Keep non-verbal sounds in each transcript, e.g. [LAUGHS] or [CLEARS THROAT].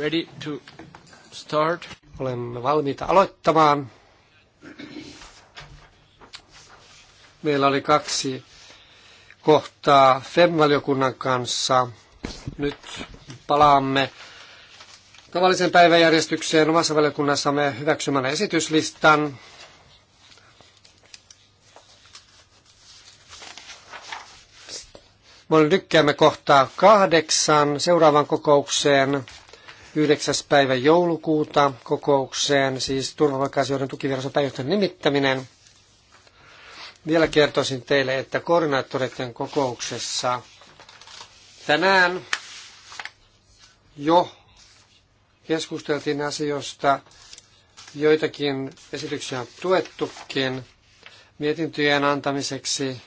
ready to start. Olemme valmiita aloittamaan. Meillä oli kaksi kohtaa FEM-valiokunnan kanssa. Nyt palaamme tavallisen päiväjärjestykseen omassa valiokunnassamme hyväksymällä esityslistan. Me lykkäämme kohtaa kahdeksan seuraavan kokoukseen 9. päivä joulukuuta kokoukseen, siis turvavalkaisijoiden tukiviraston pääjohtajan nimittäminen. Vielä kertoisin teille, että koordinaattoreiden kokouksessa tänään jo keskusteltiin asioista, joitakin esityksiä on tuettukin mietintöjen antamiseksi.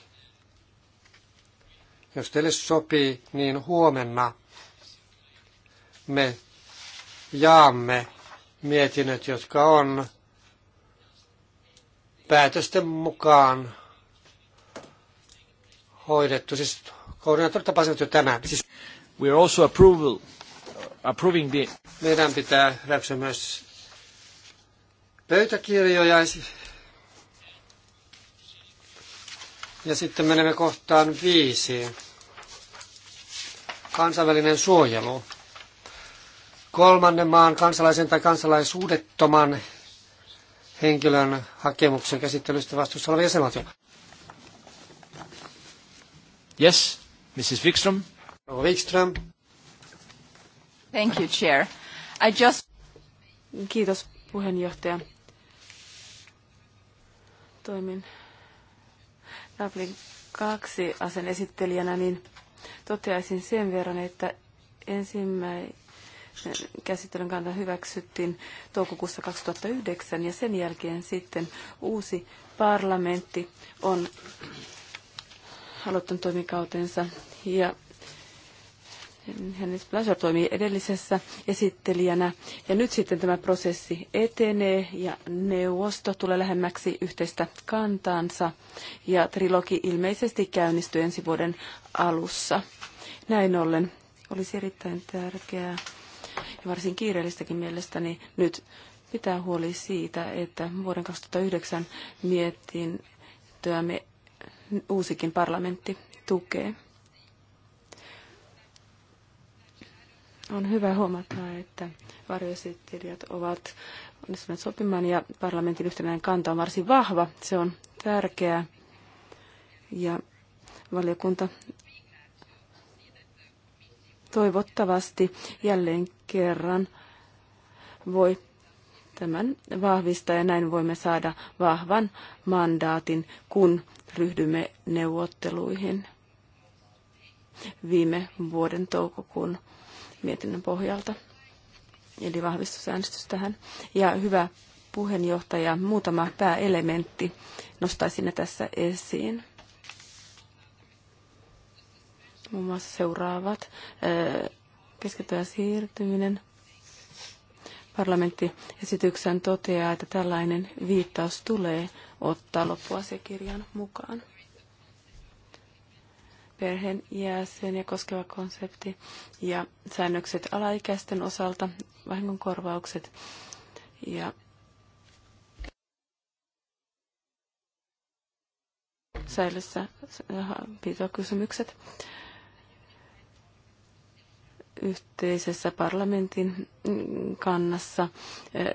Jos teille sopii, niin huomenna me jaamme mietinnöt, jotka on päätösten mukaan hoidettu. Siis koordinaattorit tapasivat jo tänään. Siis We are also approval, approving the... Meidän pitää hyväksyä myös pöytäkirjoja. Ja sitten menemme kohtaan viisi. Kansainvälinen suojelu kolmannen maan kansalaisen tai kansalaisuudettoman henkilön hakemuksen käsittelystä vastuussa oleva jäsenvaltio. Yes, Mrs. Wikström. Wikström. Thank you, Chair. I just... Kiitos, puheenjohtaja. Toimin Dublin kaksi asen esittelijänä, niin toteaisin sen verran, että ensimmäinen käsittelyn kannalta hyväksyttiin toukokuussa 2009 ja sen jälkeen sitten uusi parlamentti on aloittanut toimikautensa ja Hennis Blasor toimii edellisessä esittelijänä. Ja nyt sitten tämä prosessi etenee ja neuvosto tulee lähemmäksi yhteistä kantaansa. Ja trilogi ilmeisesti käynnistyy ensi vuoden alussa. Näin ollen olisi erittäin tärkeää, ja varsin kiireellistäkin mielestäni nyt pitää huoli siitä, että vuoden 2009 mietintöä me uusikin parlamentti tukee. On hyvä huomata, että varjoesittelijät ovat onnistuneet sopimaan ja parlamentin yhtenäinen kanta on varsin vahva. Se on tärkeää ja valiokunta toivottavasti jälleen kerran voi tämän vahvistaa ja näin voimme saada vahvan mandaatin, kun ryhdymme neuvotteluihin viime vuoden toukokuun mietinnön pohjalta. Eli vahvistusäänestys tähän. Ja hyvä puheenjohtaja, muutama pääelementti nostaisin ne tässä esiin muun muassa seuraavat. Eh, Keskittyvä siirtyminen. Parlamentti esityksen toteaa, että tällainen viittaus tulee ottaa loppuasiakirjan mukaan. Perheen ja koskeva konsepti ja säännökset alaikäisten osalta, vahingonkorvaukset ja säilössä pitokysymykset yhteisessä parlamentin kannassa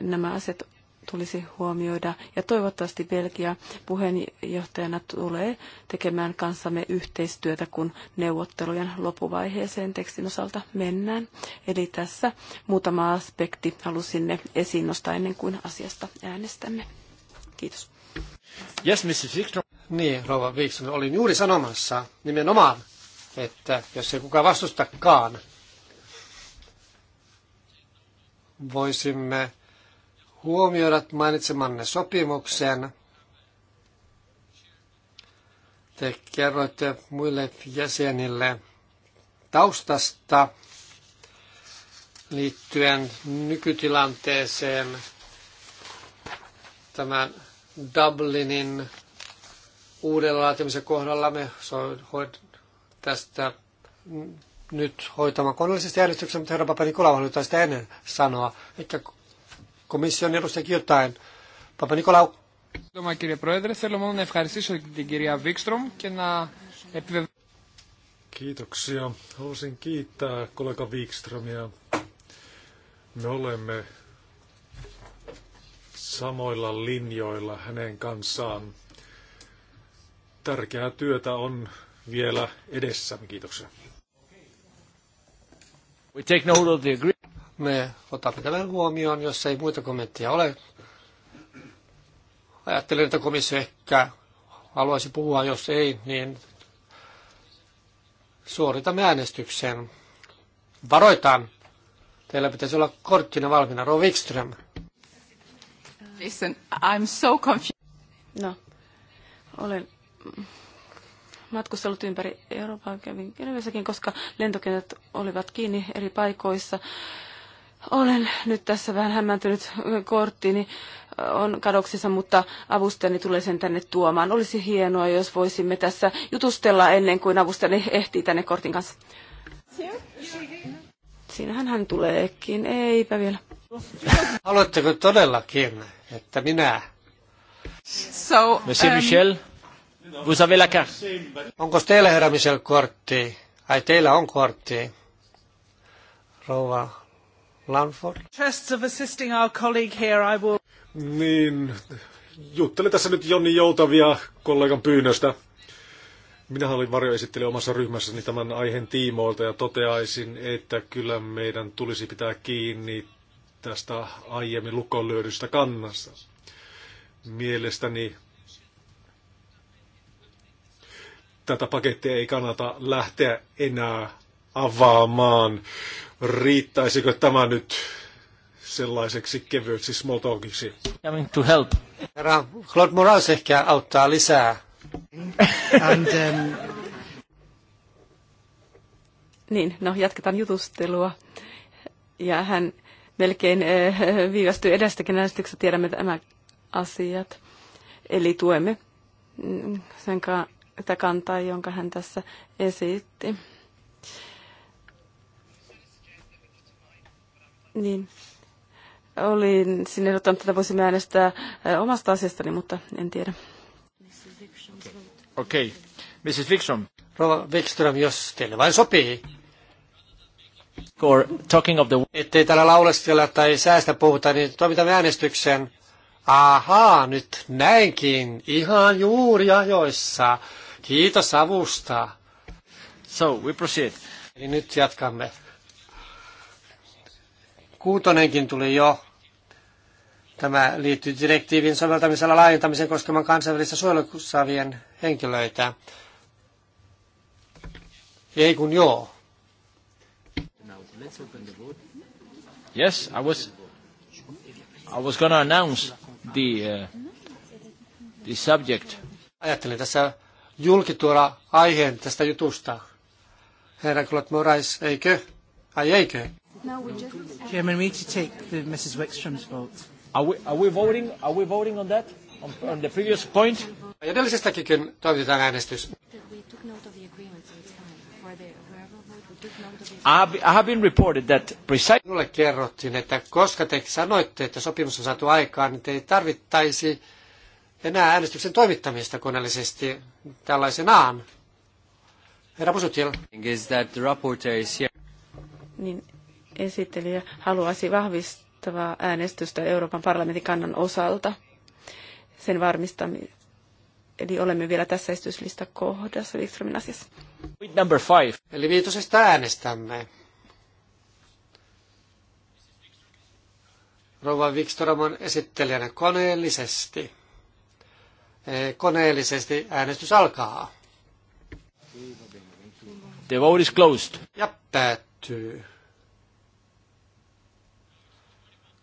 nämä asiat tulisi huomioida. Ja toivottavasti Belgia puheenjohtajana tulee tekemään kanssamme yhteistyötä, kun neuvottelujen lopuvaiheeseen tekstin osalta mennään. Eli tässä muutama aspekti halusin ne esiin nostaa ennen kuin asiasta äänestämme. Kiitos. Yes, Mrs. Wikström. Niin, rova Wikström, olin juuri sanomassa nimenomaan, että jos ei kukaan vastustakaan, voisimme huomioida mainitsemanne sopimuksen. Te kerroitte muille jäsenille taustasta liittyen nykytilanteeseen tämän Dublinin uudella laatimisen kohdalla me tästä nyt hoitamaan koneellisesti äänestyksen, mutta herra Papanikolaou halutaan sitä ennen sanoa. Ehkä komission edustajakin jotain. Papanikolaou. Σύντομα κύριε Πρόεδρε, θέλω μόνο να ευχαριστήσω την κυρία και να Kiitoksia. Haluaisin kiittää kollega Wikströmiä. Me olemme samoilla linjoilla hänen kanssaan. Tärkeää työtä on vielä edessä, Kiitoksia. We take note of the agreement. Me otamme tämän huomioon, jos ei muita kommentteja ole. Ajattelen, että komissio ehkä haluaisi puhua, jos ei, niin suoritamme äänestyksen. Varoitan. Teillä pitäisi olla korttina valmiina. Rov Wikström. Listen, I'm so confused. No, olen matkustellut ympäri Eurooppaa, kävin Genevessäkin, koska lentokentät olivat kiinni eri paikoissa. Olen nyt tässä vähän hämmentynyt korttini on kadoksissa, mutta avustajani tulee sen tänne tuomaan. Olisi hienoa, jos voisimme tässä jutustella ennen kuin avustajani ehtii tänne kortin kanssa. Siinähän hän tuleekin. Eipä vielä. Haluatteko todellakin, että minä? So, Monsieur um, Michel? Vous avez la carte. Onko teillä herra Michel kortti? Ai teillä on kortti. Rouva Lanford. Interests of assisting our colleague here, I will... Niin, juttelen tässä nyt Jonni Joutavia kollegan pyynnöstä. Minä olin varjo esitteli omassa ryhmässäni tämän aiheen tiimoilta ja toteaisin, että kyllä meidän tulisi pitää kiinni tästä aiemmin lukonlyödystä kannassa. Mielestäni tätä pakettia ei kannata lähteä enää avaamaan. Riittäisikö tämä nyt sellaiseksi kevyeksi small talkiksi? Coming to help. Herra Claude Morales ehkä auttaa lisää. And, um... Niin, no jatketaan jutustelua. Ja hän melkein äh, viivästyy edestäkin äänestyksestä, tiedämme tämä asiat. Eli tuemme mm, sen tätä kantaa, jonka hän tässä esitti. Niin. Olin sinne ottanut, että voisimme äänestää omasta asiastani, mutta en tiedä. Okei. Okay. Mrs. Wikström. Rova Wikström, jos teille vain sopii. Or talking of the... Ettei täällä lauleskella tai säästä puhuta, niin toimitamme äänestyksen. Ahaa, nyt näinkin. Ihan juuri ajoissa. Kiitos avusta. So, we proceed. Eli nyt jatkamme. Kuutonenkin tuli jo. Tämä liittyy direktiivin soveltamisella laajentamisen koskemaan kansainvälistä suojelukussaavien henkilöitä. Ei kun joo. Yes, I was, I was gonna announce the, uh, the subject. Ajattelin tässä julkituoda aiheen tästä jutusta. Herra Claude Morais, eikö? Ai eikö? Chairman, we need to take the Mrs. Wickstrom's vote. Are we, are we voting? Are we voting on that? On, on the previous point? Edellisestäkin toivotetaan äänestys. I have been reported that precisely... Minulle kerrottiin, että koska te sanoitte, että sopimus on saatu aikaan, niin te ei tarvittaisi enää äänestyksen toimittamista koneellisesti tällaisenaan. Herra Pusutil. Niin esittelijä haluaisi vahvistavaa äänestystä Euroopan parlamentin kannan osalta. Sen varmistaminen. Eli olemme vielä tässä esityslista kohdassa Wikströmin asiassa. number five. Eli viitosesta äänestämme. Rova Wikström on esittelijänä koneellisesti. Eh, koneellisesti äänestys alkaa. The vote is closed. Ja päättyy.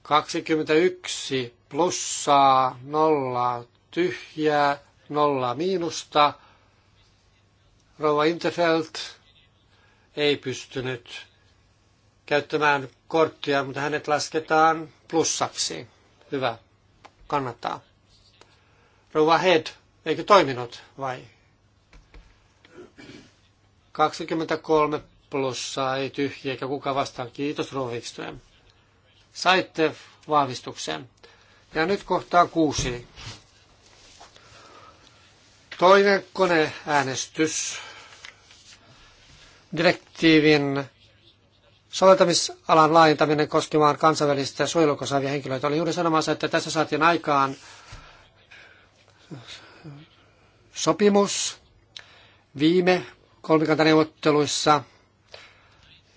21 plussaa, nolla tyhjää, nolla miinusta. Rova Interfeld ei pystynyt käyttämään korttia, mutta hänet lasketaan plussaksi. Hyvä, kannattaa. Rouva Head, eikö toiminut vai? 23 plussaa, ei tyhjiä eikä kuka vastaan. Kiitos Rouva Saitte vahvistuksen. Ja nyt kohtaa kuusi. Toinen koneäänestys. Direktiivin soveltamisalan laajentaminen koskemaan kansainvälistä suojelukosaavia henkilöitä. Oli juuri sanomassa, että tässä saatiin aikaan sopimus viime kolmikantaneuvotteluissa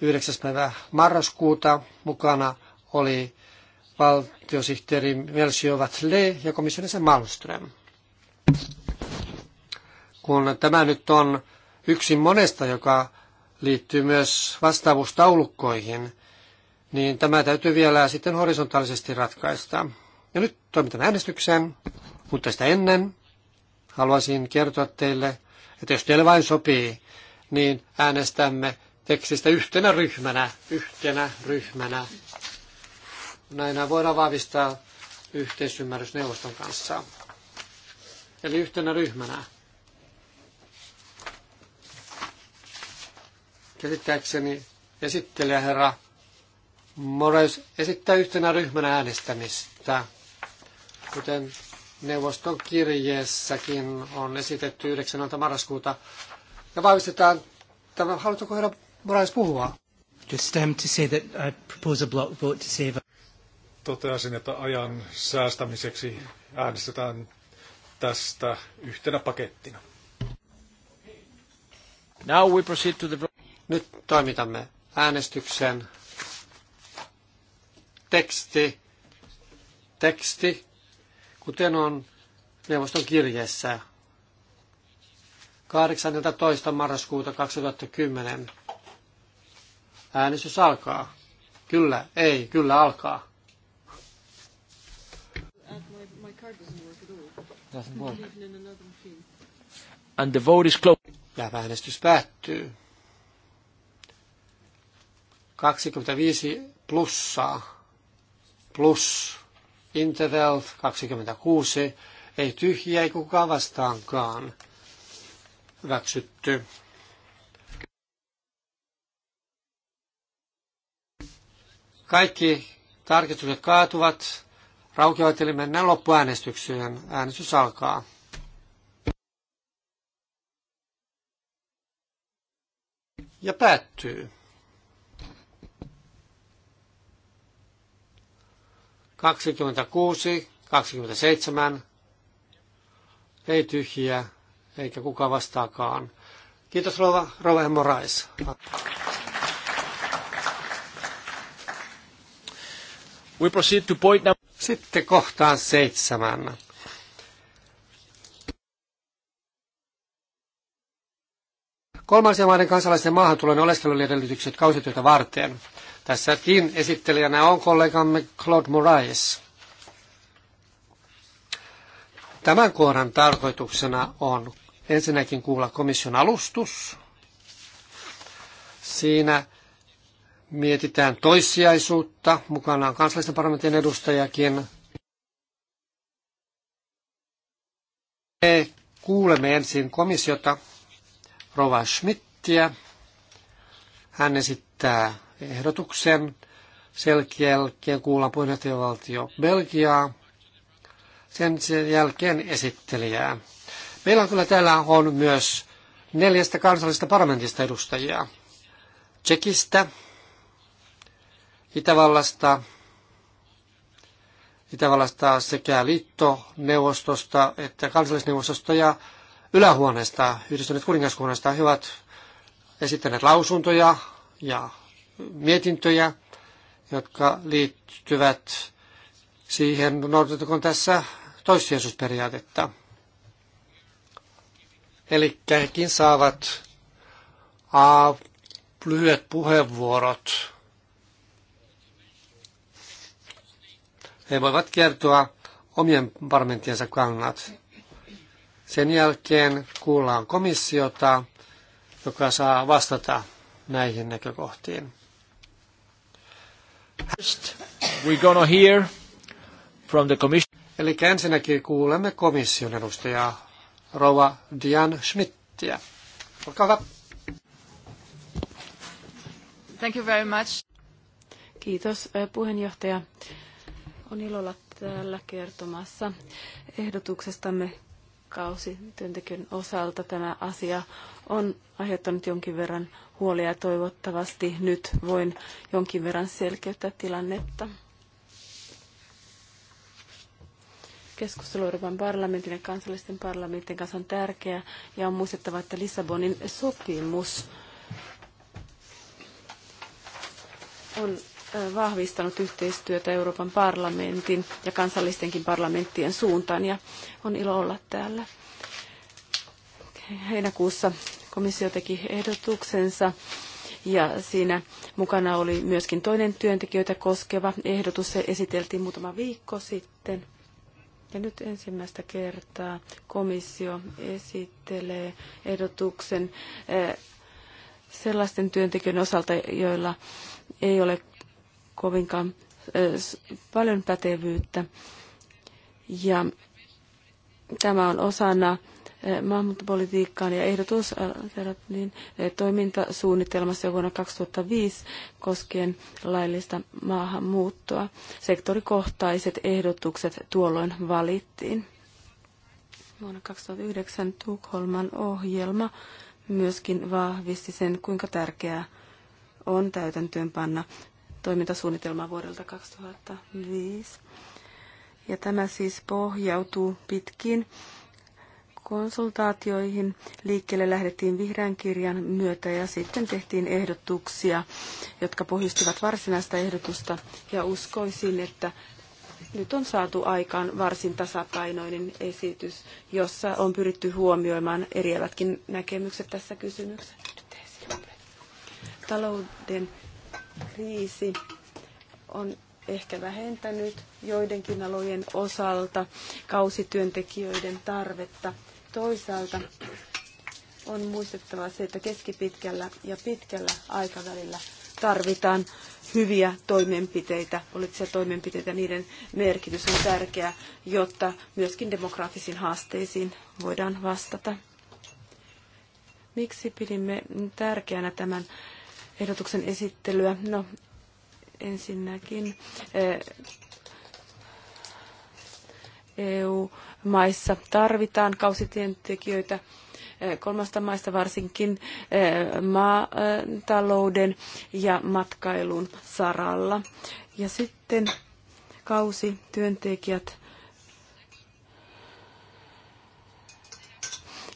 9. päivä marraskuuta mukana oli valtiosihteeri Melchior Vatle ja komissionissa Malmström. Kun tämä nyt on yksi monesta, joka liittyy myös vastaavuustaulukkoihin, niin tämä täytyy vielä sitten horisontaalisesti ratkaista. Ja nyt toimitan äänestykseen. Mutta sitä ennen haluaisin kertoa teille, että jos teille vain sopii, niin äänestämme tekstistä yhtenä ryhmänä, yhtenä ryhmänä. Näinä voidaan vahvistaa yhteisymmärrys neuvoston kanssa. Eli yhtenä ryhmänä. Käsittääkseni esittelijä herra Moraes esittää yhtenä ryhmänä äänestämistä, kuten Neuvoston kirjeessäkin on esitetty 9. marraskuuta. Ja vahvistetaan tämä. Haluatko herra Morais puhua? Just um, to say that I propose a block vote to save... Toteasin, että ajan säästämiseksi äänestetään tästä yhtenä pakettina. Now we proceed to the... Nyt toimitamme äänestyksen. Teksti. Teksti kuten on neuvoston kirjeessä 18. marraskuuta 2010. Äänestys alkaa. Kyllä, ei, kyllä alkaa. And the vote is closed. Ja äänestys päättyy. 25 plussaa. Plus. Intervelt 26, ei tyhjiä, ei kukaan vastaankaan. Hyväksytty. Kaikki tarkistukset kaatuvat. Raukeavat eli mennään loppuäänestykseen. Äänestys alkaa. Ja päättyy. 26, 27, ei tyhjiä, eikä kuka vastaakaan. Kiitos Rova, Rova Morais. We proceed to point number Sitten kohtaan seitsemän. Kolmansien maiden kansalaisten maahantulon oleskeluedellytykset kausityötä varten. Tässäkin esittelijänä on kollegamme Claude Moraes. Tämän kohdan tarkoituksena on ensinnäkin kuulla komission alustus. Siinä mietitään toissijaisuutta. Mukana on kansallisten parlamentin edustajakin. Me kuulemme ensin komissiota Rova Schmidtiä. Hän esittää ehdotuksen. Sen jälkeen kuullaan puheenjohtajavaltio Belgiaa, sen, sen jälkeen esittelijää. Meillä on kyllä täällä on myös neljästä kansallisesta parlamentista edustajia. Tsekistä, Itävallasta, Itävallasta sekä liittoneuvostosta että kansallisneuvostosta ja ylähuoneesta, yhdistyneet kuningaskunnasta. He ovat esittäneet lausuntoja ja mietintöjä, jotka liittyvät siihen, noudatetaanko tässä toissijaisuusperiaatetta. Eli hekin saavat A, lyhyet puheenvuorot. He voivat kertoa omien parlamenttiensa kannat. Sen jälkeen kuullaan komissiota, joka saa vastata näihin näkökohtiin. First, we're gonna hear from the commission. Eli ensinnäkin kuulemme komission edustajaa, Rova Diane Schmidtiä. Olkaa hyvä. Thank you very much. Kiitos eh, puheenjohtaja. On ilolla täällä kertomassa ehdotuksestamme kausityöntekijän osalta tämä asia on aiheuttanut jonkin verran huolia ja toivottavasti nyt voin jonkin verran selkeyttää tilannetta. Keskustelu Euroopan parlamentin ja kansallisten parlamentin kanssa on tärkeä ja on muistettava, että Lissabonin sopimus on vahvistanut yhteistyötä Euroopan parlamentin ja kansallistenkin parlamenttien suuntaan ja on ilo olla täällä. Heinäkuussa komissio teki ehdotuksensa ja siinä mukana oli myöskin toinen työntekijöitä koskeva ehdotus. Se esiteltiin muutama viikko sitten. Ja nyt ensimmäistä kertaa komissio esittelee ehdotuksen sellaisten työntekijöiden osalta, joilla ei ole kovinkaan paljon pätevyyttä. Ja tämä on osana maahanmuuttopolitiikkaan ja ehdotus niin toimintasuunnitelmassa jo vuonna 2005 koskien laillista maahanmuuttoa. Sektorikohtaiset ehdotukset tuolloin valittiin. Vuonna 2009 Tukholman ohjelma myöskin vahvisti sen, kuinka tärkeää on täytäntöönpanna toimintasuunnitelmaa vuodelta 2005. Ja tämä siis pohjautuu pitkin konsultaatioihin. Liikkeelle lähdettiin vihreän kirjan myötä ja sitten tehtiin ehdotuksia, jotka pohjustivat varsinaista ehdotusta. Ja uskoisin, että nyt on saatu aikaan varsin tasapainoinen esitys, jossa on pyritty huomioimaan eriävätkin näkemykset tässä kysymyksessä. Talouden kriisi on ehkä vähentänyt joidenkin alojen osalta kausityöntekijöiden tarvetta. Toisaalta on muistettava se, että keskipitkällä ja pitkällä aikavälillä tarvitaan hyviä toimenpiteitä, poliittisia toimenpiteitä, niiden merkitys on tärkeä, jotta myöskin demografisiin haasteisiin voidaan vastata. Miksi pidimme tärkeänä tämän ehdotuksen esittelyä. No, ensinnäkin EU-maissa eh, e tarvitaan kausityöntekijöitä eh, kolmasta maista varsinkin eh, maatalouden ja matkailun saralla. Ja sitten kausityöntekijät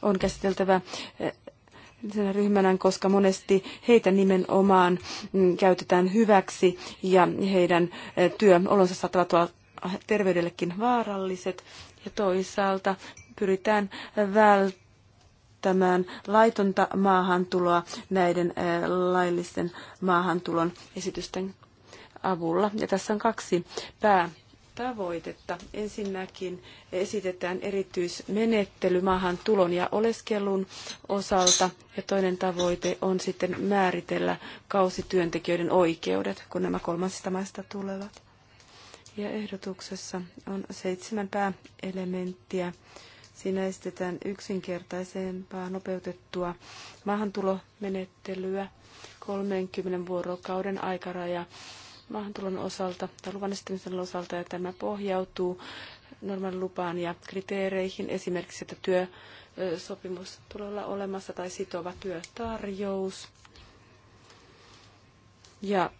on käsiteltävä sen ryhmänä, koska monesti heitä nimenomaan mm, käytetään hyväksi ja heidän eh, työolonsa saattavat olla terveydellekin vaaralliset. Ja toisaalta pyritään välttämään laitonta maahantuloa näiden eh, laillisten maahantulon esitysten avulla. Ja tässä on kaksi pää tavoitetta. Ensinnäkin esitetään erityismenettely maahan tulon ja oleskelun osalta ja toinen tavoite on sitten määritellä kausityöntekijöiden oikeudet, kun nämä kolmansista maista tulevat. Ja ehdotuksessa on seitsemän pääelementtiä. Siinä esitetään yksinkertaisempaa nopeutettua maahantulomenettelyä, 30 vuorokauden aikaraja maahantulon osalta tai luvan esittämisen osalta, ja tämä pohjautuu normaalilupaan ja kriteereihin, esimerkiksi, että työsopimus tulee olla olemassa tai sitova työtarjous. Ja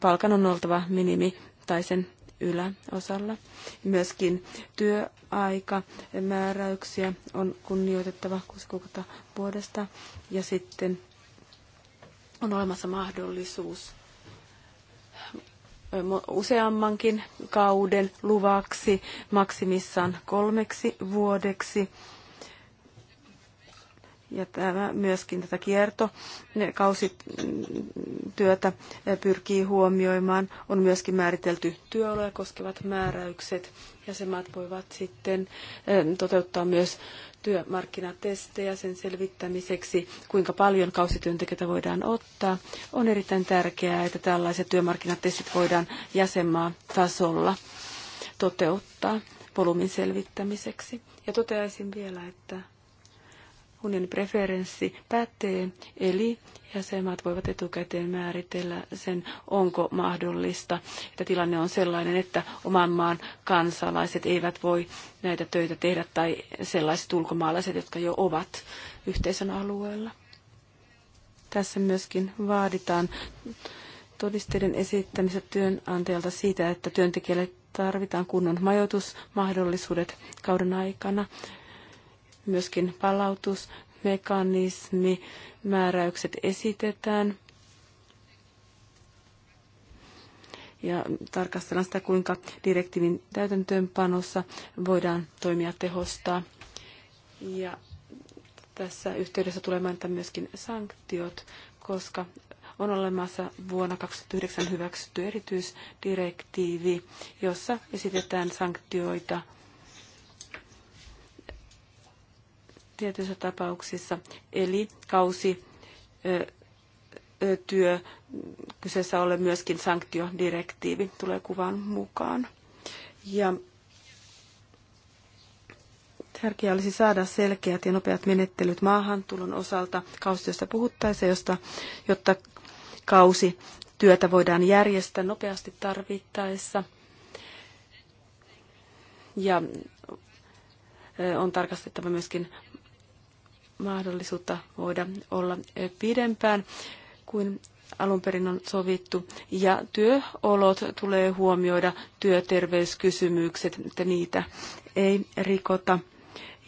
palkan on oltava minimi tai sen yläosalla. Myöskin työaika määräyksiä on kunnioitettava kuusi kuukautta vuodesta ja sitten on olemassa mahdollisuus useammankin kauden luvaksi, maksimissaan kolmeksi vuodeksi. Ja tämä myöskin tätä kiertokausityötä pyrkii huomioimaan. On myöskin määritelty työoloja koskevat määräykset. Jäsenmaat voivat sitten toteuttaa myös työmarkkinatestejä sen selvittämiseksi, kuinka paljon kausityöntekijöitä voidaan ottaa. On erittäin tärkeää, että tällaiset työmarkkinatestit voidaan jäsenmaa tasolla toteuttaa volyymin selvittämiseksi. Ja toteaisin vielä, että unionin preferenssi pätee, eli jäsenmaat voivat etukäteen määritellä sen, onko mahdollista, että tilanne on sellainen, että oman maan kansalaiset eivät voi näitä töitä tehdä tai sellaiset ulkomaalaiset, jotka jo ovat yhteisön alueella. Tässä myöskin vaaditaan todisteiden esittämistä työnantajalta siitä, että työntekijälle tarvitaan kunnon majoitusmahdollisuudet kauden aikana myöskin palautusmekanismi, määräykset esitetään. Ja tarkastellaan sitä, kuinka direktiivin täytäntöönpanossa voidaan toimia tehostaa. Ja tässä yhteydessä tulee mainita myöskin sanktiot, koska on olemassa vuonna 2009 hyväksytty erityisdirektiivi, jossa esitetään sanktioita – tietyissä tapauksissa. Eli kausi työ, kyseessä ole myöskin sanktiodirektiivi tulee kuvan mukaan. Ja tärkeää olisi saada selkeät ja nopeat menettelyt maahantulon osalta kausityöstä puhuttaessa, josta, jotta kausi työtä voidaan järjestää nopeasti tarvittaessa. Ja on tarkastettava myöskin mahdollisuutta voida olla pidempään kuin alun perin on sovittu. Ja työolot tulee huomioida, työterveyskysymykset, että niitä ei rikota.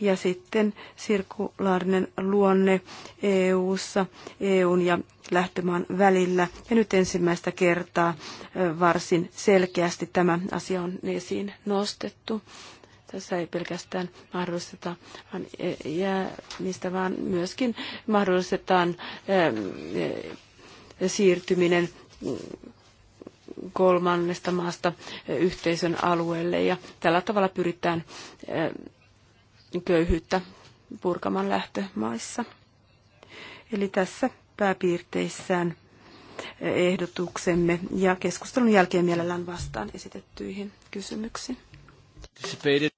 Ja sitten sirkulaarinen luonne EU-ssa, EUn ja lähtömaan välillä. Ja nyt ensimmäistä kertaa varsin selkeästi tämä asia on esiin nostettu. Tässä ei pelkästään mahdollisteta vaan e, jäämistä, vaan myöskin mahdollistetaan e, e, siirtyminen kolmannesta maasta yhteisön alueelle ja tällä tavalla pyritään köyhyyttä purkamaan lähtömaissa. Eli tässä pääpiirteissään ehdotuksemme ja keskustelun jälkeen mielellään vastaan esitettyihin kysymyksiin.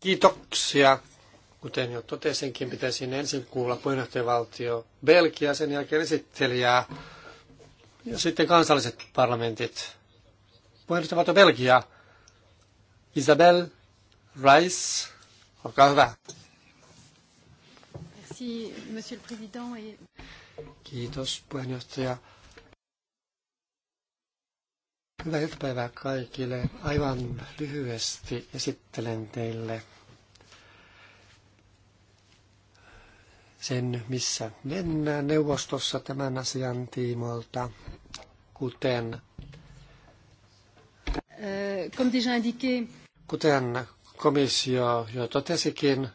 Kiitoksia. Kuten jo totesinkin, pitäisi ensin kuulla puheenjohtajavaltio Belgia, sen jälkeen esittelijää ja sitten kansalliset parlamentit. Puheenjohtajavaltio Belgia, Isabel Rice, olkaa hyvä. Merci, monsieur le président. Kiitos puheenjohtaja. Hyvää iltapäivää kaikille. Aivan lyhyesti esittelen teille sen, missä mennään neuvostossa tämän asian tiimoilta, kuten eh, Kuten komissio jo totesikin,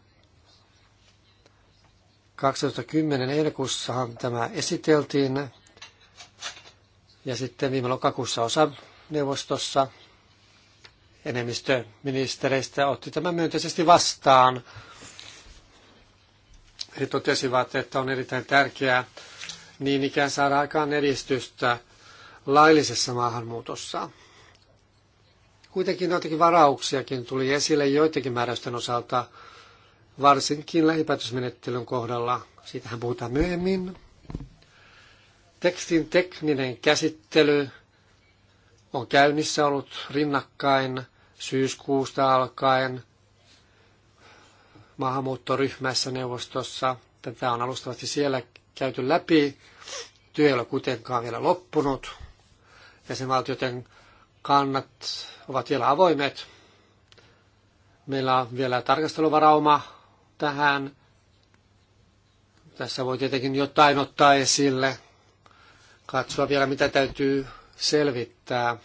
2010 elokuussahan tämä esiteltiin ja sitten viime lokakuussa osa neuvostossa enemmistö ministereistä otti tämän myönteisesti vastaan. He totesivat, että on erittäin tärkeää niin ikään saada aikaan edistystä laillisessa maahanmuutossa. Kuitenkin joitakin varauksiakin tuli esille joitakin määräysten osalta, varsinkin lähipäätösmenettelyn kohdalla. Siitähän puhutaan myöhemmin. Tekstin tekninen käsittely on käynnissä ollut rinnakkain syyskuusta alkaen maahanmuuttoryhmässä neuvostossa. Tätä on alustavasti siellä käyty läpi. Työ ei ole kuitenkaan vielä loppunut. Jäsenvaltioiden kannat ovat vielä avoimet. Meillä on vielä tarkasteluvarauma tähän. Tässä voi tietenkin jotain ottaa esille, katsoa vielä mitä täytyy selvittää.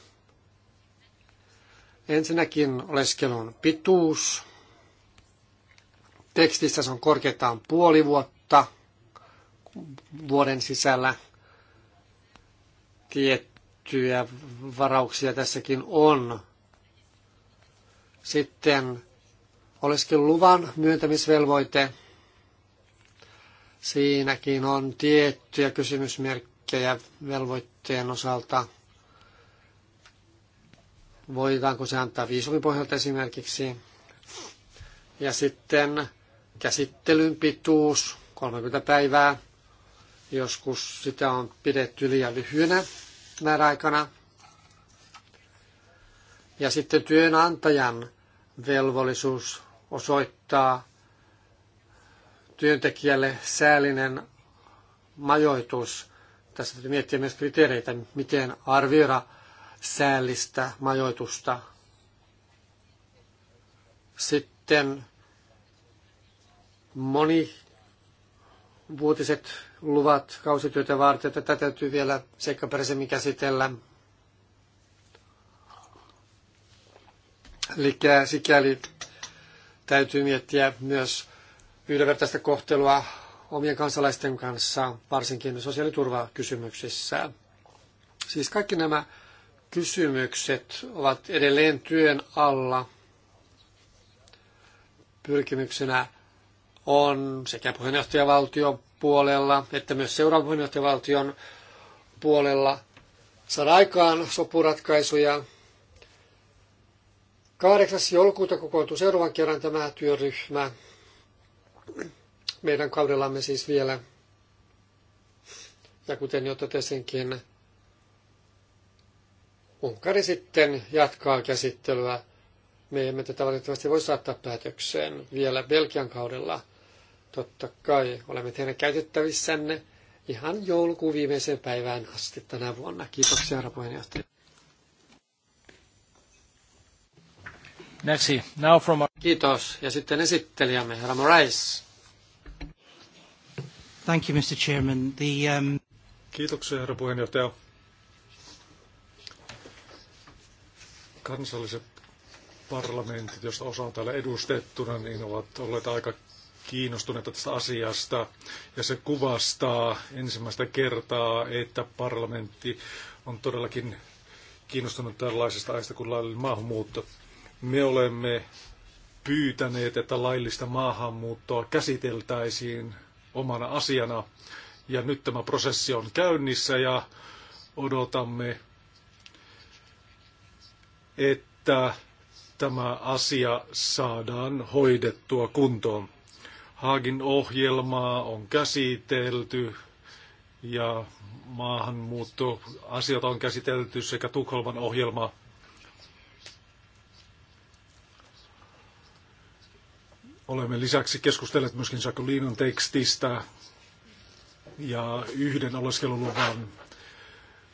Ensinnäkin oleskelun pituus. Tekstissä se on korkeintaan puoli vuotta vuoden sisällä. Tiettyjä varauksia tässäkin on. Sitten oleskeluluvan myöntämisvelvoite. Siinäkin on tiettyjä kysymysmerkkejä velvoitteen osalta – voidaanko se antaa viisumin pohjalta esimerkiksi. Ja sitten käsittelyn pituus, 30 päivää. Joskus sitä on pidetty liian lyhyenä määräaikana. Ja sitten työnantajan velvollisuus osoittaa työntekijälle säällinen majoitus. Tässä täytyy miettiä myös kriteereitä, miten arvioida säällistä majoitusta. Sitten moni vuotiset luvat kausityötä varten, tätä täytyy vielä seikkaperäisemmin käsitellä. Eli sikäli täytyy miettiä myös yhdenvertaista kohtelua omien kansalaisten kanssa, varsinkin sosiaaliturvakysymyksissä. Siis kaikki nämä kysymykset ovat edelleen työn alla. Pyrkimyksenä on sekä puheenjohtajavaltion puolella että myös seuraavan puheenjohtajavaltion puolella saada aikaan sopuratkaisuja. 8. joulukuuta kokoontuu seuraavan kerran tämä työryhmä. Meidän kaudellamme siis vielä. Ja kuten jo totesinkin, Unkari sitten jatkaa käsittelyä. Me emme tätä valitettavasti voi saattaa päätökseen vielä Belgian kaudella. Totta kai olemme teidän käytettävissänne ihan joulukuun viimeiseen päivään asti tänä vuonna. Kiitoksia, herra puheenjohtaja. Merci. Now from... Kiitos. Ja sitten esittelijämme, herra Morais. Thank you, Mr. Chairman. The, um... Kiitoksia, herra puheenjohtaja. kansalliset parlamentit, joista osa on täällä edustettuna, niin ovat olleet aika kiinnostuneita tästä asiasta. Ja se kuvastaa ensimmäistä kertaa, että parlamentti on todellakin kiinnostunut tällaisesta aiheesta kuin laillinen maahanmuutto. Me olemme pyytäneet, että laillista maahanmuuttoa käsiteltäisiin omana asiana. Ja nyt tämä prosessi on käynnissä ja odotamme että tämä asia saadaan hoidettua kuntoon. Haagin ohjelmaa on käsitelty ja maahanmuuttoasioita on käsitelty sekä Tukholman ohjelma. Olemme lisäksi keskustelleet myöskin Sakoliinon tekstistä ja yhden oleskeluluvan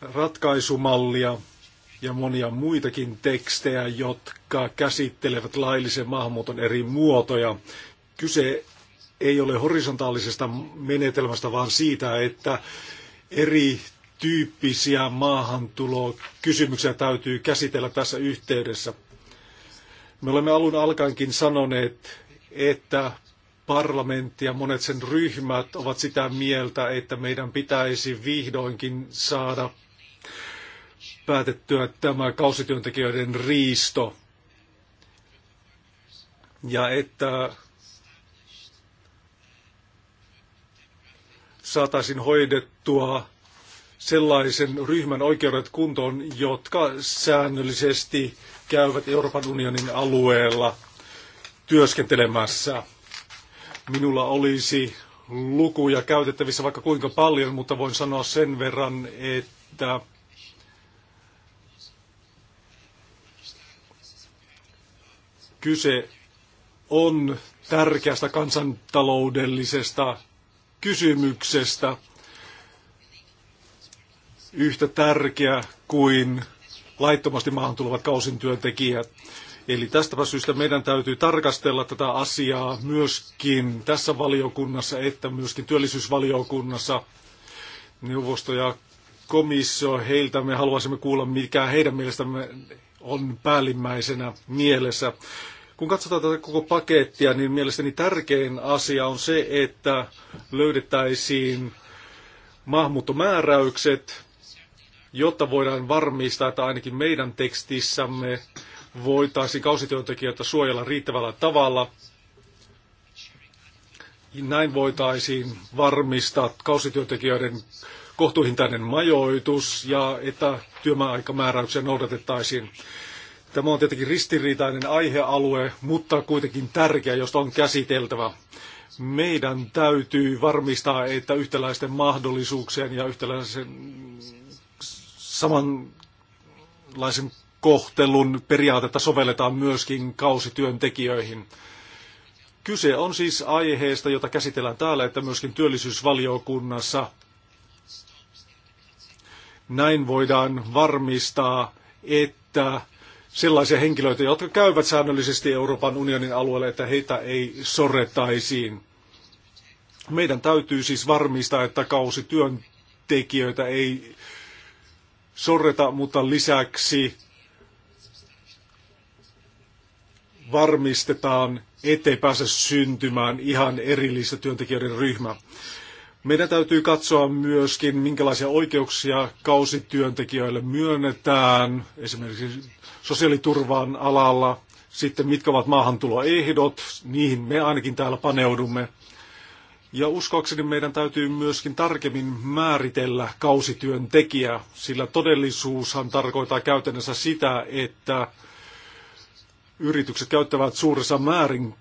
ratkaisumallia – ja monia muitakin tekstejä, jotka käsittelevät laillisen maahanmuuton eri muotoja. Kyse ei ole horisontaalisesta menetelmästä, vaan siitä, että eri tyyppisiä maahantulokysymyksiä täytyy käsitellä tässä yhteydessä. Me olemme alun alkaenkin sanoneet, että parlamentti ja monet sen ryhmät ovat sitä mieltä, että meidän pitäisi vihdoinkin saada päätettyä tämä kausityöntekijöiden riisto ja että saataisiin hoidettua sellaisen ryhmän oikeudet kuntoon, jotka säännöllisesti käyvät Euroopan unionin alueella työskentelemässä. Minulla olisi lukuja käytettävissä vaikka kuinka paljon, mutta voin sanoa sen verran, että Kyse on tärkeästä kansantaloudellisesta kysymyksestä, yhtä tärkeä kuin laittomasti maahan tulevat kausintyöntekijät. Eli tästäpä syystä meidän täytyy tarkastella tätä asiaa myöskin tässä valiokunnassa, että myöskin työllisyysvaliokunnassa neuvosto ja komissio, heiltä me haluaisimme kuulla, mikä heidän mielestämme on päällimmäisenä mielessä. Kun katsotaan tätä koko pakettia, niin mielestäni tärkein asia on se, että löydettäisiin maahanmuuttomääräykset, jotta voidaan varmistaa, että ainakin meidän tekstissämme voitaisiin kausityöntekijöitä suojella riittävällä tavalla. Näin voitaisiin varmistaa kausityöntekijöiden kohtuuhintainen majoitus ja että työmaa-aikamääräyksiä noudatettaisiin. Tämä on tietenkin ristiriitainen aihealue, mutta kuitenkin tärkeä, josta on käsiteltävä. Meidän täytyy varmistaa, että yhtäläisten mahdollisuuksien ja yhtäläisen samanlaisen kohtelun periaatetta sovelletaan myöskin kausityöntekijöihin. Kyse on siis aiheesta, jota käsitellään täällä, että myöskin työllisyysvaliokunnassa. Näin voidaan varmistaa, että sellaisia henkilöitä, jotka käyvät säännöllisesti Euroopan unionin alueelle, että heitä ei sorretaisiin. Meidän täytyy siis varmistaa, että kausityöntekijöitä ei sorreta, mutta lisäksi varmistetaan, ettei pääse syntymään ihan erillistä työntekijöiden ryhmää. Meidän täytyy katsoa myöskin, minkälaisia oikeuksia kausityöntekijöille myönnetään, esimerkiksi sosiaaliturvan alalla, sitten mitkä ovat maahantuloehdot, niihin me ainakin täällä paneudumme. Ja uskoakseni meidän täytyy myöskin tarkemmin määritellä kausityöntekijä, sillä todellisuushan tarkoittaa käytännössä sitä, että yritykset käyttävät suuressa määrin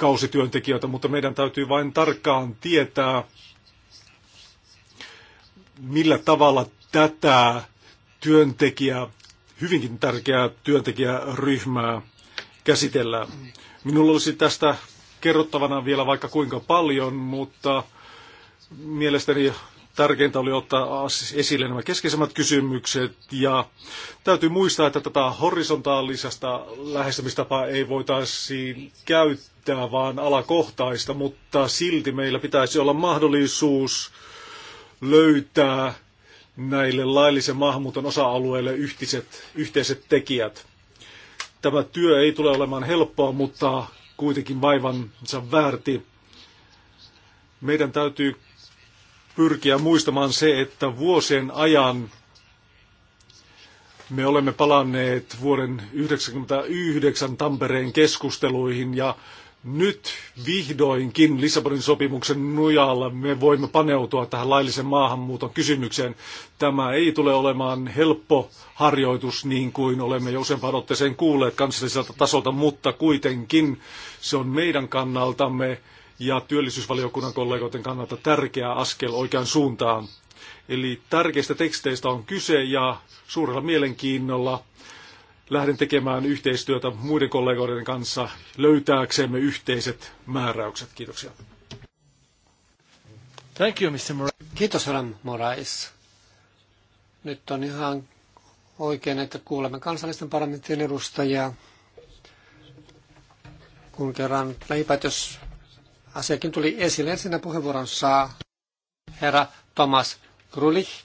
kausityöntekijöitä, mutta meidän täytyy vain tarkkaan tietää, millä tavalla tätä työntekijää, hyvinkin tärkeää työntekijäryhmää käsitellään. Minulla olisi tästä kerrottavana vielä vaikka kuinka paljon, mutta mielestäni tärkeintä oli ottaa esille nämä keskeisemmät kysymykset ja täytyy muistaa, että tätä horisontaalisesta lähestymistapaa ei voitaisiin käyttää riittää vaan alakohtaista, mutta silti meillä pitäisi olla mahdollisuus löytää näille laillisen maahanmuuton osa-alueille yhtiset yhteiset tekijät. Tämä työ ei tule olemaan helppoa, mutta kuitenkin vaivansa väärti. Meidän täytyy pyrkiä muistamaan se, että vuosien ajan me olemme palanneet vuoden 1999 Tampereen keskusteluihin ja nyt vihdoinkin Lissabonin sopimuksen nujalla me voimme paneutua tähän laillisen maahanmuuton kysymykseen. Tämä ei tule olemaan helppo harjoitus, niin kuin olemme jo useampaan otteeseen kuulleet kansalliselta tasolta, mutta kuitenkin se on meidän kannaltamme ja työllisyysvaliokunnan kollegoiden kannalta tärkeä askel oikeaan suuntaan. Eli tärkeistä teksteistä on kyse ja suurella mielenkiinnolla lähden tekemään yhteistyötä muiden kollegoiden kanssa löytääksemme yhteiset määräykset. Kiitoksia. Thank you, Mr. Morais. Kiitos, Ram Morais. Nyt on ihan oikein, että kuulemme kansallisten parlamenttien edustajia, kun kerran lähipäätös asiakin tuli esille. ensin puheenvuoron saa herra Thomas Grulich.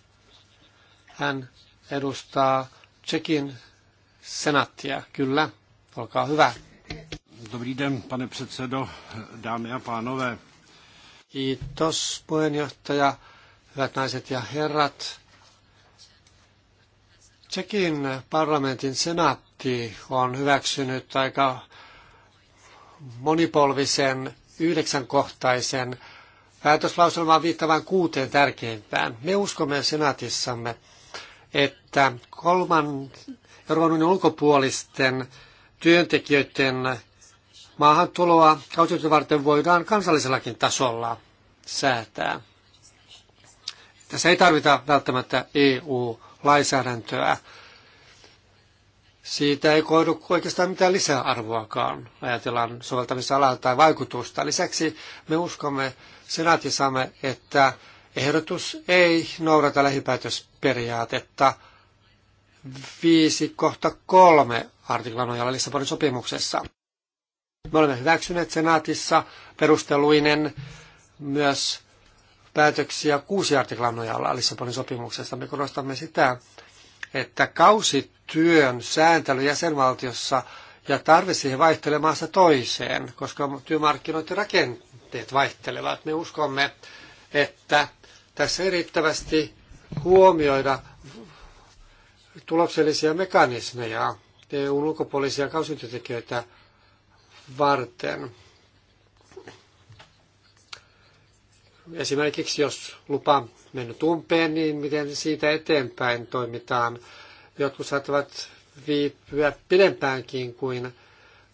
Hän edustaa Tsekin senaattia. Kyllä, olkaa hyvä. Dobrý den, pane předsedo, dámy a pánové. Kiitos puheenjohtaja, hyvät naiset ja herrat. Tsekin parlamentin senaatti on hyväksynyt aika monipolvisen yhdeksänkohtaisen päätöslauselmaan viittavan kuuteen tärkeimpään. Me uskomme senaatissamme, että kolman Euroopan unionin ulkopuolisten työntekijöiden maahantuloa kautta varten voidaan kansallisellakin tasolla säätää. Tässä ei tarvita välttämättä EU-lainsäädäntöä. Siitä ei koidu oikeastaan mitään lisäarvoakaan, ajatellaan soveltamisalaa tai vaikutusta. Lisäksi me uskomme senaatissamme, että ehdotus ei noudata lähipäätösperiaatetta – 5 kohta 3 artiklan nojalla Lissabonin sopimuksessa. Me olemme hyväksyneet senaatissa perusteluinen myös päätöksiä kuusi artiklan nojalla Lissabonin sopimuksessa. Me korostamme sitä, että kausityön sääntely jäsenvaltiossa ja tarve siihen vaihtelemassa toiseen, koska työmarkkinoiden rakenteet vaihtelevat. Me uskomme, että tässä ei riittävästi huomioida tuloksellisia mekanismeja EUn ulkopuolisia kausityöntekijöitä varten. Esimerkiksi jos lupa on mennyt umpeen, niin miten siitä eteenpäin toimitaan. Jotkut saattavat viipyä pidempäänkin kuin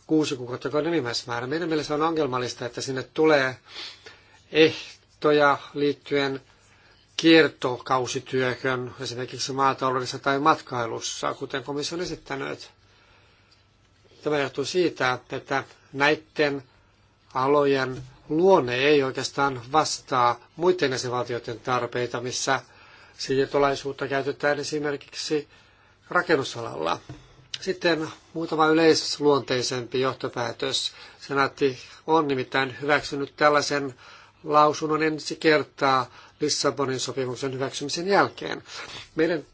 kuusi kuukautta, joka on enimmäismäärä. Meidän mielestä on ongelmallista, että sinne tulee ehtoja liittyen kiertokausityöhön esimerkiksi maataloudessa tai matkailussa, kuten komissio on esittänyt. Tämä johtuu siitä, että näiden alojen luonne ei oikeastaan vastaa muiden jäsenvaltioiden tarpeita, missä siirtolaisuutta käytetään esimerkiksi rakennusalalla. Sitten muutama yleisluonteisempi johtopäätös. Senaatti on nimittäin hyväksynyt tällaisen lausunnon ensi kertaa Lissabonin sopimuksen hyväksymisen jälkeen. Meidän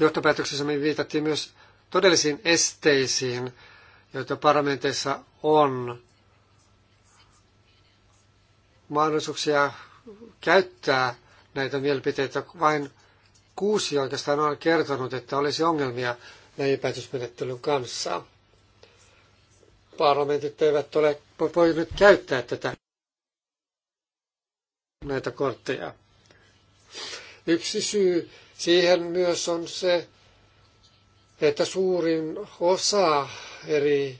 johtopäätöksessämme viitattiin myös todellisiin esteisiin, joita parlamenteissa on mahdollisuuksia käyttää näitä mielipiteitä. Vain kuusi oikeastaan on kertonut, että olisi ongelmia lähipäätösmenettelyn kanssa. Parlamentit eivät ole voineet käyttää tätä näitä kortteja. Yksi syy siihen myös on se, että suurin osa eri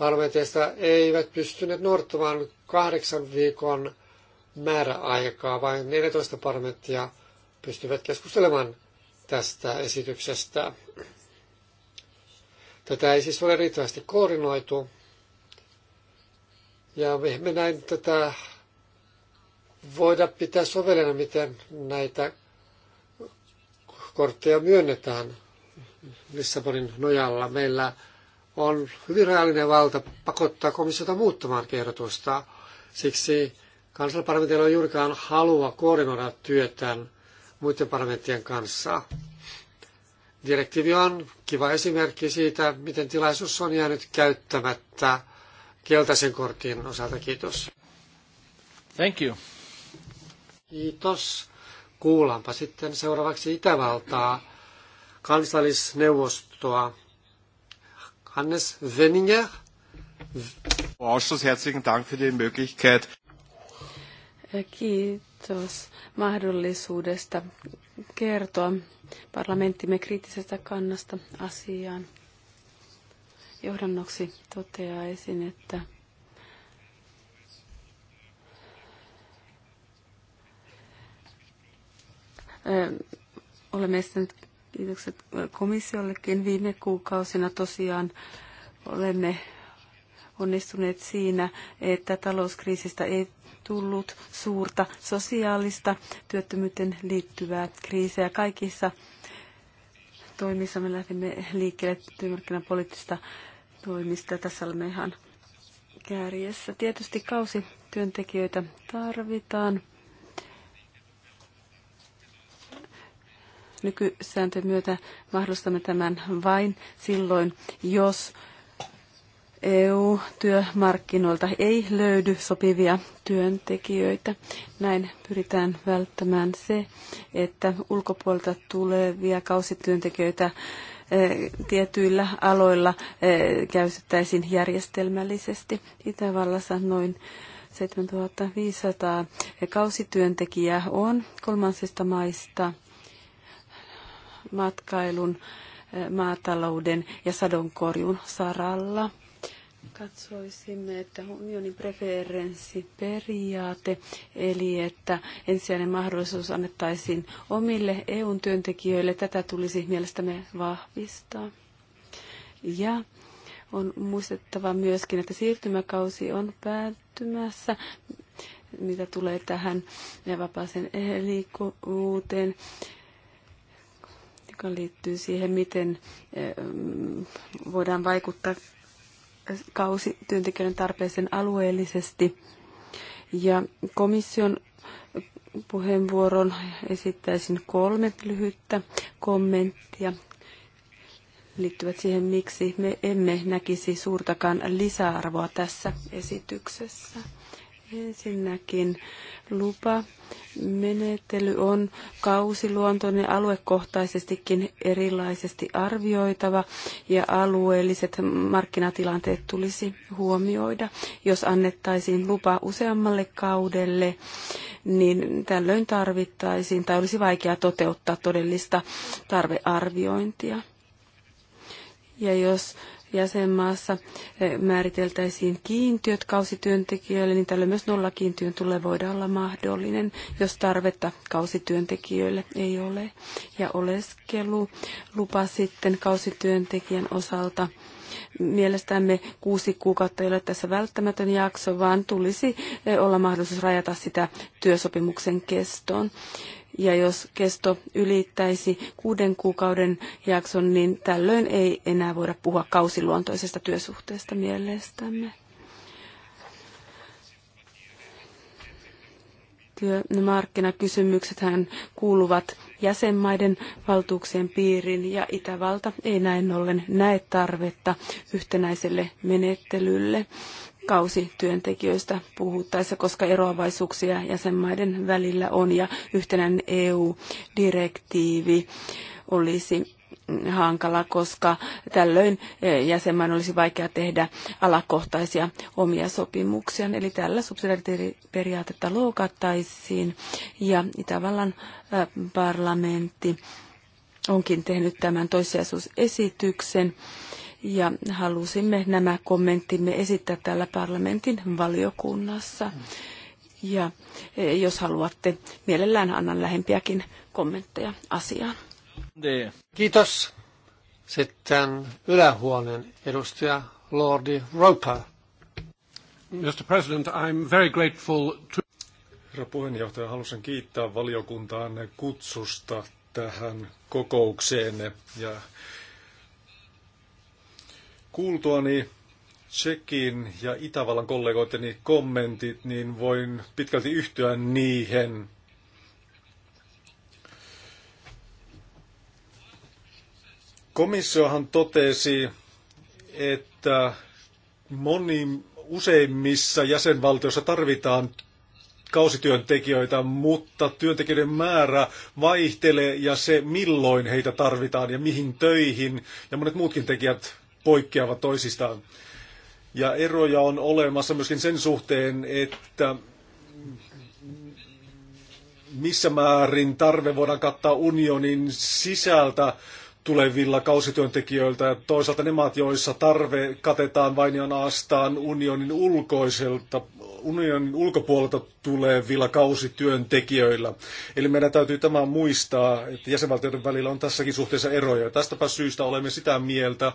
valmentajista eivät pystyneet noudattamaan kahdeksan viikon määräaikaa, vain 14 parlamenttia pystyvät keskustelemaan tästä esityksestä. Tätä ei siis ole riittävästi koordinoitu. Ja me näin tätä voida pitää sovellena, miten näitä kortteja myönnetään Lissabonin nojalla. Meillä on hyvin rajallinen valta pakottaa komissiota muuttamaan kertoista. Siksi kansallisella on juurikaan halua koordinoida työtään muiden parlamenttien kanssa. Direktiivi on kiva esimerkki siitä, miten tilaisuus on jäänyt käyttämättä keltaisen kortin osalta. Kiitos. Thank you. Kiitos. Kuullaanpa sitten seuraavaksi Itävaltaa, kansallisneuvostoa. Hannes Wenninger. Ausschuss, herzlichen Dank für die Möglichkeit. Kiitos mahdollisuudesta kertoa parlamenttimme kriittisestä kannasta asiaan. Johdannoksi toteaisin, että olemme estäneet, kiitokset komissiollekin viime kuukausina tosiaan olemme onnistuneet siinä, että talouskriisistä ei tullut suurta sosiaalista työttömyyteen liittyvää kriisiä. Kaikissa toimissa me lähdimme liikkeelle työmarkkinapoliittista toimista. Tässä olemme ihan kärjessä. Tietysti kausityöntekijöitä tarvitaan Nykysääntöjen myötä mahdollistamme tämän vain silloin, jos EU-työmarkkinoilta ei löydy sopivia työntekijöitä. Näin pyritään välttämään se, että ulkopuolelta tulevia kausityöntekijöitä eh, tietyillä aloilla eh, käytettäisiin järjestelmällisesti. Itävallassa noin 7500 kausityöntekijää on kolmansista maista matkailun, eh, maatalouden ja sadonkorjun saralla. Katsoisimme, että unionin preferenssiperiaate, eli että ensisijainen mahdollisuus annettaisiin omille EUn työntekijöille, tätä tulisi mielestämme vahvistaa. Ja on muistettava myöskin, että siirtymäkausi on päättymässä, mitä tulee tähän vapaaseen liikkuvuuteen jotka liittyy siihen, miten eh, mm, voidaan vaikuttaa kausityöntekijöiden tarpeeseen alueellisesti. Ja komission puheenvuoron esittäisin kolme lyhyttä kommenttia liittyvät siihen, miksi me emme näkisi suurtakaan lisäarvoa tässä esityksessä. Ensinnäkin lupa. Menettely on kausiluontoinen aluekohtaisestikin erilaisesti arvioitava ja alueelliset markkinatilanteet tulisi huomioida. Jos annettaisiin lupa useammalle kaudelle, niin tällöin tarvittaisiin tai olisi vaikea toteuttaa todellista tarvearviointia. Ja jos jäsenmaassa eh, määriteltäisiin kiintiöt kausityöntekijöille, niin tällöin myös nollakiintiön tulee voida olla mahdollinen, jos tarvetta kausityöntekijöille ei ole. Ja oleskelulupa sitten kausityöntekijän osalta mielestämme kuusi kuukautta ei ole tässä välttämätön jakso, vaan tulisi eh, olla mahdollisuus rajata sitä työsopimuksen kestoon ja jos kesto ylittäisi kuuden kuukauden jakson, niin tällöin ei enää voida puhua kausiluontoisesta työsuhteesta mielestämme. hän kuuluvat jäsenmaiden valtuuksien piiriin ja Itävalta ei näin ollen näe tarvetta yhtenäiselle menettelylle kausityöntekijöistä puhuttaessa, koska eroavaisuuksia jäsenmaiden välillä on ja yhtenäinen EU-direktiivi olisi hankala, koska tällöin jäsenmaan olisi vaikea tehdä alakohtaisia omia sopimuksia. Eli tällä subsidiariteettiperiaatetta loukattaisiin ja Itävallan parlamentti onkin tehnyt tämän toissijaisuusesityksen. esityksen ja halusimme nämä kommenttimme esittää täällä parlamentin valiokunnassa. Ja e, jos haluatte, mielellään annan lähempiäkin kommentteja asiaan. Kiitos. Sitten ylähuoneen edustaja Lordi Roper. Mr. President, I'm very grateful to... Herra puheenjohtaja, halusin kiittää valiokuntaanne kutsusta tähän kokoukseen ja Kuultuani Tsekin ja Itävallan kollegoiteni kommentit, niin voin pitkälti yhtyä niihin. Komissiohan totesi, että moni, useimmissa jäsenvaltioissa tarvitaan kausityöntekijöitä, mutta työntekijöiden määrä vaihtelee ja se milloin heitä tarvitaan ja mihin töihin ja monet muutkin tekijät poikkeava toisistaan. Ja eroja on olemassa myöskin sen suhteen, että missä määrin tarve voidaan kattaa unionin sisältä tulevilla kausityöntekijöiltä ja toisaalta ne maat, joissa tarve katetaan vain ja naastaan unionin, ulkoiselta, unionin ulkopuolelta tulevilla kausityöntekijöillä. Eli meidän täytyy tämä muistaa, että jäsenvaltioiden välillä on tässäkin suhteessa eroja. Tästäpä syystä olemme sitä mieltä,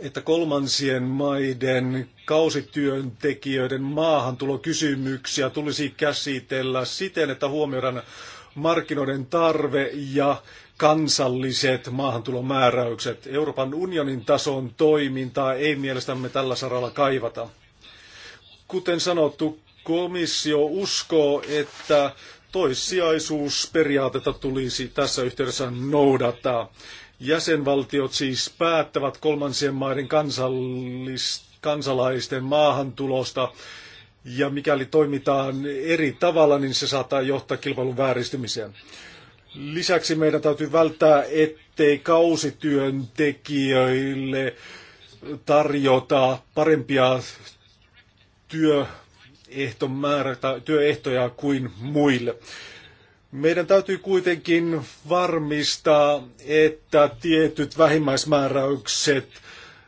että kolmansien maiden kausityöntekijöiden maahantulokysymyksiä tulisi käsitellä siten, että huomioidaan markkinoiden tarve ja kansalliset maahantulomääräykset. Euroopan unionin tason toimintaa ei mielestämme tällä saralla kaivata. Kuten sanottu, komissio uskoo, että toissijaisuusperiaatetta tulisi tässä yhteydessä noudattaa. Jäsenvaltiot siis päättävät kolmansien maiden kansalaisten maahantulosta, ja mikäli toimitaan eri tavalla, niin se saattaa johtaa kilpailun vääristymiseen. Lisäksi meidän täytyy välttää, ettei kausityöntekijöille tarjota parempia työehtomäärä, työehtoja kuin muille. Meidän täytyy kuitenkin varmistaa, että tietyt vähimmäismääräykset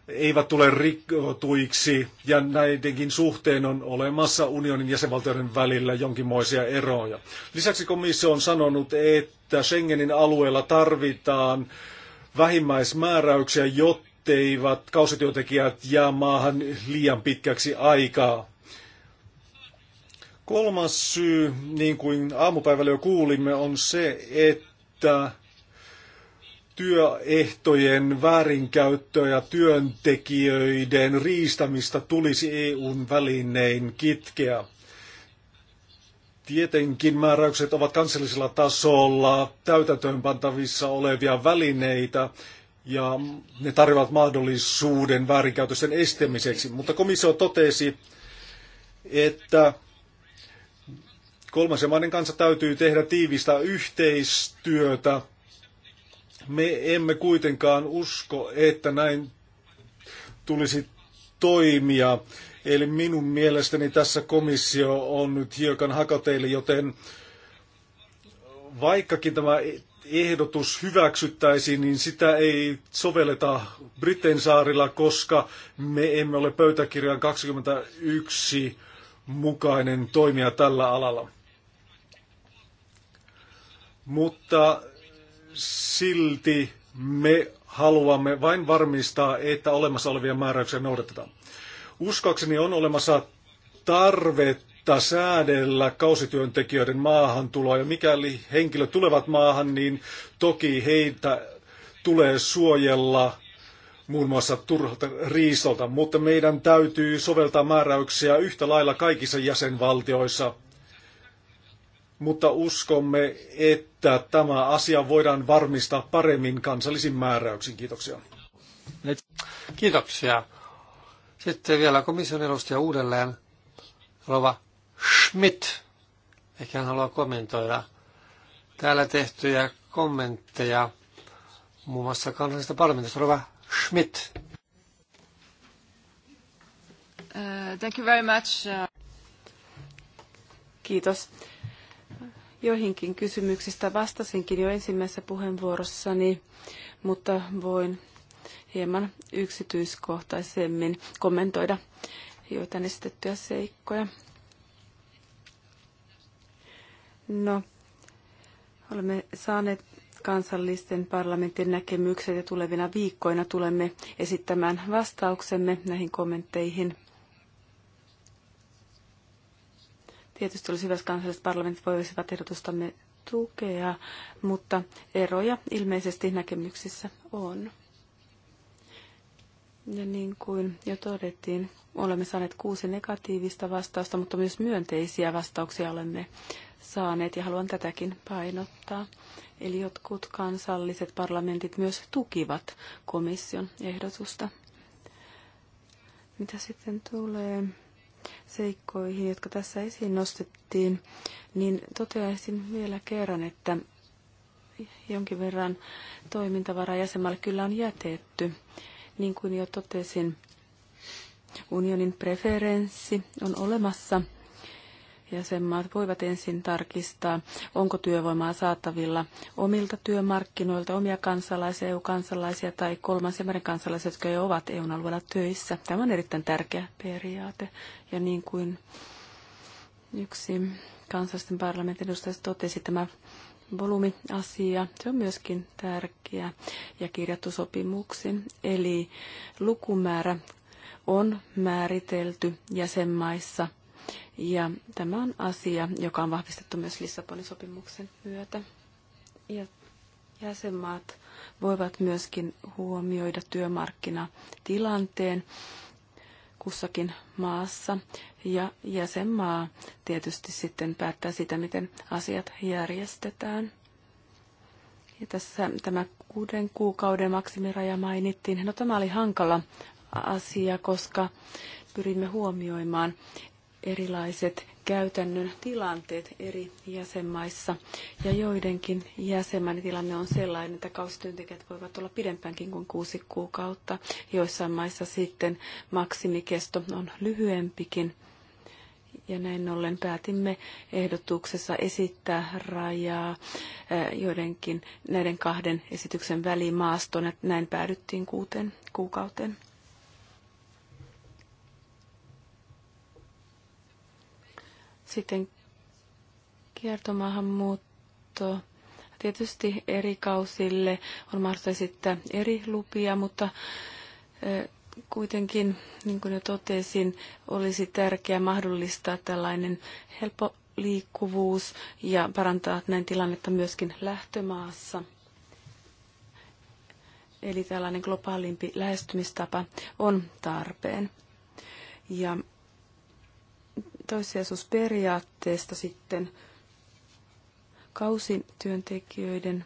eivät tule rikotuiksi ja näidenkin suhteen on olemassa unionin jäsenvaltioiden välillä jonkinmoisia eroja. Lisäksi komissio on sanonut, että Schengenin alueella tarvitaan vähimmäismääräyksiä, jotteivät kausityöntekijät jää maahan liian pitkäksi aikaa. Kolmas syy, niin kuin aamupäivällä jo kuulimme, on se, että työehtojen väärinkäyttöä ja työntekijöiden riistämistä tulisi EUn välinein kitkeä. Tietenkin määräykset ovat kansallisella tasolla täytäntöönpantavissa olevia välineitä, ja ne tarjoavat mahdollisuuden väärinkäytösten estämiseksi. Mutta komissio totesi, että Kolmasen maiden kanssa täytyy tehdä tiivistä yhteistyötä. Me emme kuitenkaan usko, että näin tulisi toimia. Eli minun mielestäni tässä komissio on nyt hiukan hakateille, joten vaikkakin tämä ehdotus hyväksyttäisiin, niin sitä ei sovelleta Britten saarilla, koska me emme ole pöytäkirjan 21 mukainen toimija tällä alalla mutta silti me haluamme vain varmistaa, että olemassa olevia määräyksiä noudatetaan. Uskoakseni on olemassa tarvetta säädellä kausityöntekijöiden maahantuloa, ja mikäli henkilöt tulevat maahan, niin toki heitä tulee suojella muun muassa turhalta riistolta, mutta meidän täytyy soveltaa määräyksiä yhtä lailla kaikissa jäsenvaltioissa. Mutta uskomme, että että tämä asia voidaan varmistaa paremmin kansallisin määräyksin. Kiitoksia. Kiitoksia. Sitten vielä komission edustaja uudelleen, Rova Schmidt. Ehkä hän haluaa kommentoida täällä tehtyjä kommentteja muun muassa kansallisesta parlamentista. Rova Schmidt. Uh, thank you very much. Uh. Kiitos. Joihinkin kysymyksistä vastasinkin jo ensimmäisessä puheenvuorossani, mutta voin hieman yksityiskohtaisemmin kommentoida joitain esitettyjä seikkoja. No, olemme saaneet kansallisten parlamentin näkemykset ja tulevina viikkoina tulemme esittämään vastauksemme näihin kommentteihin. Tietysti olisi hyvä, että kansalliset parlamentit voisivat ehdotustamme tukea, mutta eroja ilmeisesti näkemyksissä on. Ja niin kuin jo todettiin, olemme saaneet kuusi negatiivista vastausta, mutta myös myönteisiä vastauksia olemme saaneet ja haluan tätäkin painottaa. Eli jotkut kansalliset parlamentit myös tukivat komission ehdotusta. Mitä sitten tulee seikkoihin, jotka tässä esiin nostettiin, niin toteaisin vielä kerran, että jonkin verran toimintavaraa jäsenmaalle kyllä on jätetty. Niin kuin jo totesin, unionin preferenssi on olemassa – jäsenmaat voivat ensin tarkistaa, onko työvoimaa saatavilla omilta työmarkkinoilta, omia kansalaisia, EU-kansalaisia tai kolmansien maiden kansalaisia, jotka jo ovat EUn alueella töissä. Tämä on erittäin tärkeä periaate. Ja niin kuin yksi kansallisten parlamentin edustaja totesi, tämä volyymiasia, se on myöskin tärkeä ja kirjattu sopimuksiin. Eli lukumäärä on määritelty jäsenmaissa – ja tämä on asia, joka on vahvistettu myös Lissabonin sopimuksen myötä. Ja jäsenmaat voivat myöskin huomioida työmarkkinatilanteen kussakin maassa. Ja jäsenmaa tietysti sitten päättää sitä, miten asiat järjestetään. Ja tässä tämä kuuden kuukauden maksimiraja mainittiin. No tämä oli hankala asia, koska pyrimme huomioimaan erilaiset käytännön tilanteet eri jäsenmaissa. Ja joidenkin jäsenmaiden tilanne on sellainen, että kausityöntekijät voivat olla pidempäänkin kuin kuusi kuukautta. Joissain maissa sitten maksimikesto on lyhyempikin. Ja näin ollen päätimme ehdotuksessa esittää rajaa eh, joidenkin näiden kahden esityksen välimaaston, että näin päädyttiin kuuteen kuukauteen. Sitten kiertomaahanmuutto. Tietysti eri kausille on mahdollista esittää eri lupia, mutta kuitenkin, niin kuin jo totesin, olisi tärkeää mahdollistaa tällainen helppo liikkuvuus ja parantaa näin tilannetta myöskin lähtömaassa. Eli tällainen globaalimpi lähestymistapa on tarpeen. Ja toissijaisuusperiaatteesta sitten kausityöntekijöiden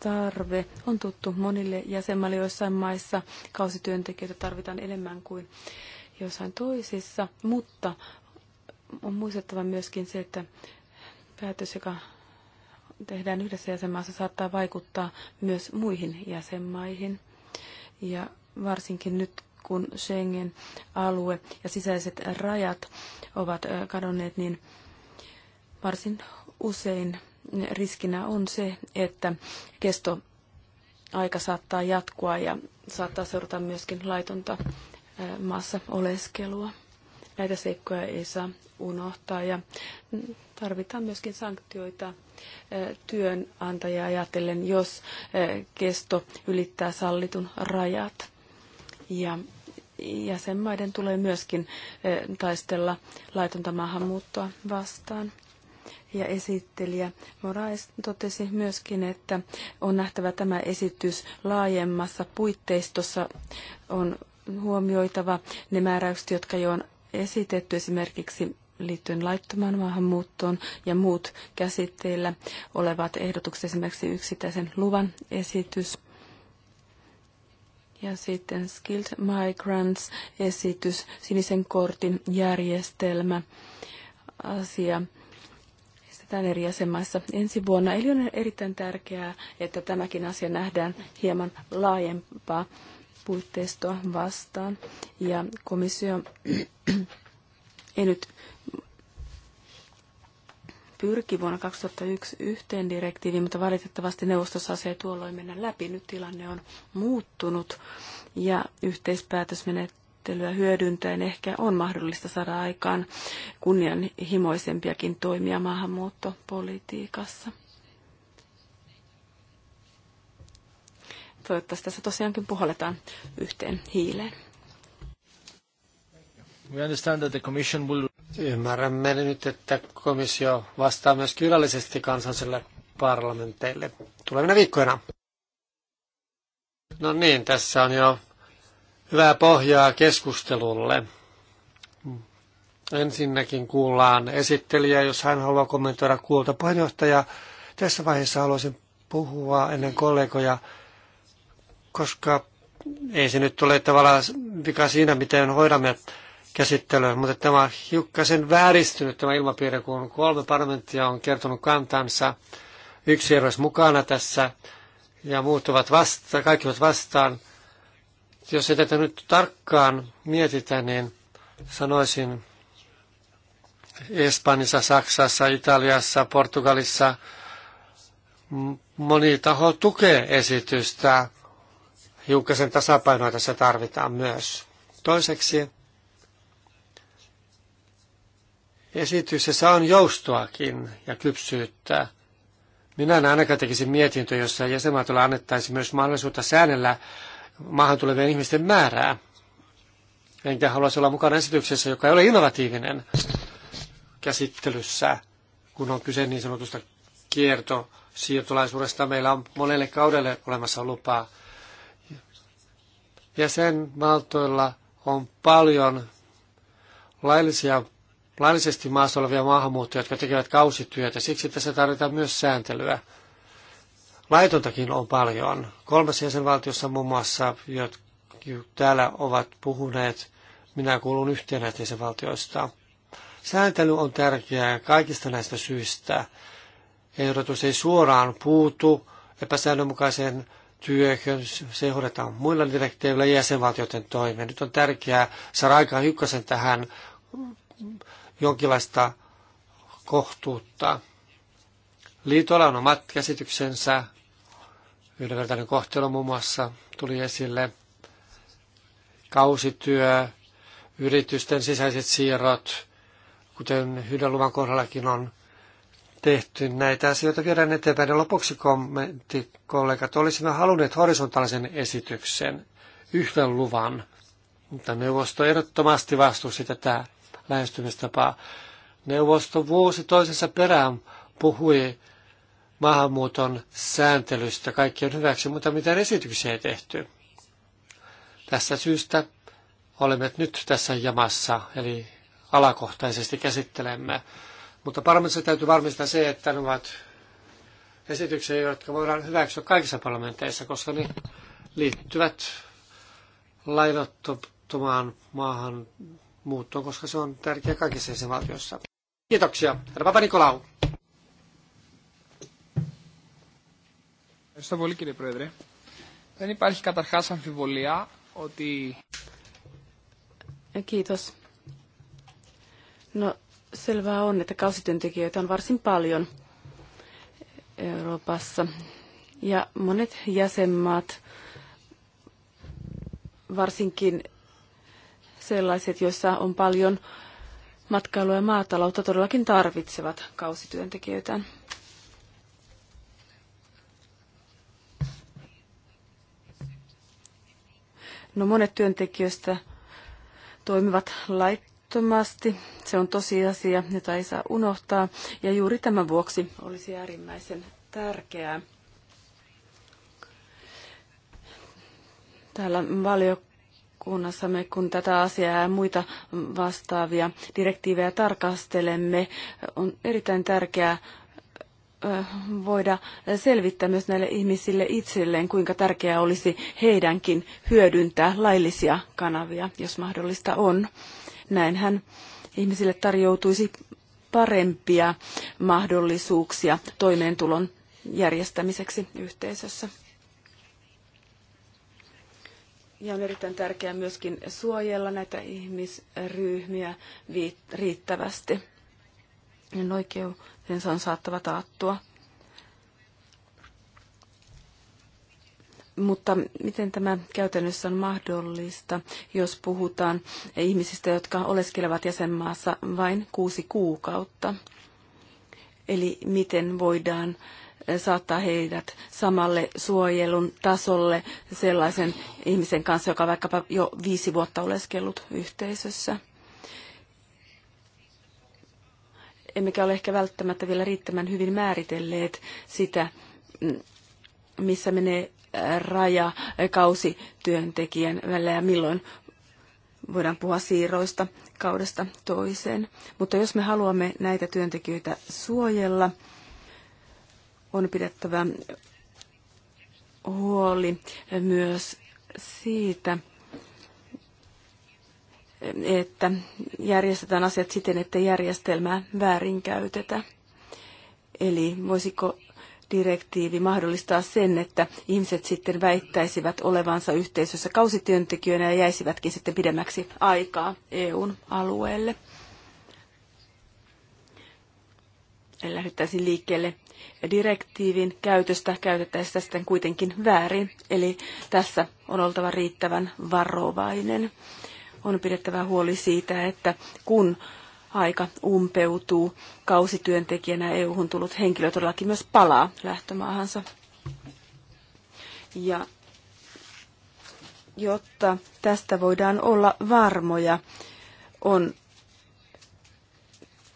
tarve on tuttu monille jäsenmaille. Joissain maissa kausityöntekijöitä tarvitaan enemmän kuin joissain toisissa, mutta on muistettava myöskin se, että päätös, joka tehdään yhdessä jäsenmaassa, saattaa vaikuttaa myös muihin jäsenmaihin. Ja varsinkin nyt kun Schengen-alue ja sisäiset rajat ovat kadonneet, niin varsin usein riskinä on se, että kesto aika saattaa jatkua ja saattaa seurata myöskin laitonta maassa oleskelua. Näitä seikkoja ei saa unohtaa ja tarvitaan myöskin sanktioita työnantajia ajatellen, jos kesto ylittää sallitun rajat. Ja jäsenmaiden tulee myöskin eh, taistella laitonta maahanmuuttoa vastaan. Ja esittelijä Morais totesi myöskin, että on nähtävä tämä esitys laajemmassa puitteistossa. On huomioitava ne määräykset, jotka jo on esitetty esimerkiksi liittyen laittomaan maahanmuuttoon ja muut käsitteillä olevat ehdotukset, esimerkiksi yksittäisen luvan esitys. Ja sitten Skilled Migrants-esitys, sinisen kortin järjestelmä, asia järjestetään eri jäsenmaissa ensi vuonna. Eli on erittäin tärkeää, että tämäkin asia nähdään hieman laajempaa puitteistoa vastaan. Ja komissio [CLEARS THROAT] ei nyt pyrki vuonna 2001 yhteen direktiiviin, mutta valitettavasti neuvostossa se ei tuolloin mennä läpi. Nyt tilanne on muuttunut ja yhteispäätösmenettelyä hyödyntäen ehkä on mahdollista saada aikaan kunnianhimoisempiakin toimia maahanmuuttopolitiikassa. Toivottavasti tässä tosiaankin puhalletaan yhteen hiileen. We understand that the commission will... Ymmärrämme nyt, että komissio vastaa myös kirjallisesti kansalliselle parlamenteille tulevina viikkoina. No niin, tässä on jo hyvää pohjaa keskustelulle. Ensinnäkin kuullaan esittelijä, jos hän haluaa kommentoida kuulta puheenjohtaja. Tässä vaiheessa haluaisin puhua ennen kollegoja, koska ei se nyt ole tavallaan vika siinä, miten hoidamme käsittelyä, mutta tämä on hiukkasen vääristynyt tämä ilmapiiri, kun kolme parlamenttia on kertonut kantansa, yksi ehdokas mukana tässä ja muut ovat vasta, kaikki ovat vastaan. Jos ei tätä nyt tarkkaan mietitä, niin sanoisin Espanjassa, Saksassa, Italiassa, Portugalissa moni taho tukee esitystä. Hiukkasen tasapainoa tässä tarvitaan myös. Toiseksi esityksessä on joustoakin ja kypsyyttä. Minä en ainakaan tekisi mietintö, jossa jäsenmaatolla annettaisiin myös mahdollisuutta säännellä maahan tulevien ihmisten määrää. Enkä haluaisi olla mukana esityksessä, joka ei ole innovatiivinen käsittelyssä, kun on kyse niin sanotusta kiertosiirtolaisuudesta. Meillä on monelle kaudelle olemassa lupaa. Jäsenvaltoilla on paljon laillisia laillisesti maassa olevia maahanmuuttajia, jotka tekevät kausityötä. Siksi tässä tarvitaan myös sääntelyä. Laitontakin on paljon. Kolmessa jäsenvaltiossa muun muassa, jotka täällä ovat puhuneet, minä kuulun yhteen näistä jäsenvaltioista. Sääntely on tärkeää kaikista näistä syistä. Ehdotus ei suoraan puutu epäsäännönmukaiseen työhön, se hoidetaan muilla direktiiveillä jäsenvaltioiden toimeen. Nyt on tärkeää saada aikaan hiukkasen tähän jonkinlaista kohtuutta. Liitolla on omat käsityksensä. Yhdenvertainen kohtelu muun muassa tuli esille. Kausityö, yritysten sisäiset siirrot, kuten Hydeluvan kohdallakin on tehty näitä asioita, viedään eteenpäin. lopuksi kommentti, kollegat, olisimme halunneet horisontaalisen esityksen, yhden luvan, mutta neuvosto ehdottomasti vastusti tätä lähestymistapaa. Neuvosto vuosi toisensa perään puhui maahanmuuton sääntelystä kaikkien hyväksi, mutta mitä esityksiä ei tehty. Tästä syystä olemme nyt tässä jamassa, eli alakohtaisesti käsittelemme. Mutta parlamentissa täytyy varmistaa se, että ne ovat esityksiä, jotka voidaan hyväksyä kaikissa parlamenteissa, koska ne liittyvät lainottomaan maahan muuttoon, koska se on tärkeä kaikissa jäsenvaltioissa. Kiitoksia. Herra Papa Nikolau. Ευχαριστώ πολύ κύριε Πρόεδρε. Δεν υπάρχει καταρχάς αμφιβολία ότι... Kiitos. No, selvää on, että kausityöntekijöitä on varsin paljon Euroopassa. Ja monet jäsenmaat, varsinkin sellaiset, joissa on paljon matkailua ja maataloutta, todellakin tarvitsevat kausityöntekijöitä. No monet työntekijöistä toimivat laittomasti. Se on tosiasia, jota ei saa unohtaa. Ja juuri tämän vuoksi olisi äärimmäisen tärkeää. Täällä valiokunnassa valiokunnassamme, kun tätä asiaa ja muita vastaavia direktiivejä tarkastelemme, on erittäin tärkeää voida selvittää myös näille ihmisille itselleen, kuinka tärkeää olisi heidänkin hyödyntää laillisia kanavia, jos mahdollista on. Näinhän ihmisille tarjoutuisi parempia mahdollisuuksia toimeentulon järjestämiseksi yhteisössä. Ja on erittäin tärkeää myöskin suojella näitä ihmisryhmiä riittävästi. Niin oikeutensa on saattava taattua. Mutta miten tämä käytännössä on mahdollista, jos puhutaan ihmisistä, jotka oleskelevat jäsenmaassa vain kuusi kuukautta? Eli miten voidaan äh, saattaa heidät samalle suojelun tasolle sellaisen ihmisen kanssa, joka vaikkapa jo viisi vuotta oleskellut yhteisössä. Emmekä ole ehkä välttämättä vielä riittävän hyvin määritelleet sitä, mm, missä menee äh, raja äh, kausityöntekijän välillä ja milloin voidaan puhua siirroista kaudesta toiseen. Mutta jos me haluamme näitä työntekijöitä suojella, on pidettävä huoli myös siitä, että järjestetään asiat siten, että järjestelmää väärinkäytetä. Eli voisiko direktiivi mahdollistaa sen, että ihmiset sitten väittäisivät olevansa yhteisössä kausityöntekijöinä ja jäisivätkin sitten pidemmäksi aikaa EUn alueelle. Eli lähdettäisiin liikkeelle direktiivin käytöstä käytettäessä sitä sitten kuitenkin väärin. Eli tässä on oltava riittävän varovainen. On pidettävä huoli siitä, että kun aika umpeutuu, kausityöntekijänä EU-hun tullut henkilö todellakin myös palaa lähtömaahansa. Ja jotta tästä voidaan olla varmoja, on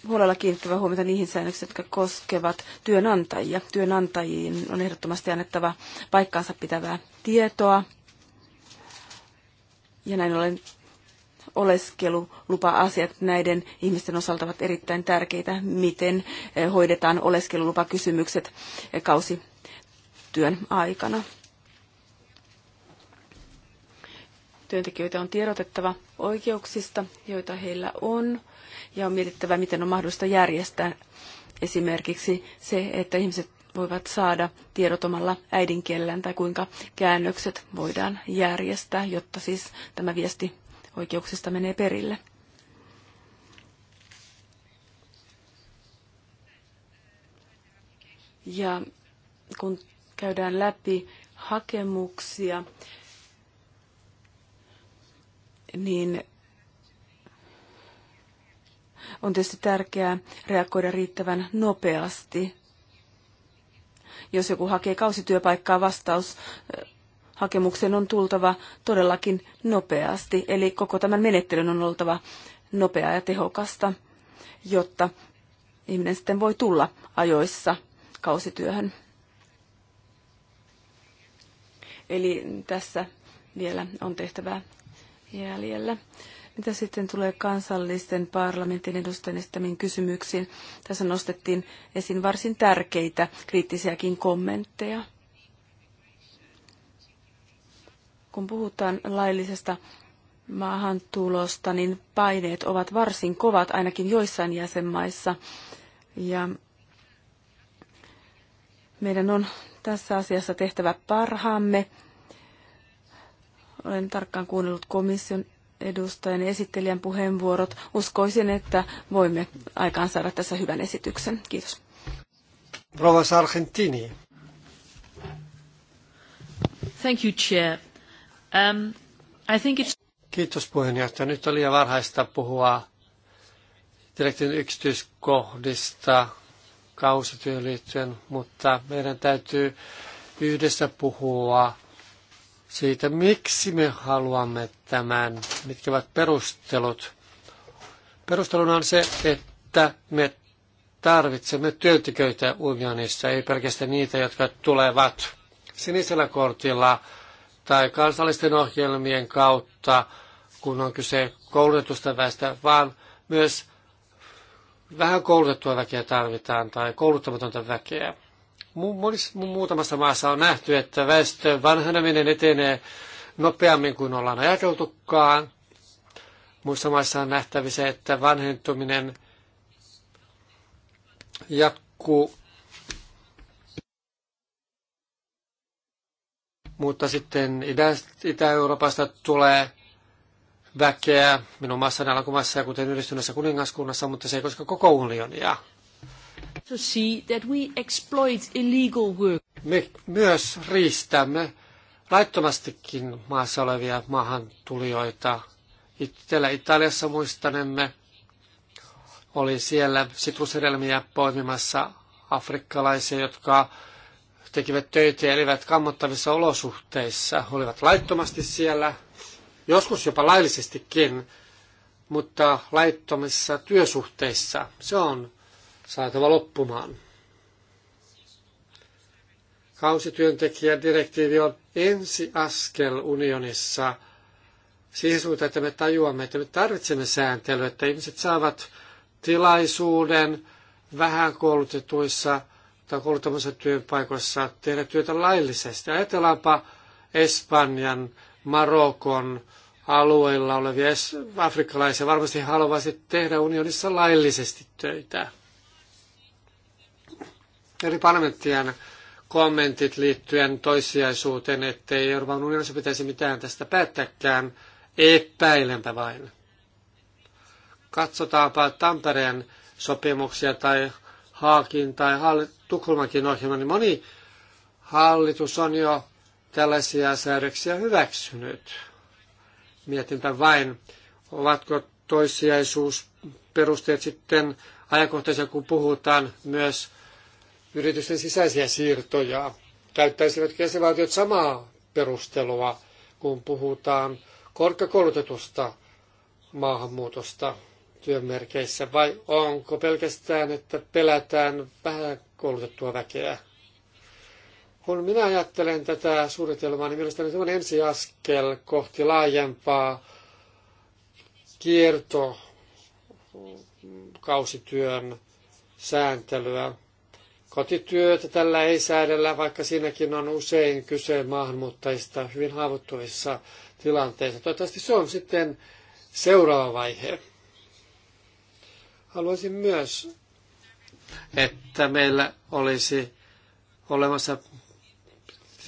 huolella kiinnittävä huomiota niihin säännöksiin, jotka koskevat työnantajia. Työnantajiin on ehdottomasti annettava paikkaansa pitävää tietoa. Ja näin ollen oleskelulupa-asiat näiden ihmisten osalta ovat erittäin tärkeitä, miten eh, hoidetaan oleskelulupakysymykset eh, kausityön aikana. Työntekijöitä on tiedotettava oikeuksista, joita heillä on, ja on mietittävä, miten on mahdollista järjestää esimerkiksi se, että ihmiset voivat saada tiedot omalla äidinkielellään tai kuinka käännökset voidaan järjestää, jotta siis tämä viesti oikeuksista menee perille. Ja kun käydään läpi hakemuksia, niin on tietysti tärkeää reagoida riittävän nopeasti. Jos joku hakee kausityöpaikkaa, vastaus eh, hakemuksen on tultava todellakin nopeasti. Eli koko tämän menettelyn on oltava nopeaa ja tehokasta, jotta ihminen sitten voi tulla ajoissa kausityöhön. Eli tässä vielä on tehtävää jäljellä. Mitä sitten tulee kansallisten parlamentin edustajien esittämiin kysymyksiin? Tässä nostettiin esiin varsin tärkeitä kriittisiäkin kommentteja. Kun puhutaan laillisesta maahantulosta, niin paineet ovat varsin kovat ainakin joissain jäsenmaissa. Ja meidän on tässä asiassa tehtävä parhaamme olen tarkkaan kuunnellut komission edustajan ja esittelijän puheenvuorot. Uskoisin, että voimme aikaan saada tässä hyvän esityksen. Kiitos. Rova Sargentini. Thank you, Chair. Um, I think it's... Kiitos puheenjohtaja. Nyt on liian varhaista puhua direktin yksityiskohdista kausityöliittyen, mutta meidän täytyy yhdessä puhua siitä, miksi me haluamme tämän, mitkä ovat perustelut. Perusteluna on se, että me tarvitsemme työntekijöitä unionissa, ei pelkästään niitä, jotka tulevat sinisellä kortilla tai kansallisten ohjelmien kautta, kun on kyse koulutetusta väestä, vaan myös vähän koulutettua väkeä tarvitaan tai kouluttamatonta väkeä muutamassa maassa on nähty, että väestön vanheneminen etenee nopeammin kuin ollaan ajateltukaan. Muissa maissa on nähtävissä, että vanhentuminen jatkuu, mutta sitten Itä-Euroopasta tulee väkeä minun maassani alkumassa ja kuten yhdistyneessä kuningaskunnassa, mutta se ei koska koko unionia to see that we exploit illegal work. Me myös riistämme laittomastikin maassa olevia maahantulijoita. Itsellä Italiassa muistanemme oli siellä sitrushedelmiä poimimassa afrikkalaisia, jotka tekivät töitä ja elivät kammottavissa olosuhteissa, olivat laittomasti siellä, joskus jopa laillisestikin, mutta laittomissa työsuhteissa. Se on saatava loppumaan. Kausityöntekijädirektiivi on ensi askel unionissa siihen suuntaan, että me tajuamme, että me tarvitsemme sääntelyä, että ihmiset saavat tilaisuuden vähän koulutetuissa tai kouluttamassa työpaikoissa tehdä työtä laillisesti. Ajatellaanpa Espanjan, Marokon alueilla olevia afrikkalaisia varmasti haluaisi tehdä unionissa laillisesti töitä eri parlamenttien kommentit liittyen toissijaisuuteen, ettei Euroopan unionissa pitäisi mitään tästä päättääkään, epäilenpä vain. Katsotaanpa Tampereen sopimuksia tai Haakin tai Tukholmankin ohjelma, niin moni hallitus on jo tällaisia säädöksiä hyväksynyt. Mietinpä vain, ovatko toissijaisuusperusteet sitten ajankohtaisia, kun puhutaan myös yritysten sisäisiä siirtoja. Käyttäisivät jäsenvaltiot samaa perustelua, kun puhutaan korkeakoulutetusta maahanmuutosta työmerkeissä, vai onko pelkästään, että pelätään vähän koulutettua väkeä? Kun minä ajattelen tätä suunnitelmaa, niin mielestäni se on ensiaskel kohti laajempaa kierto kausityön sääntelyä. Kotityötä tällä ei säädellä, vaikka siinäkin on usein kyse maahanmuuttajista hyvin haavoittuvissa tilanteissa. Toivottavasti se on sitten seuraava vaihe. Haluaisin myös, että meillä olisi olemassa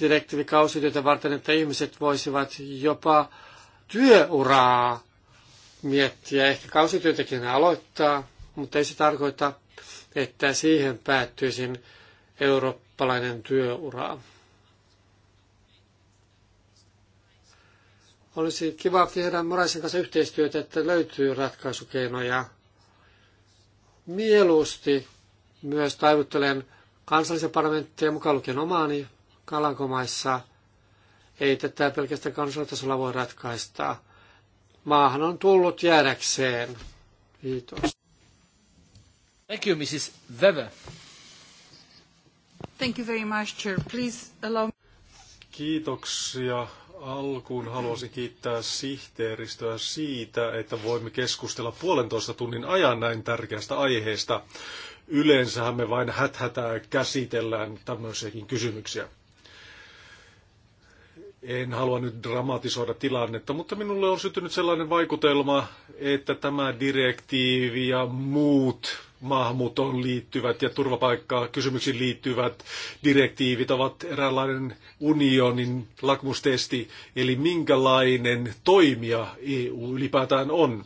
direktiivikausityötä varten, että ihmiset voisivat jopa työuraa miettiä, ehkä kausityötäkin aloittaa, mutta ei se tarkoita, että siihen päättyisin eurooppalainen työura. Olisi kiva tehdä Moraisen kanssa yhteistyötä, että löytyy ratkaisukeinoja. Mieluusti myös taivuttelen kansallisia parlamentteja, mukaan lukien omaani Kalankomaissa. Ei tätä pelkästään kansallisella voi ratkaista. Maahan on tullut jäädäkseen. Kiitos. Thank you, Mrs. Weber. Thank you very much, Chair. Please allow... Kiitoksia. Alkuun haluaisin kiittää sihteeristöä siitä, että voimme keskustella puolentoista tunnin ajan näin tärkeästä aiheesta. Yleensähän me vain häthätää käsitellään tämmöisiäkin kysymyksiä. En halua nyt dramatisoida tilannetta, mutta minulle on syntynyt sellainen vaikutelma, että tämä direktiivi ja muut maahanmuuttoon liittyvät ja kysymyksiin liittyvät direktiivit ovat eräänlainen unionin lakmustesti, eli minkälainen toimija EU ylipäätään on.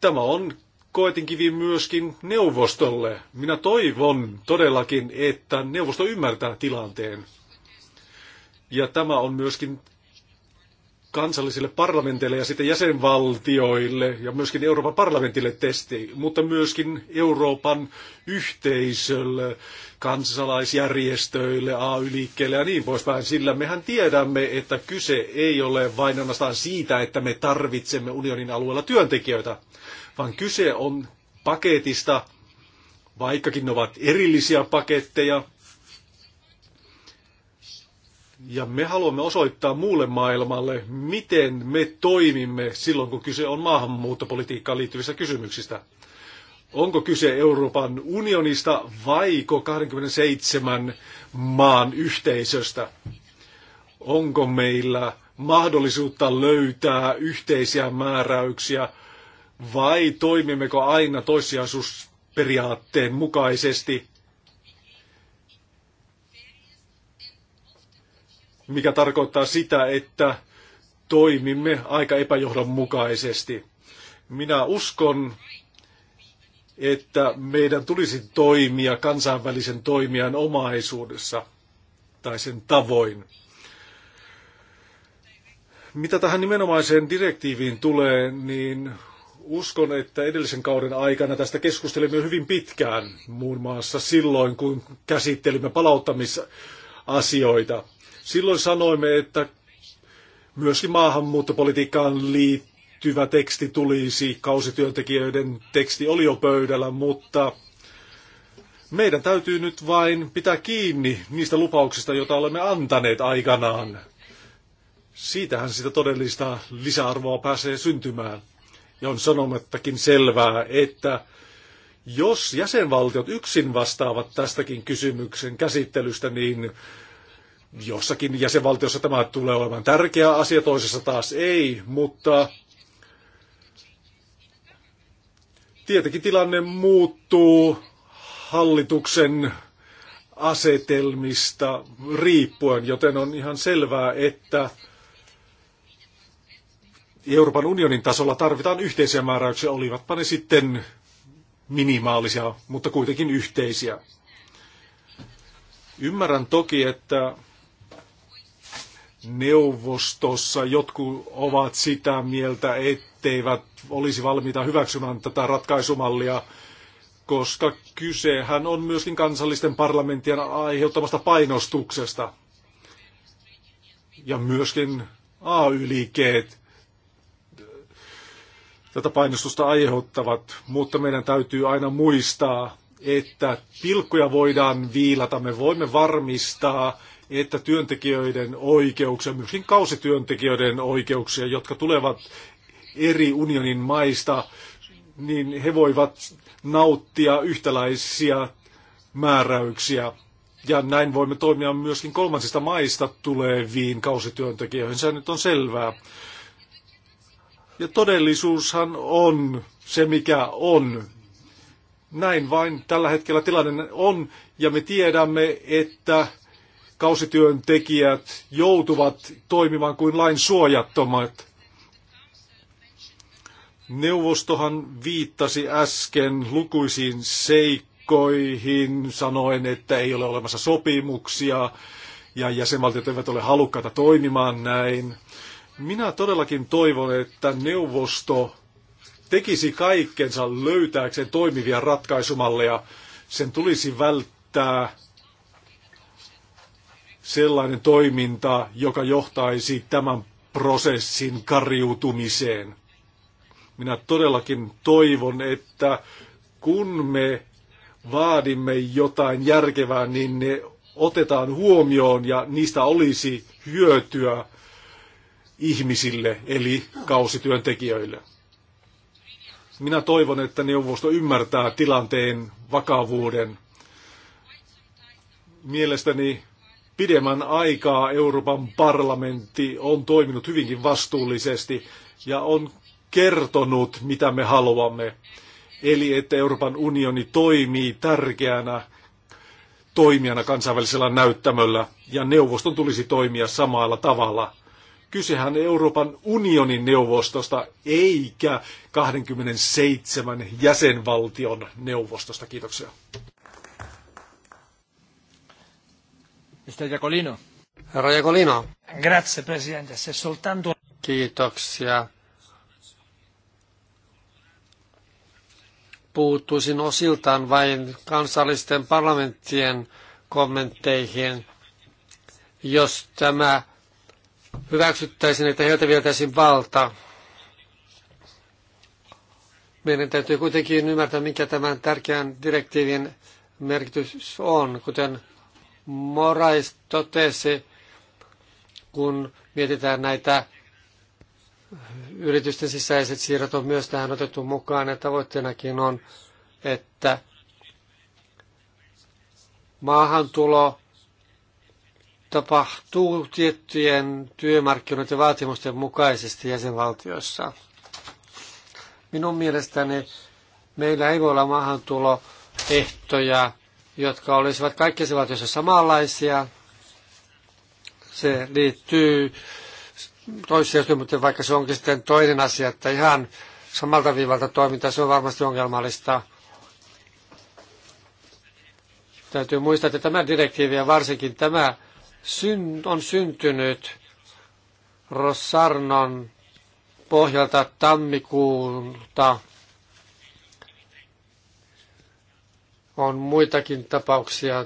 Tämä on koetinkivi myöskin neuvostolle. Minä toivon todellakin, että neuvosto ymmärtää tilanteen. Ja tämä on myöskin kansallisille parlamenteille ja sitten jäsenvaltioille ja myöskin Euroopan parlamentille testi, mutta myöskin Euroopan yhteisölle, kansalaisjärjestöille, AY-liikkeelle ja niin poispäin, sillä mehän tiedämme, että kyse ei ole vain ainoastaan siitä, että me tarvitsemme unionin alueella työntekijöitä, vaan kyse on paketista, vaikkakin ne ovat erillisiä paketteja, ja me haluamme osoittaa muulle maailmalle, miten me toimimme silloin, kun kyse on maahanmuuttopolitiikkaan liittyvistä kysymyksistä. Onko kyse Euroopan unionista vaiko 27 maan yhteisöstä? Onko meillä mahdollisuutta löytää yhteisiä määräyksiä vai toimimmeko aina toissijaisuusperiaatteen mukaisesti – mikä tarkoittaa sitä, että toimimme aika epäjohdonmukaisesti. Minä uskon, että meidän tulisi toimia kansainvälisen toimijan omaisuudessa tai sen tavoin. Mitä tähän nimenomaiseen direktiiviin tulee, niin uskon, että edellisen kauden aikana tästä keskustelimme hyvin pitkään, muun muassa silloin, kun käsittelimme palauttamisasioita. Silloin sanoimme, että myöskin maahanmuuttopolitiikkaan liittyvä teksti tulisi, kausityöntekijöiden teksti oli jo pöydällä, mutta meidän täytyy nyt vain pitää kiinni niistä lupauksista, joita olemme antaneet aikanaan. Siitähän sitä todellista lisäarvoa pääsee syntymään. Ja on sanomattakin selvää, että jos jäsenvaltiot yksin vastaavat tästäkin kysymyksen käsittelystä, niin Jossakin jäsenvaltiossa tämä tulee olemaan tärkeä asia, toisessa taas ei, mutta tietenkin tilanne muuttuu hallituksen asetelmista riippuen, joten on ihan selvää, että Euroopan unionin tasolla tarvitaan yhteisiä määräyksiä, olivatpa ne sitten minimaalisia, mutta kuitenkin yhteisiä. Ymmärrän toki, että neuvostossa jotkut ovat sitä mieltä, etteivät olisi valmiita hyväksymään tätä ratkaisumallia, koska kysehän on myöskin kansallisten parlamenttien aiheuttamasta painostuksesta. Ja myöskin AY-liikkeet tätä painostusta aiheuttavat, mutta meidän täytyy aina muistaa, että pilkkuja voidaan viilata, me voimme varmistaa, että työntekijöiden oikeuksia, myöskin kausityöntekijöiden oikeuksia, jotka tulevat eri unionin maista, niin he voivat nauttia yhtäläisiä määräyksiä. Ja näin voimme toimia myöskin kolmansista maista tuleviin kausityöntekijöihin. Se nyt on selvää. Ja todellisuushan on se, mikä on. Näin vain tällä hetkellä tilanne on, ja me tiedämme, että kausityöntekijät joutuvat toimimaan kuin lain suojattomat. Neuvostohan viittasi äsken lukuisiin seikkoihin sanoen, että ei ole olemassa sopimuksia ja jäsenvaltiot eivät ole halukkaita toimimaan näin. Minä todellakin toivon, että neuvosto tekisi kaikkensa löytääkseen toimivia ratkaisumalleja. Sen tulisi välttää sellainen toiminta, joka johtaisi tämän prosessin karjutumiseen. Minä todellakin toivon, että kun me vaadimme jotain järkevää, niin ne otetaan huomioon ja niistä olisi hyötyä ihmisille, eli kausityöntekijöille. Minä toivon, että neuvosto ymmärtää tilanteen vakavuuden. Mielestäni pidemmän aikaa Euroopan parlamentti on toiminut hyvinkin vastuullisesti ja on kertonut, mitä me haluamme. Eli että Euroopan unioni toimii tärkeänä toimijana kansainvälisellä näyttämöllä ja neuvoston tulisi toimia samalla tavalla. Kysehän Euroopan unionin neuvostosta eikä 27 jäsenvaltion neuvostosta. Kiitoksia. Mr. Jacolino. Herra Jacolino. Grazie, Presidente. Se soltanto... Kiitoksia. Puuttuisin osiltaan vain kansallisten parlamenttien kommentteihin. Jos tämä hyväksyttäisiin, että heiltä vietäisiin valta, meidän täytyy kuitenkin ymmärtää, mikä tämän tärkeän direktiivin merkitys on. Kuten Morais totesi, kun mietitään näitä yritysten sisäiset siirrot on myös tähän otettu mukaan, että tavoitteenakin on, että maahantulo tapahtuu tiettyjen työmarkkinoiden vaatimusten mukaisesti jäsenvaltioissa. Minun mielestäni meillä ei voi olla maahantuloehtoja, jotka olisivat kaikki valtioissa samanlaisia. Se liittyy toissijaisuuteen, vaikka se onkin sitten toinen asia, että ihan samalta viivalta toiminta, se on varmasti ongelmallista. Täytyy muistaa, että tämä direktiivi ja varsinkin tämä on syntynyt Rossarnon pohjalta tammikuulta On muitakin tapauksia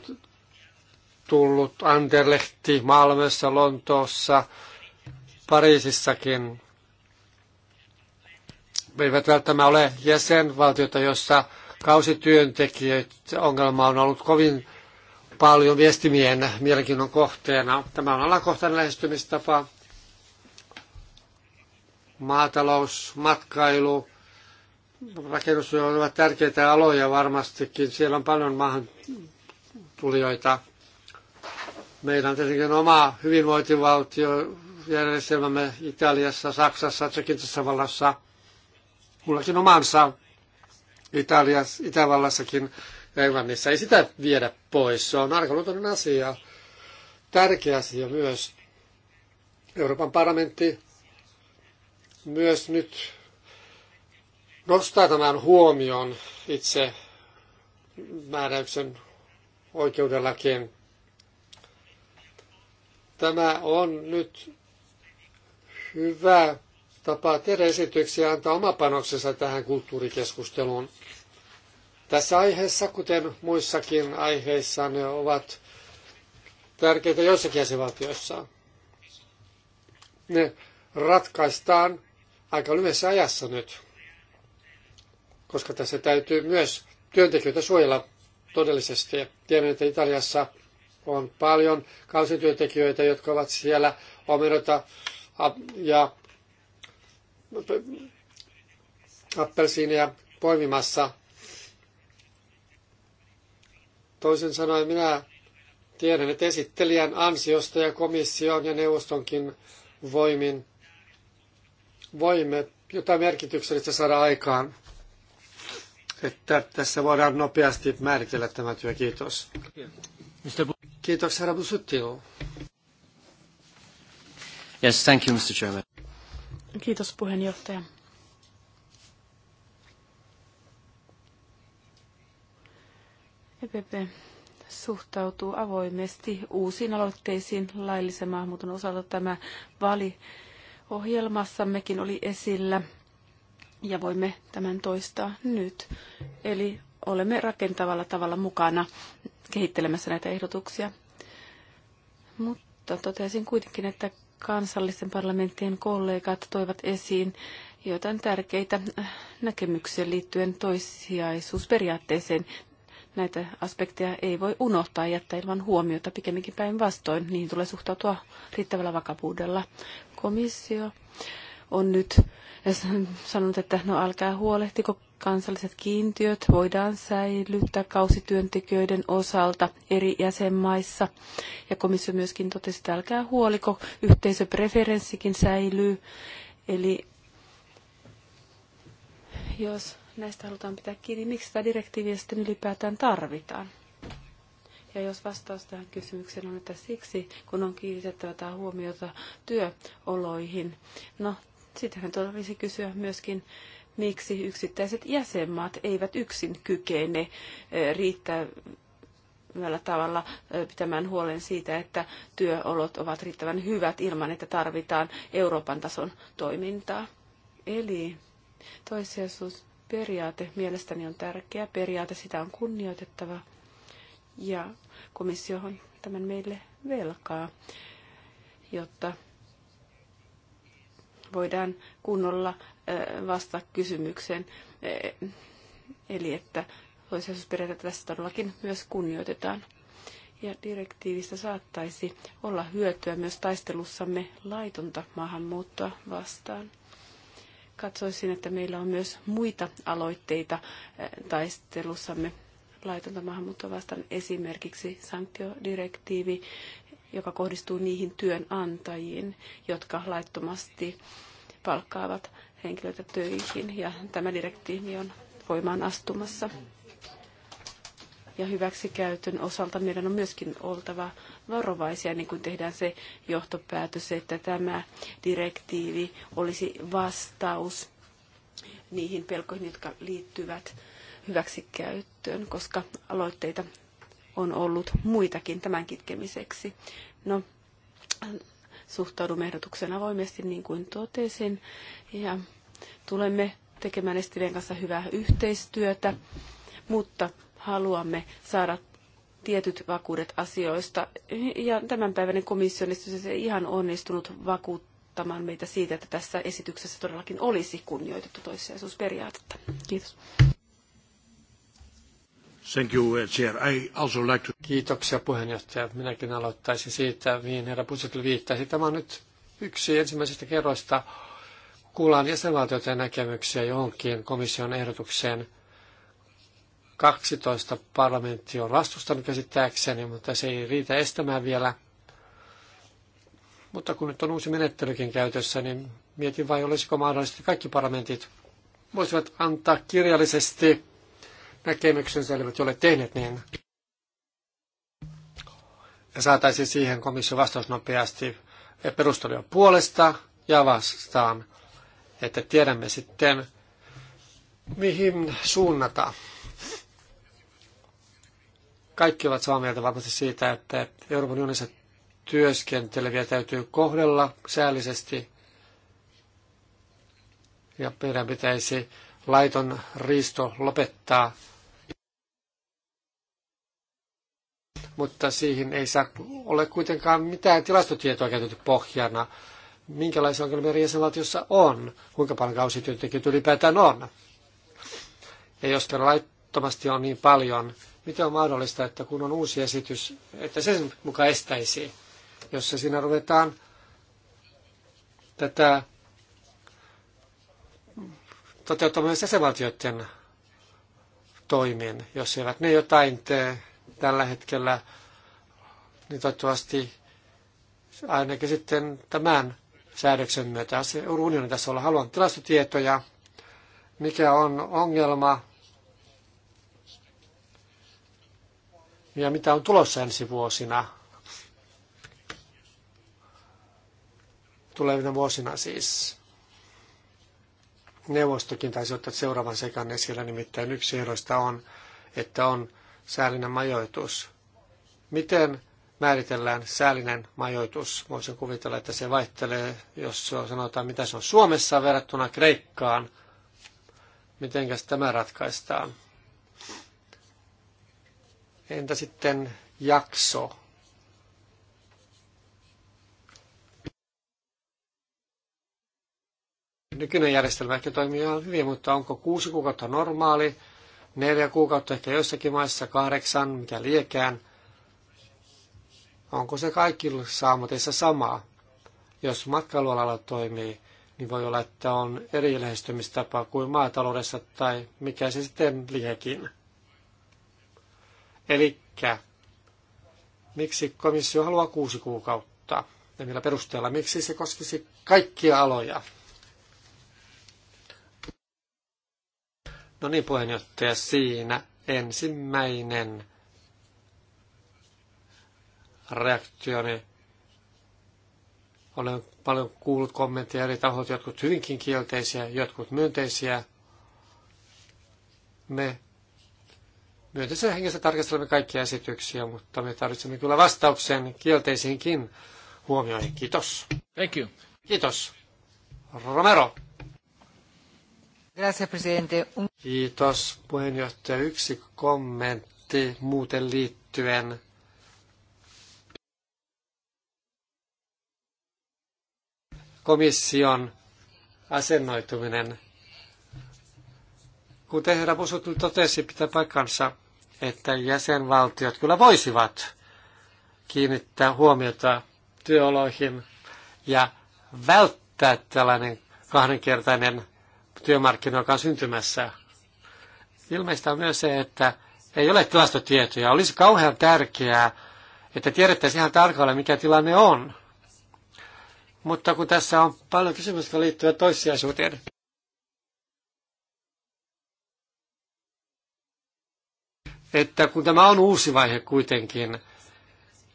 tullut Anderlehti Malmössä, Lontoossa, Pariisissakin. Me eivät välttämättä ole jäsenvaltiota, jossa kausityöntekijöiden ongelma on ollut kovin paljon viestimien mielenkiinnon kohteena. Tämä on alakohtainen lähestymistapa. Maatalous, matkailu, rakennustyö ovat tärkeitä aloja varmastikin. Siellä on paljon maahan tulijoita. Meillä on tietenkin oma hyvinvointivaltio, järjestelmämme Italiassa, Saksassa, Tsekin tasavallassa, mullakin omansa Italiassa, Itävallassakin ja Englannissa. Ei sitä viedä pois, se on arkaluontoinen asia, tärkeä asia myös. Euroopan parlamentti myös nyt nostaa tämän huomion itse määräyksen oikeudellakin. Tämä on nyt hyvä tapa tehdä esityksiä ja antaa oma panoksensa tähän kulttuurikeskusteluun. Tässä aiheessa, kuten muissakin aiheissa, ne ovat tärkeitä joissakin jäsenvaltioissa. Ne ratkaistaan aika lyhyessä ajassa nyt koska tässä täytyy myös työntekijöitä suojella todellisesti. Tiedän, että Italiassa on paljon kausityöntekijöitä, jotka ovat siellä omenoita ja appelsiinia poimimassa. Toisin sanoen minä tiedän, että esittelijän ansiosta ja komission ja neuvostonkin voimin voimme jotain merkityksellistä saada aikaan että tässä voidaan nopeasti määritellä tämä työ. Kiitos. Kiitos, herra Busuttil. Yes, thank you, Mr. Chairman. Kiitos, puheenjohtaja. EPP suhtautuu avoimesti uusiin aloitteisiin laillisen maahanmuuton osalta. Tämä vali ohjelmassammekin oli esillä ja voimme tämän toistaa nyt. Eli olemme rakentavalla tavalla mukana kehittelemässä näitä ehdotuksia. Mutta totesin kuitenkin, että kansallisten parlamenttien kollegat toivat esiin joitain tärkeitä näkemyksiä liittyen toissijaisuusperiaatteeseen. Näitä aspekteja ei voi unohtaa jättää ilman huomiota, pikemminkin päinvastoin. Niihin tulee suhtautua riittävällä vakavuudella. Komissio on nyt sanonut, että no älkää huolehtiko kansalliset kiintiöt voidaan säilyttää kausityöntekijöiden osalta eri jäsenmaissa. Ja komissio myöskin totesi, että älkää huoliko, yhteisöpreferenssikin säilyy. Eli jos näistä halutaan pitää kiinni, niin miksi tämä direktiiviä sitten ylipäätään tarvitaan? Ja jos vastaus tähän kysymykseen on, että siksi, kun on kiinnitettävä tämä huomiota työoloihin. No, Sitähän tulisi kysyä myöskin, miksi yksittäiset jäsenmaat eivät yksin kykene riittävällä tavalla pitämään huolen siitä, että työolot ovat riittävän hyvät ilman, että tarvitaan Euroopan tason toimintaa. Eli toissijaisuusperiaate mielestäni on tärkeä periaate, sitä on kunnioitettava ja komissio on tämän meille velkaa, jotta voidaan kunnolla vastata kysymykseen. E, eli että toisellisuusperiaatetta tässä todellakin myös kunnioitetaan. Ja direktiivistä saattaisi olla hyötyä myös taistelussamme laitonta maahanmuuttoa vastaan. Katsoisin, että meillä on myös muita aloitteita taistelussamme laitonta maahanmuuttoa vastaan, esimerkiksi sanktiodirektiivi joka kohdistuu niihin työnantajiin, jotka laittomasti palkkaavat henkilöitä töihin. Ja tämä direktiivi on voimaan astumassa. Ja hyväksikäytön osalta meidän on myöskin oltava varovaisia, niin kuin tehdään se johtopäätös, että tämä direktiivi olisi vastaus niihin pelkoihin, jotka liittyvät hyväksikäyttöön, koska aloitteita on ollut muitakin tämän kitkemiseksi. No, suhtaudumme ehdotuksen avoimesti, niin kuin totesin, ja tulemme tekemään Estilien kanssa hyvää yhteistyötä, mutta haluamme saada tietyt vakuudet asioista. Ja tämänpäiväinen komission esitys ei ihan onnistunut vakuuttamaan meitä siitä, että tässä esityksessä todellakin olisi kunnioitettu toissijaisuusperiaatetta. Kiitos. Thank you, uh, Chair. I also like to... Kiitoksia puheenjohtaja. Minäkin aloittaisin siitä, mihin herra Pusikli viittasi. Tämä on nyt yksi ensimmäisistä kerroista. Kuullaan jäsenvaltioiden näkemyksiä johonkin komission ehdotukseen. 12 parlamentti on vastustanut käsittääkseni, mutta se ei riitä estämään vielä. Mutta kun nyt on uusi menettelykin käytössä, niin mietin vain, olisiko mahdollisesti kaikki parlamentit voisivat antaa kirjallisesti näkemyksensä, eivät ole tehneet niin. Saataisiin siihen komissio vastaus nopeasti perustelujen puolesta ja vastaan, että tiedämme sitten, mihin suunnata. Kaikki ovat samaa mieltä varmasti siitä, että Euroopan unionissa työskenteleviä täytyy kohdella säällisesti ja meidän pitäisi laiton riisto lopettaa mutta siihen ei saa ole kuitenkaan mitään tilastotietoa käytetty pohjana. Minkälaisia ongelmia eri jäsenvaltiossa on, kuinka paljon kausityöntekijöitä ylipäätään on. Ja jos kerran laittomasti on niin paljon, miten on mahdollista, että kun on uusi esitys, että sen mukaan estäisi, jossa siinä ruvetaan tätä toteuttamaan myös jäsenvaltioiden toimin, jos eivät ne jotain tee, tällä hetkellä, niin toivottavasti ainakin sitten tämän säädöksen myötä Euroopan unionin tasolla haluan tilastotietoja, mikä on ongelma ja mitä on tulossa ensi vuosina. Tulevina vuosina siis. Neuvostokin taisi ottaa seuraavan sekan esillä, nimittäin yksi ehdoista on, että on säällinen majoitus. Miten määritellään säällinen majoitus? Voisin kuvitella, että se vaihtelee, jos se on, sanotaan, mitä se on Suomessa verrattuna Kreikkaan. Mitenkäs tämä ratkaistaan? Entä sitten jakso? Nykyinen järjestelmä ehkä toimii ihan hyvin, mutta onko kuusi kuukautta normaali? neljä kuukautta, ehkä jossakin maissa kahdeksan, mikä liekään. Onko se kaikissa saamateissa sama? Jos matkailualalla toimii, niin voi olla, että on eri lähestymistapa kuin maataloudessa tai mikä se sitten liekin. Eli miksi komissio haluaa kuusi kuukautta ja millä perusteella, miksi se koskisi kaikkia aloja? No niin, puheenjohtaja, siinä ensimmäinen reaktioni. Olen paljon kuullut kommentteja eri tahot, jotkut hyvinkin kielteisiä, jotkut myönteisiä. Me myönteisessä hengessä tarkastelemme kaikkia esityksiä, mutta me tarvitsemme kyllä vastauksen kielteisiinkin huomioihin. Kiitos. Thank you. Kiitos. Romero. Kiitos puheenjohtaja. Yksi kommentti muuten liittyen komission asennoituminen. Kuten herra Busutil totesi, pitää paikkansa, että jäsenvaltiot kyllä voisivat kiinnittää huomiota työoloihin ja välttää tällainen kahdenkertainen työmarkkinoikaan syntymässä. Ilmeistä on myös se, että ei ole tilastotietoja. Olisi kauhean tärkeää, että tiedettäisiin ihan tarkalleen, mikä tilanne on. Mutta kun tässä on paljon kysymyksiä, jotka toissijaisuuteen. Että kun tämä on uusi vaihe kuitenkin,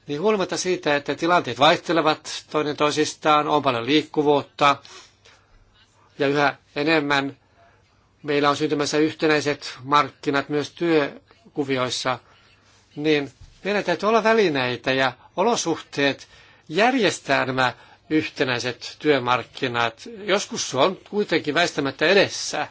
niin huolimatta siitä, että tilanteet vaihtelevat toinen toisistaan, on paljon liikkuvuutta, ja yhä enemmän meillä on syntymässä yhtenäiset markkinat myös työkuvioissa, niin meidän täytyy olla välineitä ja olosuhteet järjestää nämä yhtenäiset työmarkkinat. Joskus se on kuitenkin väistämättä edessä.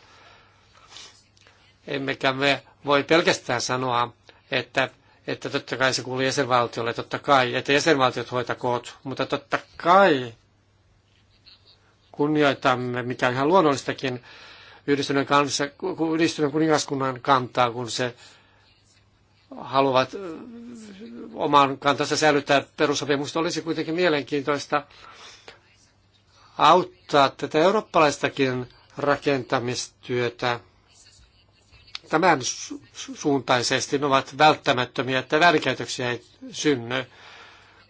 Emmekä me voi pelkästään sanoa, että, että totta kai se kuuluu jäsenvaltiolle, totta kai, että jäsenvaltiot hoitakoot, mutta totta kai kunnioitamme, mikä on ihan luonnollistakin, yhdistyneen, kanssa, yhdistyneen kuningaskunnan kantaa, kun se haluavat oman kantansa säilyttää perusopimusta. olisi kuitenkin mielenkiintoista auttaa tätä eurooppalaistakin rakentamistyötä tämän suuntaisesti. Ne ovat välttämättömiä, että väärinkäytöksiä ei synny,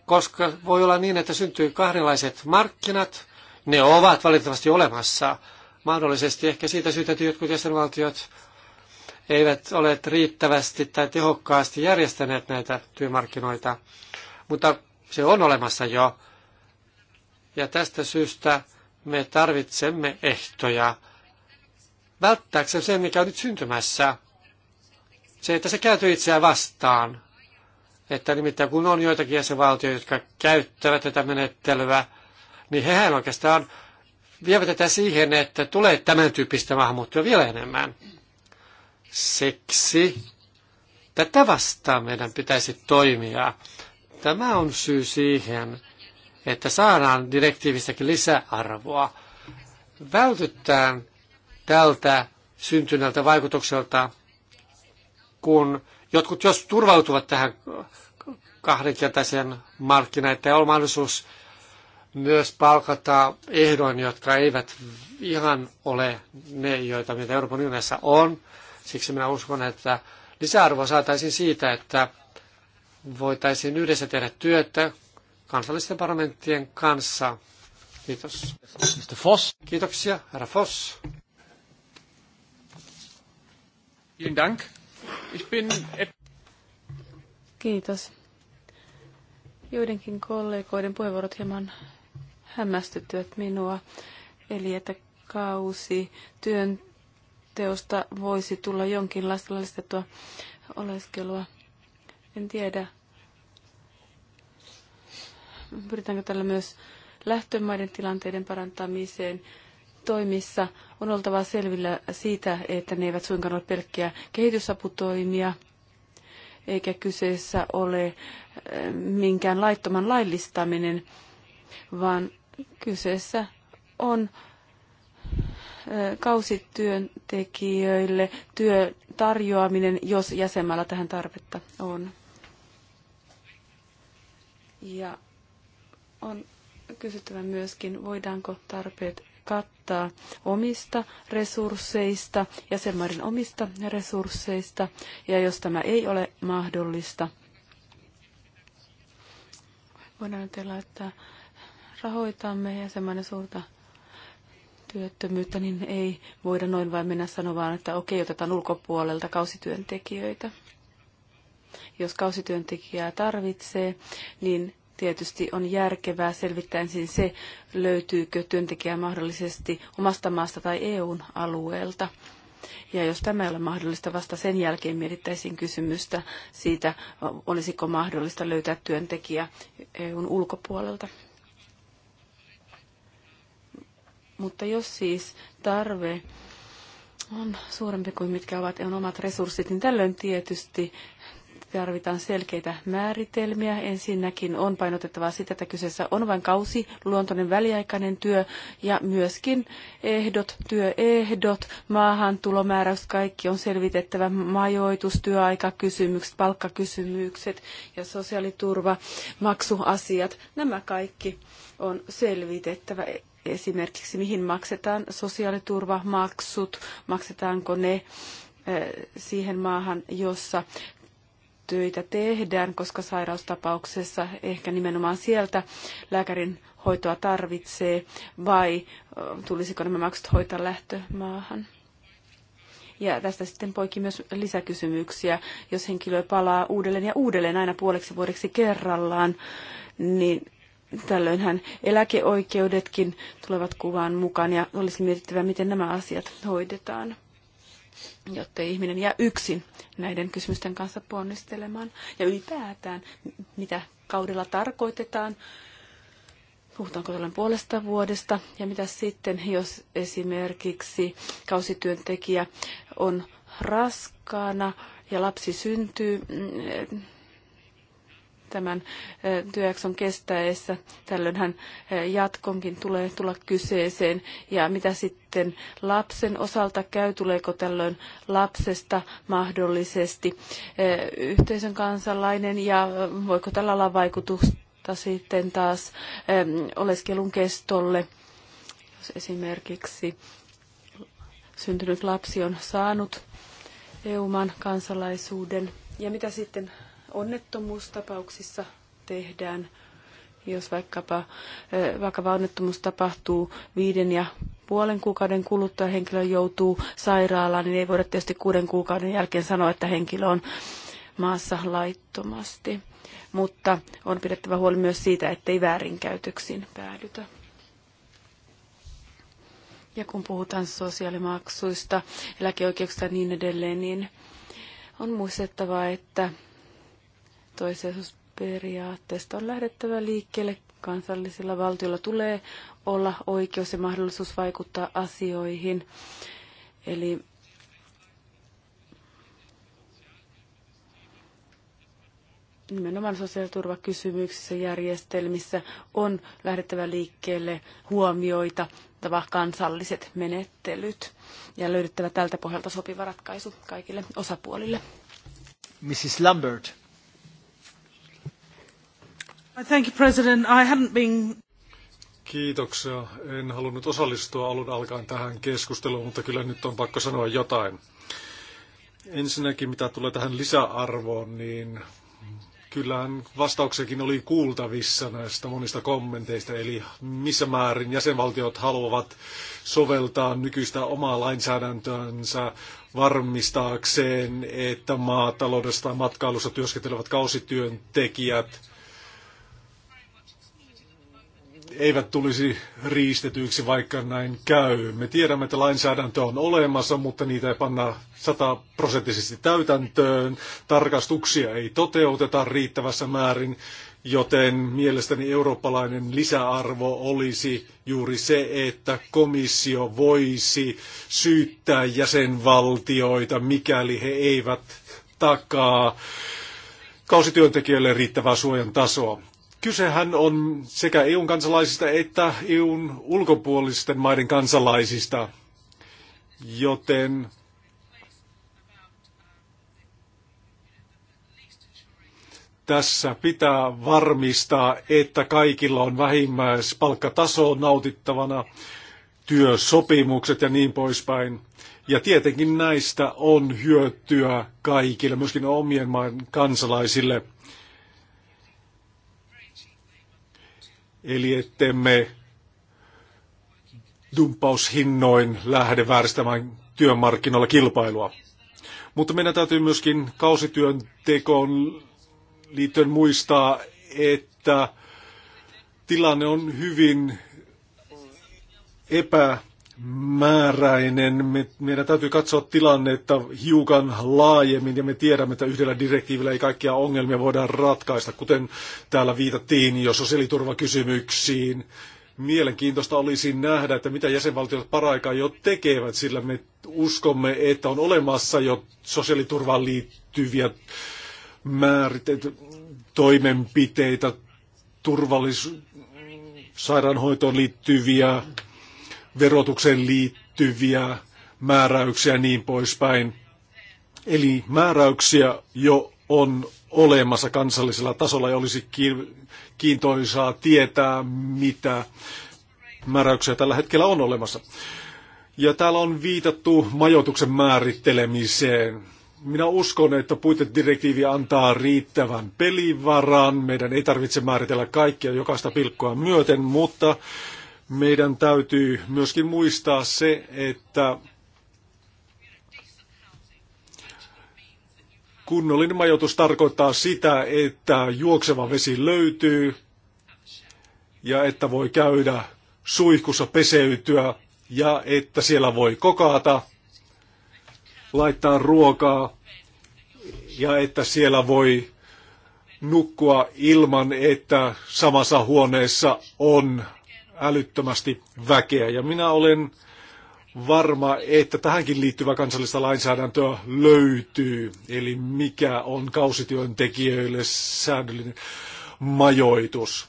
koska voi olla niin, että syntyy kahdenlaiset markkinat, ne ovat valitettavasti olemassa. Mahdollisesti ehkä siitä syytä, että jotkut jäsenvaltiot eivät ole riittävästi tai tehokkaasti järjestäneet näitä työmarkkinoita, mutta se on olemassa jo. Ja tästä syystä me tarvitsemme ehtoja välttääksemme sen, mikä on nyt syntymässä. Se, että se käytyy itseään vastaan. Että nimittäin kun on joitakin jäsenvaltioita, jotka käyttävät tätä menettelyä, niin hehän oikeastaan vievät tätä siihen, että tulee tämän tyyppistä maahanmuuttoa vielä enemmän. seksi, tätä vastaan meidän pitäisi toimia. Tämä on syy siihen, että saadaan direktiivistäkin lisäarvoa. Vältytään tältä syntyneeltä vaikutukselta, kun jotkut jos turvautuvat tähän kahdenkertaisen markkinaan, että ole mahdollisuus myös palkata ehdoin, jotka eivät ihan ole ne, joita meitä Euroopan unionissa on. Siksi minä uskon, että lisäarvoa saataisiin siitä, että voitaisiin yhdessä tehdä työtä kansallisten parlamenttien kanssa. Kiitos. Mr. Foss. Kiitoksia, herra Foss. Kiitos. Joidenkin kollegoiden puheenvuorot hieman hämmästyttivät minua. Eli että kausi työnteosta voisi tulla jonkinlaista laillistettua oleskelua. En tiedä, pyritäänkö tällä myös lähtömaiden tilanteiden parantamiseen toimissa on oltava selvillä siitä, että ne eivät suinkaan ole pelkkiä kehitysaputoimia, eikä kyseessä ole eh, minkään laittoman laillistaminen, vaan Kyseessä on kausityöntekijöille työ tarjoaminen, jos jäsenmällä tähän tarvetta on. Ja on kysyttävä myöskin, voidaanko tarpeet kattaa omista resursseista, jäsenmaiden omista resursseista, ja jos tämä ei ole mahdollista, voidaan ajatella, että rahoitamme semmoinen suurta työttömyyttä, niin ei voida noin vain mennä sanomaan, että okei, otetaan ulkopuolelta kausityöntekijöitä. Jos kausityöntekijää tarvitsee, niin tietysti on järkevää selvittää ensin se, löytyykö työntekijä mahdollisesti omasta maasta tai EUn alueelta. Ja jos tämä ei ole mahdollista, vasta sen jälkeen mietittäisiin kysymystä siitä, olisiko mahdollista löytää työntekijä EUn ulkopuolelta. Mutta jos siis tarve on suurempi kuin mitkä ovat on omat resurssit, niin tällöin tietysti tarvitaan selkeitä määritelmiä. Ensinnäkin on painotettava sitä, että kyseessä on vain kausi, luontoinen väliaikainen työ ja myöskin ehdot, työehdot, maahantulomääräys, kaikki on selvitettävä, majoitus, työaikakysymykset, palkkakysymykset ja sosiaaliturva, maksuasiat, nämä kaikki on selvitettävä esimerkiksi mihin maksetaan sosiaaliturvamaksut, maksetaanko ne eh, siihen maahan, jossa töitä tehdään, koska sairaustapauksessa ehkä nimenomaan sieltä lääkärin hoitoa tarvitsee, vai eh, tulisiko nämä maksut hoitaa lähtömaahan? Ja tästä sitten poikki myös lisäkysymyksiä. Jos henkilö palaa uudelleen ja uudelleen aina puoleksi vuodeksi kerrallaan, niin tällöin hän eläkeoikeudetkin tulevat kuvaan mukaan ja olisi mietittävä, miten nämä asiat hoidetaan, jotta ihminen jää yksin näiden kysymysten kanssa ponnistelemaan. Ja ylipäätään, mitä kaudella tarkoitetaan, puhutaanko tällainen puolesta vuodesta, ja mitä sitten, jos esimerkiksi kausityöntekijä on raskaana ja lapsi syntyy, mm, tämän työjakson kestäessä. Tällöinhän jatkonkin tulee tulla kyseeseen. Ja mitä sitten lapsen osalta käy, tuleeko tällöin lapsesta mahdollisesti yhteisön kansalainen ja voiko tällä olla vaikutusta sitten taas oleskelun kestolle, jos esimerkiksi syntynyt lapsi on saanut EU-maan kansalaisuuden. Ja mitä sitten onnettomuustapauksissa tehdään. Jos vaikkapa eh, vakava onnettomuus tapahtuu viiden ja puolen kuukauden kuluttua henkilö joutuu sairaalaan, niin ei voida tietysti kuuden kuukauden jälkeen sanoa, että henkilö on maassa laittomasti. Mutta on pidettävä huoli myös siitä, ettei väärinkäytöksiin päädytä. Ja kun puhutaan sosiaalimaksuista, eläkeoikeuksista ja niin edelleen, niin on muistettava, että toiseisuusperiaatteesta on lähdettävä liikkeelle. Kansallisilla valtioilla tulee olla oikeus ja mahdollisuus vaikuttaa asioihin. Eli nimenomaan sosiaaliturvakysymyksissä järjestelmissä on lähdettävä liikkeelle huomioita kansalliset menettelyt ja löydettävä tältä pohjalta sopiva ratkaisu kaikille osapuolille. Mrs. Lambert. Thank you, President. I hadn't been... Kiitoksia. En halunnut osallistua alun alkaen tähän keskusteluun, mutta kyllä nyt on pakko sanoa jotain. Ensinnäkin mitä tulee tähän lisäarvoon, niin kyllähän vastauksekin oli kuultavissa näistä monista kommenteista, eli missä määrin jäsenvaltiot haluavat soveltaa nykyistä omaa lainsäädäntöänsä varmistaakseen, että maataloudesta matkailussa työskentelevät kausityöntekijät eivät tulisi riistetyiksi, vaikka näin käy. Me tiedämme, että lainsäädäntö on olemassa, mutta niitä ei panna sataprosenttisesti täytäntöön. Tarkastuksia ei toteuteta riittävässä määrin, joten mielestäni eurooppalainen lisäarvo olisi juuri se, että komissio voisi syyttää jäsenvaltioita, mikäli he eivät takaa kausityöntekijöille riittävää suojan tasoa. Kysehän on sekä EUn kansalaisista että EUn ulkopuolisten maiden kansalaisista, joten tässä pitää varmistaa, että kaikilla on vähimmäispalkkataso nautittavana, työsopimukset ja niin poispäin. Ja tietenkin näistä on hyötyä kaikille, myöskin omien maiden kansalaisille. Eli ettemme dumppaushinnoin lähde vääristämään työmarkkinoilla kilpailua. Mutta meidän täytyy myöskin kausityöntekoon liittyen muistaa, että tilanne on hyvin epä määräinen. Me, meidän täytyy katsoa tilannetta hiukan laajemmin ja me tiedämme, että yhdellä direktiivillä ei kaikkia ongelmia voida ratkaista, kuten täällä viitattiin jo sosiaaliturvakysymyksiin. Mielenkiintoista olisi nähdä, että mitä jäsenvaltiot paraikaa jo tekevät, sillä me uskomme, että on olemassa jo sosiaaliturvaan liittyviä määritet, toimenpiteitä, turvallisuus, sairaanhoitoon liittyviä verotukseen liittyviä määräyksiä ja niin poispäin. Eli määräyksiä jo on olemassa kansallisella tasolla ja olisi kiintoisaa tietää, mitä määräyksiä tällä hetkellä on olemassa. Ja täällä on viitattu majoituksen määrittelemiseen. Minä uskon, että puitedirektiivi antaa riittävän pelivaran. Meidän ei tarvitse määritellä kaikkia jokaista pilkkoa myöten, mutta meidän täytyy myöskin muistaa se, että kunnollinen majoitus tarkoittaa sitä, että juokseva vesi löytyy ja että voi käydä suihkussa peseytyä ja että siellä voi kokata, laittaa ruokaa ja että siellä voi nukkua ilman, että samassa huoneessa on älyttömästi väkeä. Ja minä olen varma, että tähänkin liittyvä kansallista lainsäädäntöä löytyy. Eli mikä on kausityöntekijöille säännöllinen majoitus.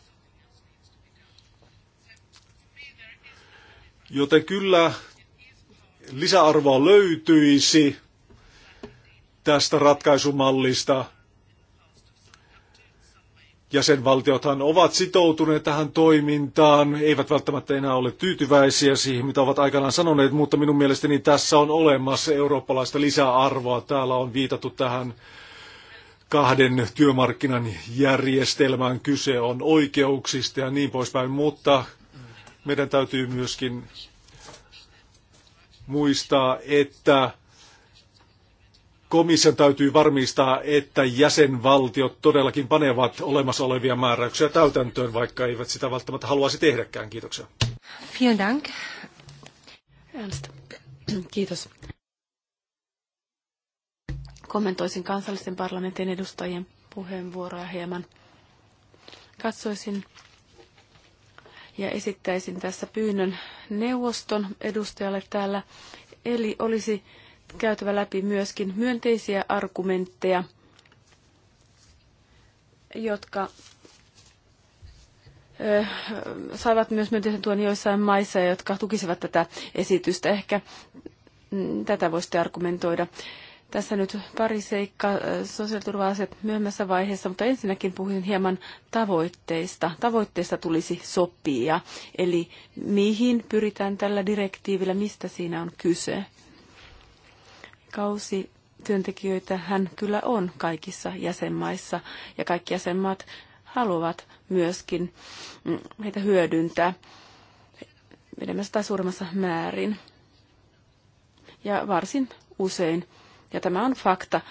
Joten kyllä lisäarvoa löytyisi tästä ratkaisumallista Jäsenvaltiothan ovat sitoutuneet tähän toimintaan, eivät välttämättä enää ole tyytyväisiä siihen, mitä ovat aikanaan sanoneet, mutta minun mielestäni tässä on olemassa eurooppalaista lisäarvoa. Täällä on viitattu tähän kahden työmarkkinan järjestelmään. Kyse on oikeuksista ja niin poispäin, mutta meidän täytyy myöskin muistaa, että komission täytyy varmistaa, että jäsenvaltiot todellakin panevat olemassa olevia määräyksiä täytäntöön, vaikka eivät sitä välttämättä haluaisi tehdäkään. Kiitoksia. Vielen dank. Ernst. Kiitos. Kommentoisin kansallisten parlamentin edustajien puheenvuoroja hieman. Katsoisin ja esittäisin tässä pyynnön neuvoston edustajalle täällä. Eli olisi käytävä läpi myöskin myönteisiä argumentteja, jotka saivat myös myönteisen tuen joissain maissa, jotka tukisivat tätä esitystä. Ehkä mm, tätä voisitte argumentoida. Tässä nyt pari seikkaa sosiaaliturva-asiat myöhemmässä vaiheessa, mutta ensinnäkin puhuin hieman tavoitteista. Tavoitteista tulisi sopia, eli mihin pyritään tällä direktiivillä, mistä siinä on kyse. Kausi työntekijöitä hän kyllä on kaikissa jäsenmaissa ja kaikki jäsenmaat haluavat myöskin mm, heitä hyödyntää enemmässä tai suuremmassa määrin. Ja varsin usein, ja tämä on fakta,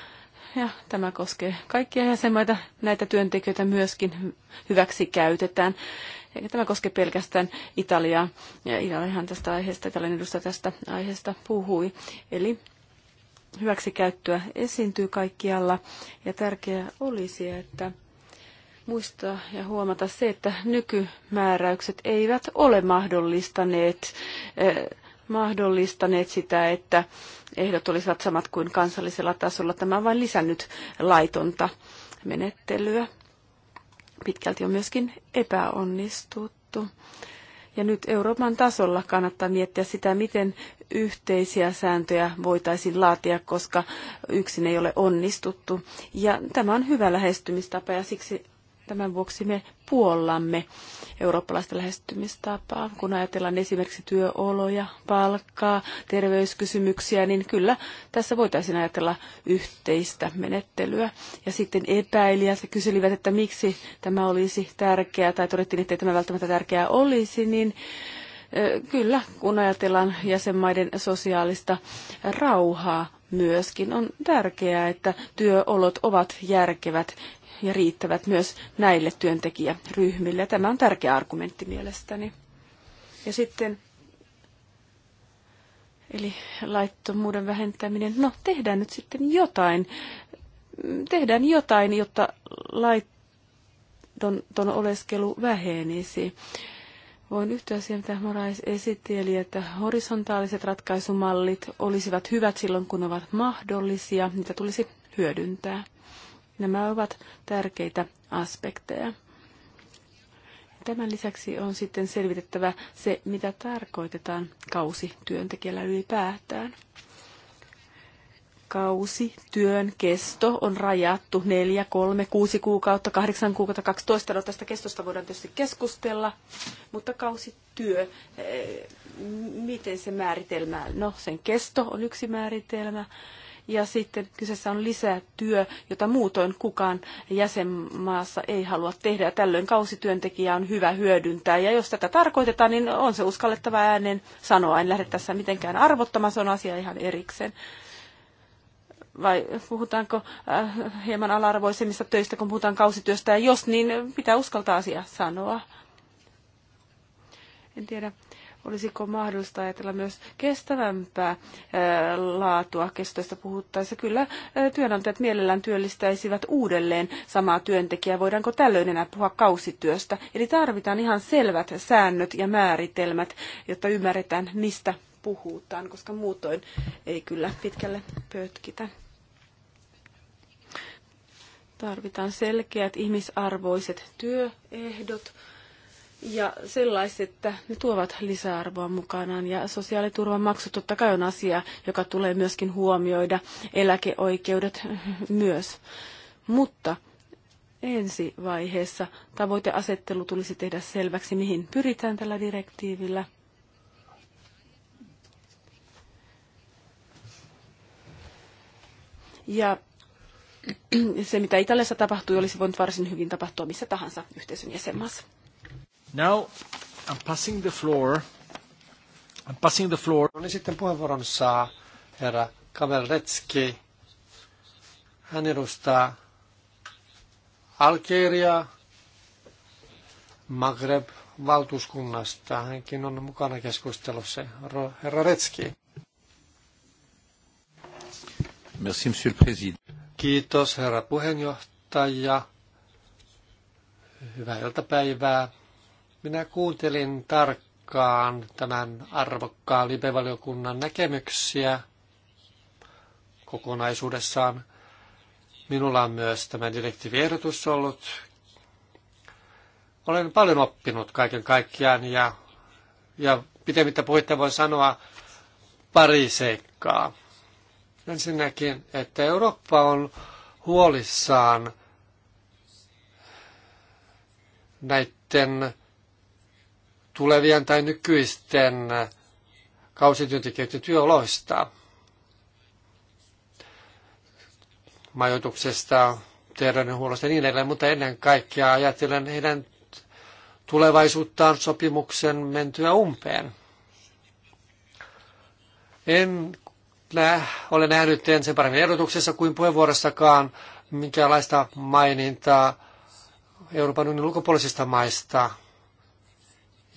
ja tämä koskee kaikkia jäsenmaita, näitä työntekijöitä myöskin hyväksi käytetään. Eikä tämä koske pelkästään Italiaa, ja Italiahan tästä aiheesta, Italian edustaja tästä aiheesta puhui. Eli hyväksikäyttöä esiintyy kaikkialla. Ja tärkeää olisi, että muistaa ja huomata se, että nykymääräykset eivät ole mahdollistaneet, eh, mahdollistaneet sitä, että ehdot olisivat samat kuin kansallisella tasolla. Tämä on vain lisännyt laitonta menettelyä. Pitkälti on myöskin epäonnistuttu. Ja nyt Euroopan tasolla kannattaa miettiä sitä, miten yhteisiä sääntöjä voitaisiin laatia, koska yksin ei ole onnistuttu. Ja tämä on hyvä lähestymistapa ja siksi Tämän vuoksi me puollamme eurooppalaista lähestymistapaa. Kun ajatellaan esimerkiksi työoloja, palkkaa, terveyskysymyksiä, niin kyllä tässä voitaisiin ajatella yhteistä menettelyä. Ja sitten epäilijät kyselivät, että miksi tämä olisi tärkeää, tai todettiin, että ei tämä välttämättä tärkeää olisi, niin kyllä, kun ajatellaan jäsenmaiden sosiaalista rauhaa myöskin, on tärkeää, että työolot ovat järkevät ja riittävät myös näille työntekijäryhmille. Tämä on tärkeä argumentti mielestäni. Ja sitten, eli laittomuuden vähentäminen, no tehdään nyt sitten jotain. Tehdään jotain, jotta laiton oleskelu vähenisi. Voin yhtyä siihen, mitä Morais esitti, eli että horisontaaliset ratkaisumallit olisivat hyvät silloin, kun ovat mahdollisia. Niitä tulisi hyödyntää. Nämä ovat tärkeitä aspekteja. Tämän lisäksi on sitten selvitettävä se, mitä tarkoitetaan kausityöntekijällä ylipäätään. Kausi, työn kesto on rajattu 4, 3, 6 kuukautta, 8 kuukautta, 12. No tästä kestosta voidaan tietysti keskustella, mutta kausityö, eh, miten se määritelmä? No sen kesto on yksi määritelmä, ja sitten kyseessä on lisätyö, jota muutoin kukaan jäsenmaassa ei halua tehdä. Ja tällöin kausityöntekijä on hyvä hyödyntää ja jos tätä tarkoitetaan, niin on se uskallettava ääneen sanoa. En lähde tässä mitenkään arvottamaan, se on asia ihan erikseen vai puhutaanko äh, hieman alarvoisemmista töistä, kun puhutaan kausityöstä, ja jos niin, pitää uskaltaa asia sanoa. En tiedä, Olisiko mahdollista ajatella myös kestävämpää laatua kestoista puhuttaessa? Kyllä työnantajat mielellään työllistäisivät uudelleen samaa työntekijää. Voidaanko tällöin enää puhua kausityöstä? Eli tarvitaan ihan selvät säännöt ja määritelmät, jotta ymmärretään, mistä puhutaan, koska muutoin ei kyllä pitkälle pötkitä. Tarvitaan selkeät ihmisarvoiset työehdot ja sellaiset, että ne tuovat lisäarvoa mukanaan. Ja sosiaaliturvan totta kai on asia, joka tulee myöskin huomioida, eläkeoikeudet [LAUGHS] myös. Mutta ensi vaiheessa tavoiteasettelu tulisi tehdä selväksi, mihin pyritään tällä direktiivillä. Ja [CLEARS THROAT] se, mitä Italiassa tapahtui, olisi voinut varsin hyvin tapahtua missä tahansa yhteisön jäsenmaassa. Now I'm passing the floor. I'm passing the floor. No niin, sitten puheenvuoron saa herra Kavelretski. Hän edustaa Algeriaa Maghreb-valtuuskunnasta. Hänkin on mukana keskustelussa. Herra Retski. Merci, monsieur le président. Kiitos, herra puheenjohtaja. Hyvää iltapäivää minä kuuntelin tarkkaan tämän arvokkaan libevaliokunnan näkemyksiä kokonaisuudessaan. Minulla on myös tämä direktiiviehdotus ollut. Olen paljon oppinut kaiken kaikkiaan ja, ja pitemmittä puhetta voin sanoa pari seikkaa. Ensinnäkin, että Eurooppa on huolissaan näiden tulevien tai nykyisten kausityöntekijöiden työoloista, majoituksesta, terveydenhuollosta ja niin edelleen, mutta ennen kaikkea ajatellen heidän tulevaisuuttaan sopimuksen mentyä umpeen. En nä, ole nähnyt en sen paremmin ehdotuksessa kuin puheenvuorossakaan minkäänlaista mainintaa Euroopan unionin ulkopuolisista maista,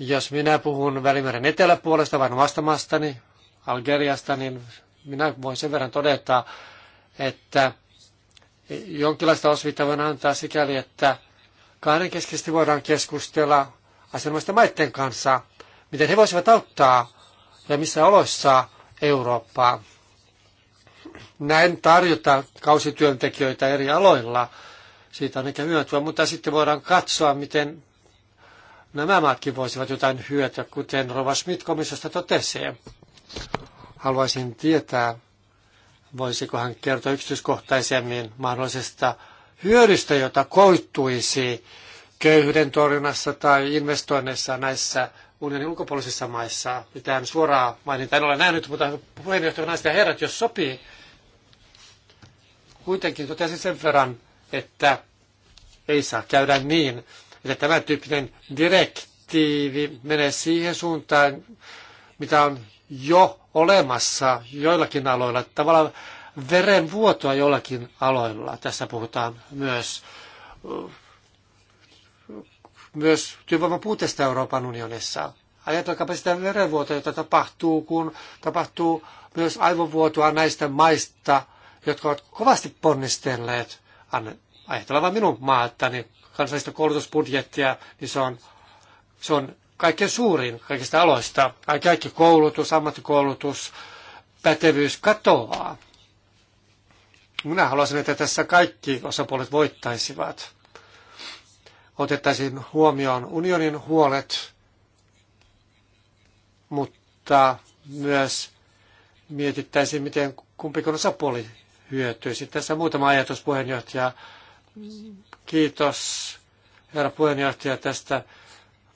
jos minä puhun Välimeren eteläpuolesta, vain omasta maastani, Algeriasta, niin minä voin sen verran todeta, että jonkinlaista voin antaa sikäli, että kahdenkeskisesti voidaan keskustella asianomaisten maiden kanssa, miten he voisivat auttaa ja missä oloissa Eurooppaa. Näin tarjota kausityöntekijöitä eri aloilla. Siitä on ehkä hyötyä, mutta sitten voidaan katsoa, miten nämä maatkin voisivat jotain hyötyä, kuten Rova Schmidt komissiosta totesi. Haluaisin tietää, voisiko hän kertoa yksityiskohtaisemmin mahdollisesta hyödystä, jota koittuisi köyhyyden torjunnassa tai investoinneissa näissä unionin ulkopuolisissa maissa. Mitään suoraa mainintaa en ole nähnyt, mutta puheenjohtaja naiset ja herrat, jos sopii. Kuitenkin totesin sen verran, että ei saa käydä niin, että tämä tyyppinen direktiivi menee siihen suuntaan, mitä on jo olemassa joillakin aloilla, tavallaan verenvuotoa joillakin aloilla. Tässä puhutaan myös, myös työvoiman puutteesta Euroopan unionissa. Ajatelkaapa sitä verenvuotoa, jota tapahtuu, kun tapahtuu myös aivovuotoa näistä maista, jotka ovat kovasti ponnistelleet. Ajatellaan vain minun maattani, kansallista koulutusbudjettia, niin se on, se on kaikkein suurin kaikista aloista. Kaikki koulutus, ammattikoulutus, pätevyys katoaa. Minä haluaisin, että tässä kaikki osapuolet voittaisivat. Otettaisiin huomioon unionin huolet, mutta myös mietittäisiin, miten kumpikin osapuoli hyötyisi. Tässä muutama ajatus puheenjohtaja Kiitos herra puheenjohtaja tästä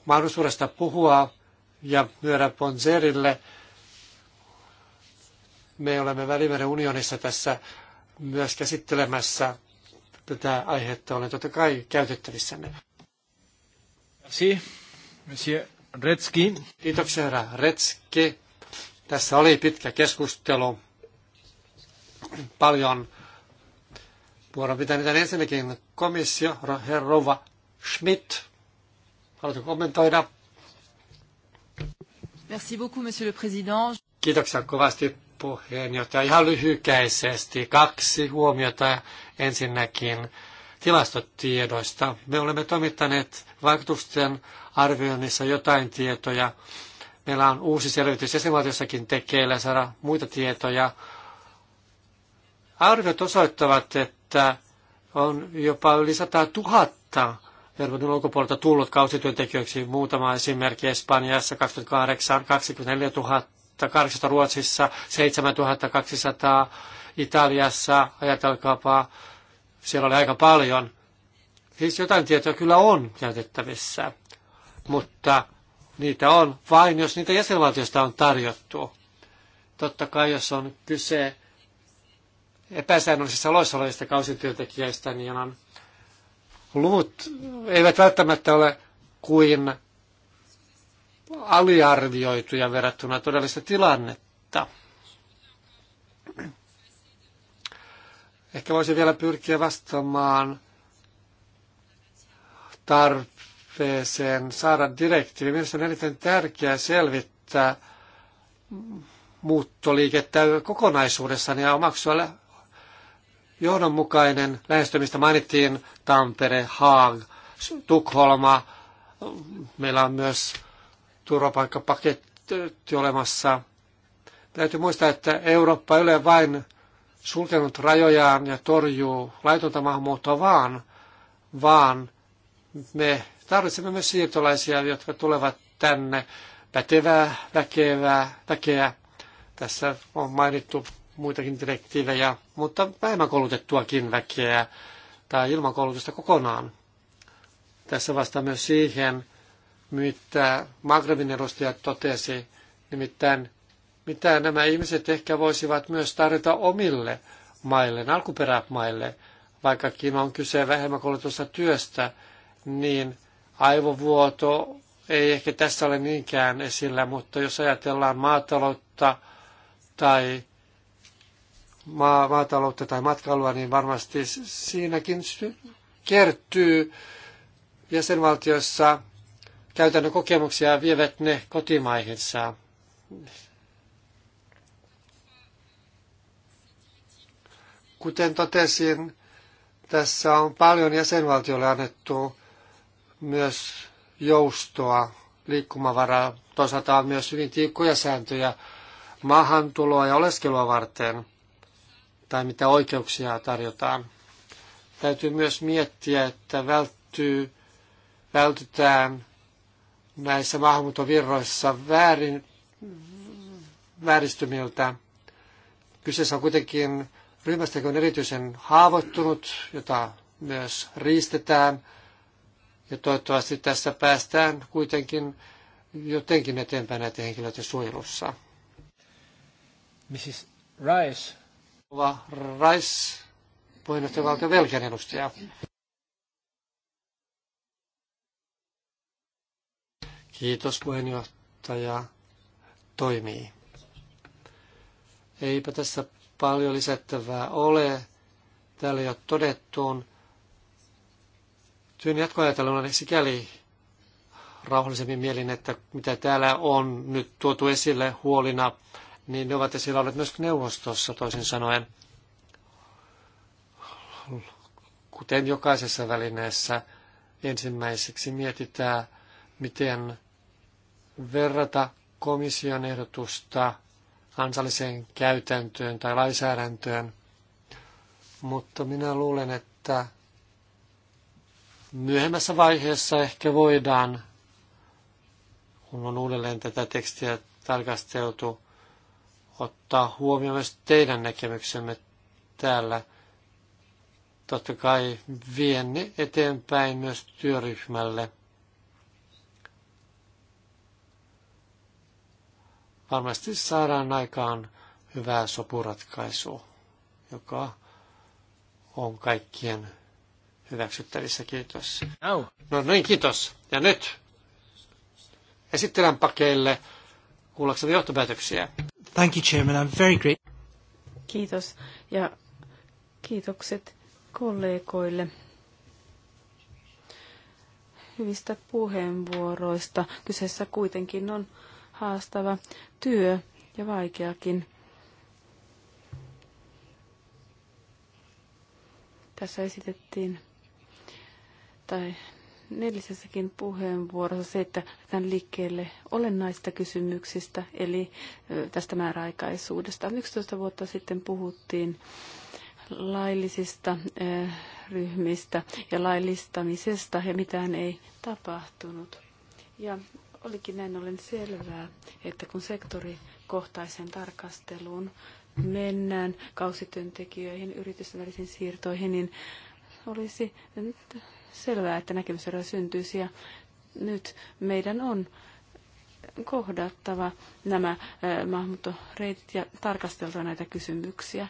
mahdollisuudesta puhua ja myödä Ponzerille. Me olemme Välimeren unionissa tässä myös käsittelemässä tätä aihetta. Olen totta kai käytettävissänne. Merci, monsieur Retski. Kiitoksia, herra Retski. Tässä oli pitkä keskustelu. Paljon Vuoron pitää mitään ensinnäkin komissio, herra Rova Schmidt. Haluatko kommentoida? Merci beaucoup, monsieur le président. Kiitoksia kovasti puheenjohtaja. Ihan lyhykäisesti kaksi huomiota ensinnäkin tilastotiedoista. Me olemme toimittaneet vaikutusten arvioinnissa jotain tietoja. Meillä on uusi selvitys jäsenvaltiossakin tekeillä saada muita tietoja. Arviot osoittavat, että että on jopa yli 100 000 Euroopan ulkopuolelta tullut kausityöntekijöiksi. Muutama esimerkki Espanjassa 28, 24 000, 800 Ruotsissa 200, Italiassa, ajatelkaapa, siellä oli aika paljon. Siis jotain tietoa kyllä on käytettävissä, mutta niitä on vain, jos niitä jäsenvaltiosta on tarjottu. Totta kai, jos on kyse epäsäännöllisissä oloissa olevista kausityöntekijöistä, niin on luvut eivät välttämättä ole kuin aliarvioituja verrattuna todellista tilannetta. Ehkä voisin vielä pyrkiä vastaamaan tarpeeseen saada direktiivi. Mielestäni on erittäin tärkeää selvittää muuttoliikettä kokonaisuudessaan ja omaksua johdonmukainen lähestymistä. Mainittiin Tampere, Haag, Tukholma. Meillä on myös turvapaikkapaketti olemassa. Täytyy muistaa, että Eurooppa ei ole vain sulkenut rajojaan ja torjuu laitonta maahanmuuttoa, vaan, vaan me tarvitsemme myös siirtolaisia, jotka tulevat tänne pätevää väkevää, väkeä. Tässä on mainittu muitakin direktiivejä, mutta vähemmän koulutettuakin väkeä tai ilman koulutusta kokonaan. Tässä vastaa myös siihen, mitä Magrebin edustaja totesi, nimittäin mitä nämä ihmiset ehkä voisivat myös tarjota omille maille, alkuperämaille, vaikkakin on kyse vähemmän koulutusta työstä, niin aivovuoto ei ehkä tässä ole niinkään esillä, mutta jos ajatellaan maataloutta tai maa, maataloutta tai matkailua, niin varmasti siinäkin kertyy jäsenvaltiossa käytännön kokemuksia vievät ne kotimaihinsa. Kuten totesin, tässä on paljon jäsenvaltiolle annettu myös joustoa, liikkumavaraa. Toisaalta on myös hyvin tiukkoja sääntöjä maahantuloa ja oleskelua varten – tai mitä oikeuksia tarjotaan. Täytyy myös miettiä, että välttyy, vältytään näissä maahanmuuttovirroissa väärin, vääristymiltä. Kyseessä on kuitenkin ryhmästä, joka on erityisen haavoittunut, jota myös riistetään. Ja toivottavasti tässä päästään kuitenkin jotenkin eteenpäin näiden henkilöiden suojelussa. Mrs. Rice. Rova Rais, puheenjohtajavaltio Belgian edustaja. Kiitos puheenjohtaja. Toimii. Eipä tässä paljon lisättävää ole. Täällä jo todettuun työn on sikäli rauhallisemmin mielin, että mitä täällä on nyt tuotu esille huolina niin ne ovat esillä olleet myös neuvostossa toisin sanoen. Kuten jokaisessa välineessä ensimmäiseksi mietitään, miten verrata komission ehdotusta kansalliseen käytäntöön tai lainsäädäntöön, mutta minä luulen, että myöhemmässä vaiheessa ehkä voidaan, kun on uudelleen tätä tekstiä tarkasteltu, ottaa huomioon myös teidän näkemyksemme täällä. Totta kai vien eteenpäin myös työryhmälle. Varmasti saadaan aikaan hyvää sopuratkaisu, joka on kaikkien hyväksyttävissä. Kiitos. No niin, kiitos. Ja nyt esittelen pakeille kuullaksemme johtopäätöksiä. Thank you, Chairman. I'm very great. Kiitos ja kiitokset kollegoille hyvistä puheenvuoroista. Kyseessä kuitenkin on haastava työ ja vaikeakin. Tässä esitettiin tai neljäsessäkin puheenvuorossa se, että tämän liikkeelle olennaista kysymyksistä, eli tästä määräaikaisuudesta. 11 vuotta sitten puhuttiin laillisista ryhmistä ja laillistamisesta, ja mitään ei tapahtunut. Ja olikin näin ollen selvää, että kun sektorikohtaisen tarkasteluun mennään kausityöntekijöihin, yritysten välisiin siirtoihin, niin olisi selvää, että näkemyseroja syntyisi ja nyt meidän on kohdattava nämä maahanmuuttoreitit ja tarkasteltua näitä kysymyksiä.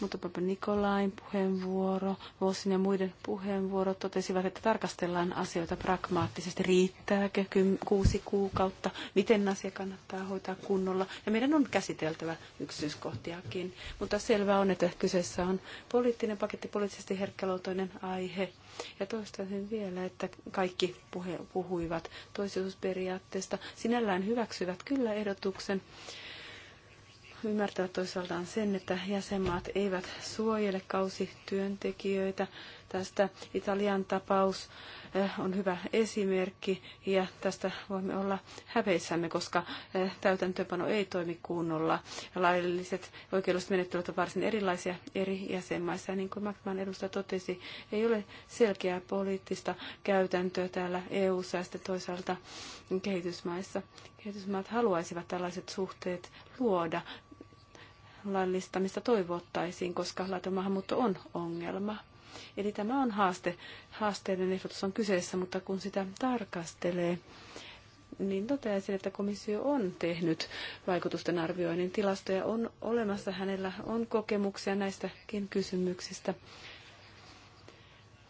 Mutta Papa Nikolain puheenvuoro, Vosin ja muiden puheenvuorot totesivat, että tarkastellaan asioita pragmaattisesti. Riittääkö kuusi kuukautta? Miten asia kannattaa hoitaa kunnolla? Ja meidän on käsiteltävä yksityiskohtiakin. Mutta selvää on, että kyseessä on poliittinen paketti, poliittisesti herkkäluontoinen aihe. Ja toistaisin vielä, että kaikki puhe, puhuivat toisuusperiaatteesta. Sinällään hyväksyvät kyllä ehdotuksia sopimuksen. Ymmärtää toisaaltaan sen, että jäsenmaat eivät suojele kausityöntekijöitä, Tästä Italian tapaus eh, on hyvä esimerkki ja tästä voimme olla häveissämme, koska eh, täytäntöpano ei toimi kunnolla. Lailliset oikeudelliset menettelyt ovat varsin erilaisia eri jäsenmaissa. Ja niin kuin Magman edustaja totesi, ei ole selkeää poliittista käytäntöä täällä EU-ssa ja sitten toisaalta kehitysmaissa. Kehitysmaat haluaisivat tällaiset suhteet luoda laillistamista toivottaisiin, koska laiton maahanmuutto on ongelma. Eli tämä on haaste. Haasteiden ehdotus on kyseessä, mutta kun sitä tarkastelee, niin toteaisin, että komissio on tehnyt vaikutusten arvioinnin. Tilastoja on olemassa, hänellä on kokemuksia näistäkin kysymyksistä.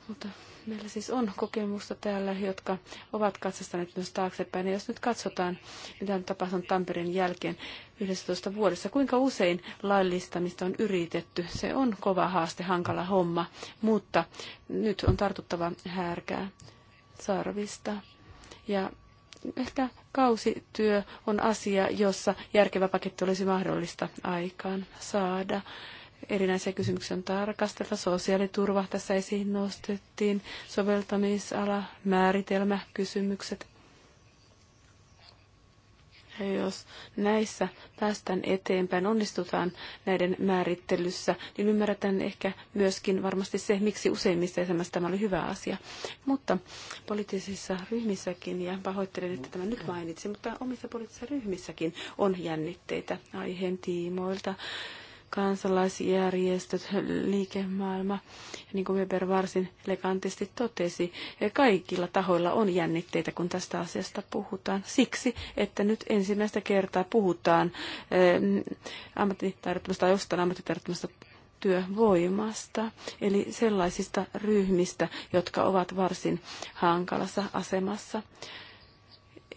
Mutta Meillä siis on kokemusta täällä, jotka ovat katsastaneet myös taaksepäin. Ja jos nyt katsotaan, mitä on tapahtunut Tampereen jälkeen 11 vuodessa, kuinka usein laillistamista on yritetty. Se on kova haaste, hankala homma, mutta nyt on tartuttava härkää sarvista. Ja ehkä kausityö on asia, jossa järkevä paketti olisi mahdollista aikaan saada erinäisiä kysymyksiä on tarkastella. Sosiaaliturva tässä esiin nostettiin, soveltamisala, määritelmä, kysymykset. Ja jos näissä päästään eteenpäin, onnistutaan näiden määrittelyssä, niin ymmärretään ehkä myöskin varmasti se, miksi useimmissa esimerkiksi tämä oli hyvä asia. Mutta poliittisissa ryhmissäkin, ja pahoittelen, että tämä nyt mainitsin, mutta omissa poliittisissa ryhmissäkin on jännitteitä aiheen tiimoilta kansalaisjärjestöt, liikemaailma, ja niin kuin Weber varsin elegantisti totesi, kaikilla tahoilla on jännitteitä, kun tästä asiasta puhutaan. Siksi, että nyt ensimmäistä kertaa puhutaan eh, ammattitaidottomasta tai jostain ammattitaidottomasta työvoimasta, eli sellaisista ryhmistä, jotka ovat varsin hankalassa asemassa.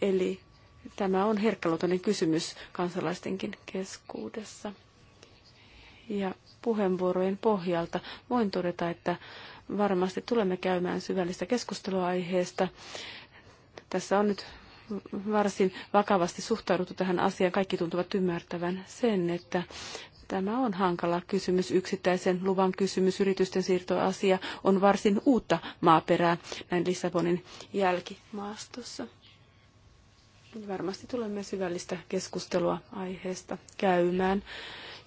Eli tämä on herkkäluotoinen kysymys kansalaistenkin keskuudessa. Ja puheenvuorojen pohjalta voin todeta, että varmasti tulemme käymään syvällistä keskustelua aiheesta. Tässä on nyt varsin vakavasti suhtauduttu tähän asiaan. Kaikki tuntuvat ymmärtävän sen, että tämä on hankala kysymys. Yksittäisen luvan kysymys, yritysten siirtoasia on varsin uutta maaperää näin Lissabonin jälkimaastossa. Varmasti tulemme syvällistä keskustelua aiheesta käymään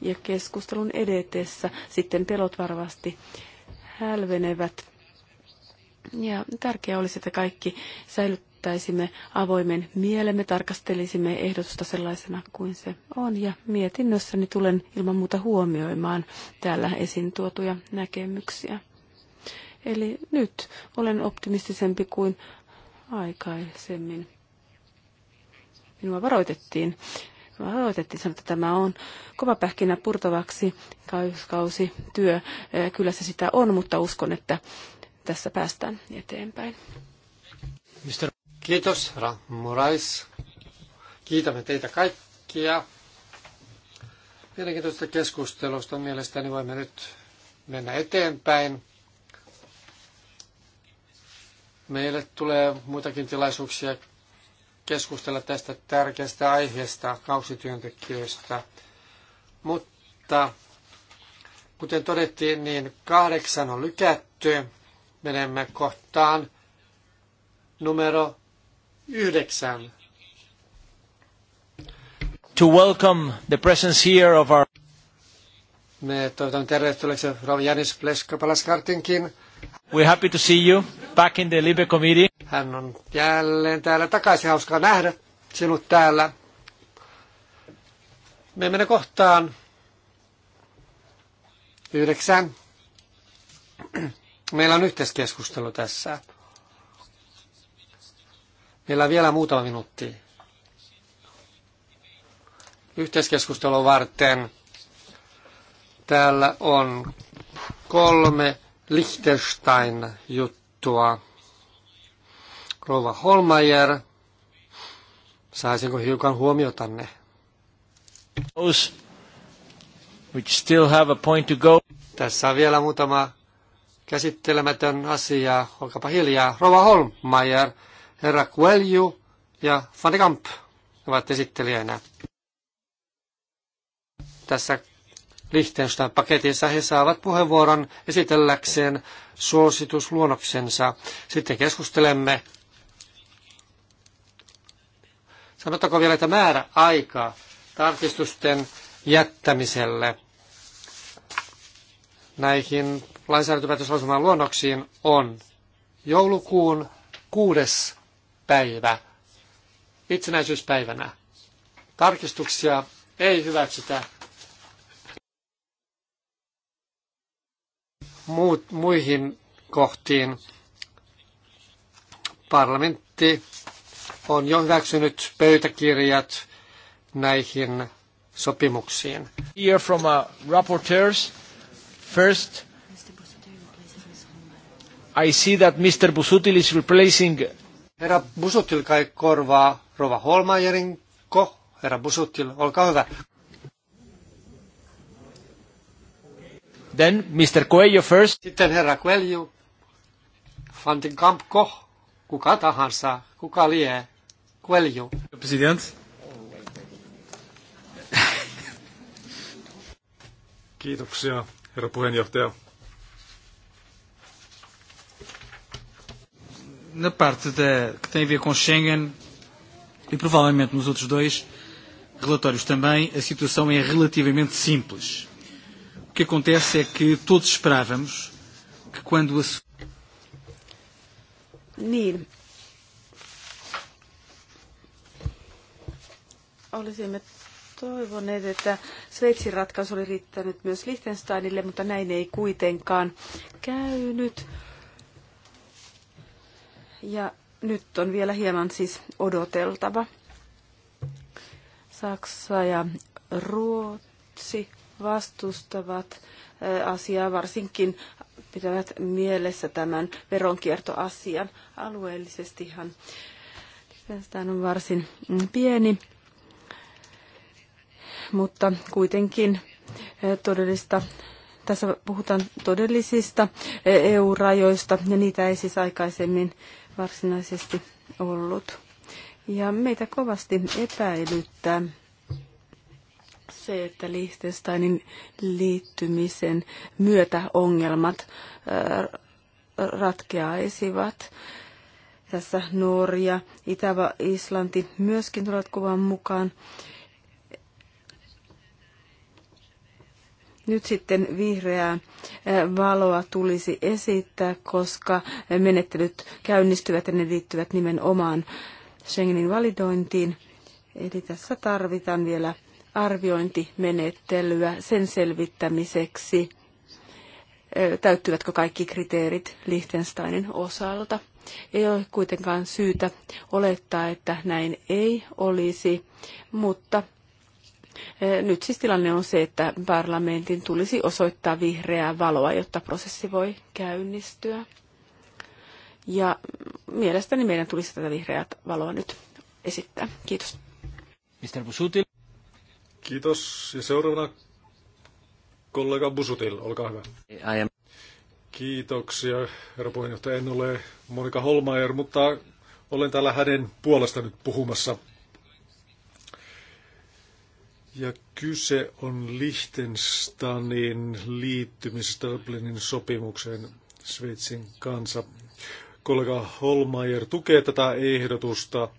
ja keskustelun edetessä sitten pelot varmasti hälvenevät. Ja tärkeää olisi, että kaikki säilyttäisimme avoimen mielemme, tarkastelisimme ehdotusta sellaisena kuin se on. Ja mietinnössäni tulen ilman muuta huomioimaan täällä esiin tuotuja näkemyksiä. Eli nyt olen optimistisempi kuin aikaisemmin. Minua varoitettiin aloitettiin, sanoi, että tämä on kova pähkinä purtavaksi kausi työ. Eh, kyllä se sitä on, mutta uskon, että tässä päästään eteenpäin. Mr. Kiitos, Morais. Kiitämme teitä kaikkia. Mielenkiintoista keskustelusta. Mielestäni voimme nyt mennä eteenpäin. Meille tulee muitakin tilaisuuksia keskustella tästä tärkeästä aiheesta, kausityöntekijöistä. Mutta kuten todettiin, niin kahdeksan on lykätty. Menemme kohtaan numero yhdeksän. To welcome the presence here of our... Me toivotamme tervetulleeksi Rav Janis Pleskopalaskartinkin. We're happy to see you back in the Libe Committee. Hän on jälleen täällä takaisin. Hauskaa nähdä sinut täällä. Me menemme kohtaan yhdeksän. Meillä on yhteiskeskustelu tässä. Meillä on vielä muutama minuutti Yhteiskeskustelu varten. Täällä on kolme Liechtenstein-juttua. Rova Holmajer, saisinko hiukan huomiotanne? Those which still have a point to go. Tässä on vielä muutama käsittelemätön asia. Olkapa hiljaa. Rova Holmajer, herra Kuelju ja Van de Kamp ovat esittelijänä. Tässä Liechtenstein-paketissa he saavat puheenvuoron esitelläkseen suositusluonnoksensa. Sitten keskustelemme Sanottako vielä, että määrä aika tarkistusten jättämiselle näihin lainsäädäntöpäätöslausumaan luonnoksiin on joulukuun kuudes päivä itsenäisyyspäivänä. Tarkistuksia ei hyväksytä muut, muihin kohtiin. Parlamentti on jo hyväksynyt pöytäkirjat näihin sopimuksiin. Here from a rapporteurs. First, I see that Mr. Busutil is replacing... Herra Busutil kai korvaa Rova Holmajerin ko. Herra Busutil, olkaa hyvä. Then Mr. Coelho first. Sitten herra Coelho. Fantin Kamp Koch. Kuka tahansa, kuka lie. Coelho. President. Kiitoksia, herra puheenjohtaja. Na parte da, que tem a ver com Schengen e provavelmente nos outros dois relatórios também, a situação é relativamente simples. O que acontece é que todos esperávamos que quando a... Niin, olisimme toivoneet, että Sveitsin ratkaisu oli riittänyt myös Liechtensteinille, mutta näin ei kuitenkaan käynyt. Ja nyt on vielä hieman siis odoteltava. Saksa ja Ruotsi vastustavat äh, asiaa, varsinkin pitävät mielessä tämän veronkiertoasian alueellisestihan. Tästä on varsin mm, pieni mutta kuitenkin eh, todellista tässä puhutaan todellisista eh, EU-rajoista, ja niitä ei siis aikaisemmin varsinaisesti ollut. Ja meitä kovasti epäilyttää se, että Liechtensteinin liittymisen myötä ongelmat eh, ratkeaisivat. Tässä Norja, itä Islanti myöskin tulevat kuvan mukaan. Nyt sitten vihreää valoa tulisi esittää, koska menettelyt käynnistyvät ja ne liittyvät nimenomaan Schengenin validointiin. Eli tässä tarvitaan vielä arviointimenettelyä sen selvittämiseksi, täyttyvätkö kaikki kriteerit Liechtensteinin osalta. Ei ole kuitenkaan syytä olettaa, että näin ei olisi, mutta Eh, nyt siis tilanne on se, että parlamentin tulisi osoittaa vihreää valoa, jotta prosessi voi käynnistyä. Ja mielestäni meidän tulisi tätä vihreää valoa nyt esittää. Kiitos. Mr. Busutil. Kiitos. Ja seuraavana kollega Busutil, olkaa hyvä. I am... Kiitoksia, herra puheenjohtaja. En ole Monika Holmaier, mutta olen täällä hänen puolesta nyt puhumassa. Ja kyse on Liechtensteinin liittymisestä Dublinin sopimukseen Sveitsin kanssa. Kollega Holmeier tukee tätä ehdotusta.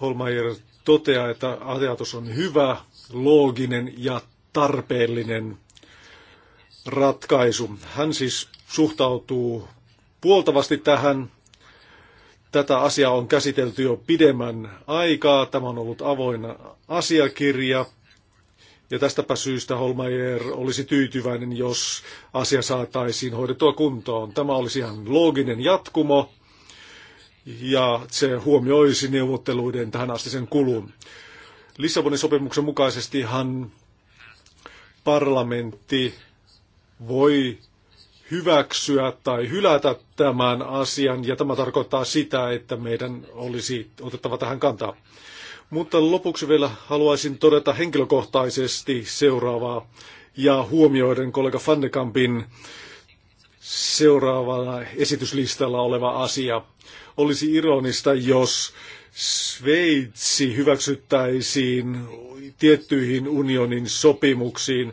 Holmeier toteaa, että ajatus on hyvä, looginen ja tarpeellinen ratkaisu. Hän siis suhtautuu puoltavasti tähän Tätä asiaa on käsitelty jo pidemmän aikaa. Tämä on ollut avoinna asiakirja. Ja tästäpä syystä Holmeier olisi tyytyväinen, jos asia saataisiin hoidettua kuntoon. Tämä olisi ihan looginen jatkumo ja se huomioisi neuvotteluiden tähän asti sen kulun. Lissabonin sopimuksen mukaisestihan parlamentti voi hyväksyä tai hylätä tämän asian, ja tämä tarkoittaa sitä, että meidän olisi otettava tähän kantaa. Mutta lopuksi vielä haluaisin todeta henkilökohtaisesti seuraavaa, ja huomioiden kollega Fannekampin seuraavalla esityslistalla oleva asia. Olisi ironista, jos Sveitsi hyväksyttäisiin tiettyihin unionin sopimuksiin,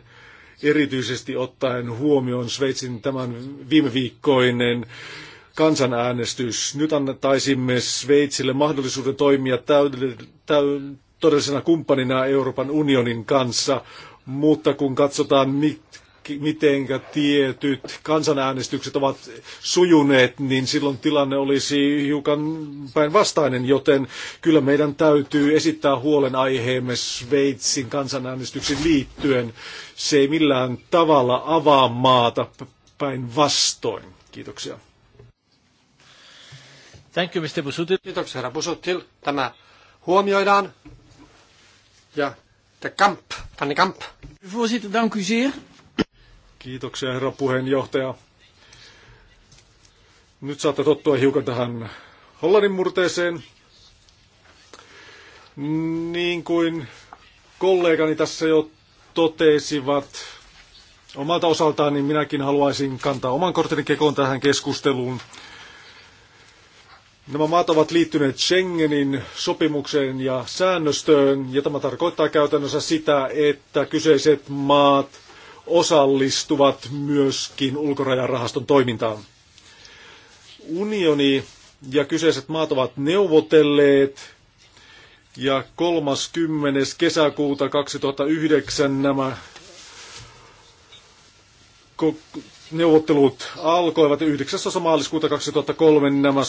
erityisesti ottaen huomioon Sveitsin tämän viime viikkoinen kansanäänestys. Nyt annettaisimme Sveitsille mahdollisuuden toimia täydell- todellisena kumppanina Euroopan unionin kanssa, mutta kun katsotaan, mit- mitenkä tietyt kansanäänestykset ovat sujuneet, niin silloin tilanne olisi hiukan päinvastainen, joten kyllä meidän täytyy esittää huolenaiheemme Sveitsin kansanäänestyksiin liittyen. Se ei millään tavalla avaa maata päinvastoin. Kiitoksia. Thank you, Mr. Busutil. Kiitoksia, herra Busutil. Tämä huomioidaan. Ja te Kamp, Tanne Kamp. Voorzitter, dank u zeer. Kiitoksia, herra puheenjohtaja. Nyt saatte tottua hiukan tähän Hollannin murteeseen. Niin kuin kollegani tässä jo totesivat omalta osaltaan, niin minäkin haluaisin kantaa oman korteni kekoon tähän keskusteluun. Nämä maat ovat liittyneet Schengenin sopimukseen ja säännöstöön, ja tämä tarkoittaa käytännössä sitä, että kyseiset maat – osallistuvat myöskin ulkorajarahaston toimintaan. Unioni ja kyseiset maat ovat neuvotelleet ja 30. kesäkuuta 2009 nämä neuvottelut alkoivat ja 9. maaliskuuta 2003 nämä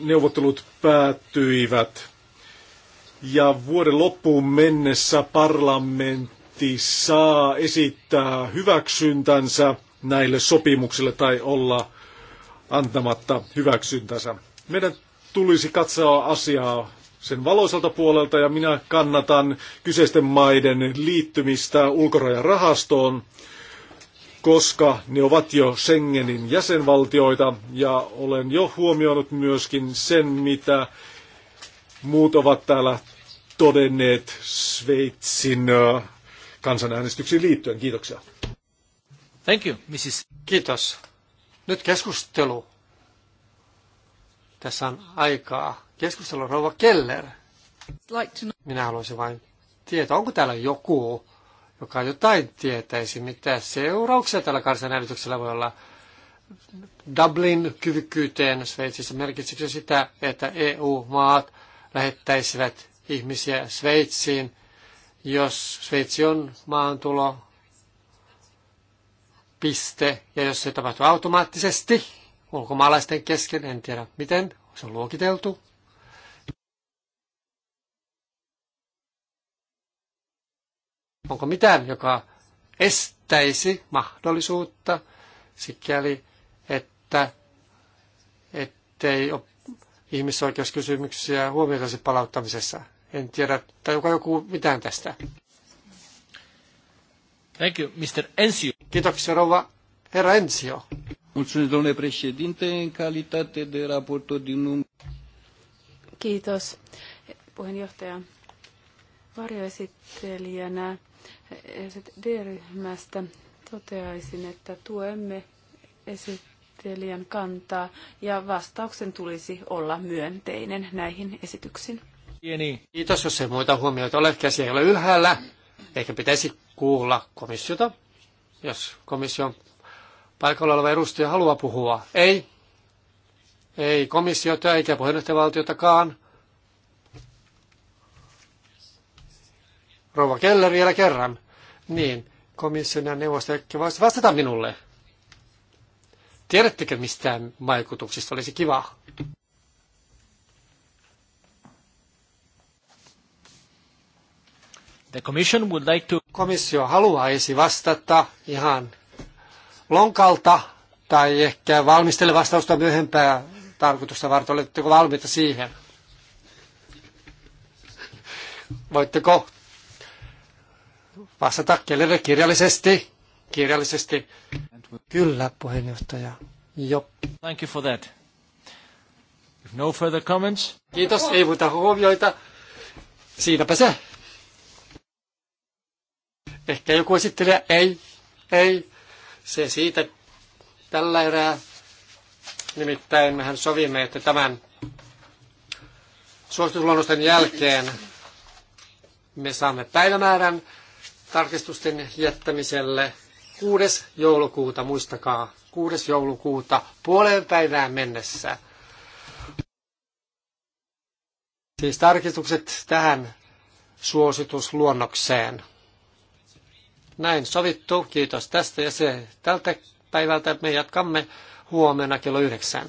neuvottelut päättyivät. Ja vuoden loppuun mennessä parlament parlamentti saa esittää hyväksyntänsä näille sopimuksille tai olla antamatta hyväksyntänsä. Meidän tulisi katsoa asiaa sen valoisalta puolelta ja minä kannatan kyseisten maiden liittymistä ulkorajarahastoon, koska ne ovat jo Schengenin jäsenvaltioita ja olen jo huomioinut myöskin sen, mitä muut ovat täällä todenneet Sveitsin kansanäänestyksiin liittyen. Kiitoksia. Thank you, Mrs. Kiitos. Nyt keskustelu. Tässä on aikaa. Keskustelu rouva Keller. Minä haluaisin vain tietää, onko täällä joku, joka jotain tietäisi, mitä seurauksia tällä kansanäänestyksellä voi olla. Dublin-kyvykkyyteen Sveitsissä merkitsikö sitä, että EU-maat lähettäisivät ihmisiä Sveitsiin jos Sveitsi on maantulo, piste, ja jos se tapahtuu automaattisesti ulkomaalaisten kesken, en tiedä miten, se on luokiteltu, onko mitään, joka estäisi mahdollisuutta sikäli, että ettei ihmisoikeuskysymyksiä huomioitaisi palauttamisessa. En tiedä, tai onko joku mitään tästä. Thank you, Mr. Enzio. Kiitoksia, rouva herra Enzio. Mulțumesc, domnule președinte, în calitate de raportor din umbră. Kiitos, puheenjohtaja. Varjoesittelijänä D-ryhmästä toteaisin, että tuemme esittelijän kantaa ja vastauksen tulisi olla myönteinen näihin esityksiin. Pieni. Kiitos, jos ei muita huomioita ole. Käsi ei ole ylhäällä. Ehkä pitäisi kuulla komissiota, jos komission paikalla oleva edustaja haluaa puhua. Ei. Ei komissiota eikä puheenjohtajavaltiotakaan. Rouva Keller vielä kerran. Niin, komission ja neuvosto ehkä voisi vastata minulle. Tiedättekö mistään vaikutuksista? Olisi kiva. The commission would like to... Komissio haluaisi vastata ihan lonkalta tai ehkä valmistele vastausta myöhempää tarkoitusta varten. Oletteko valmiita siihen? Voitteko vastata kenelle kirjallisesti? Kirjallisesti. Kyllä, puheenjohtaja. Jo. Thank you for that. If no further comments. Kiitos, ei muuta huomioita. Siinäpä se. Ehkä joku esittelee, ei, ei. Se siitä tällä erää. Nimittäin mehän sovimme, että tämän suositusluonnosten jälkeen me saamme päivämäärän tarkistusten jättämiselle 6. joulukuuta, muistakaa, 6. joulukuuta puoleen päivään mennessä. Siis tarkistukset tähän suositusluonnokseen. Näin sovittu. Kiitos tästä ja se tältä päivältä. Me jatkamme huomenna kello yhdeksän.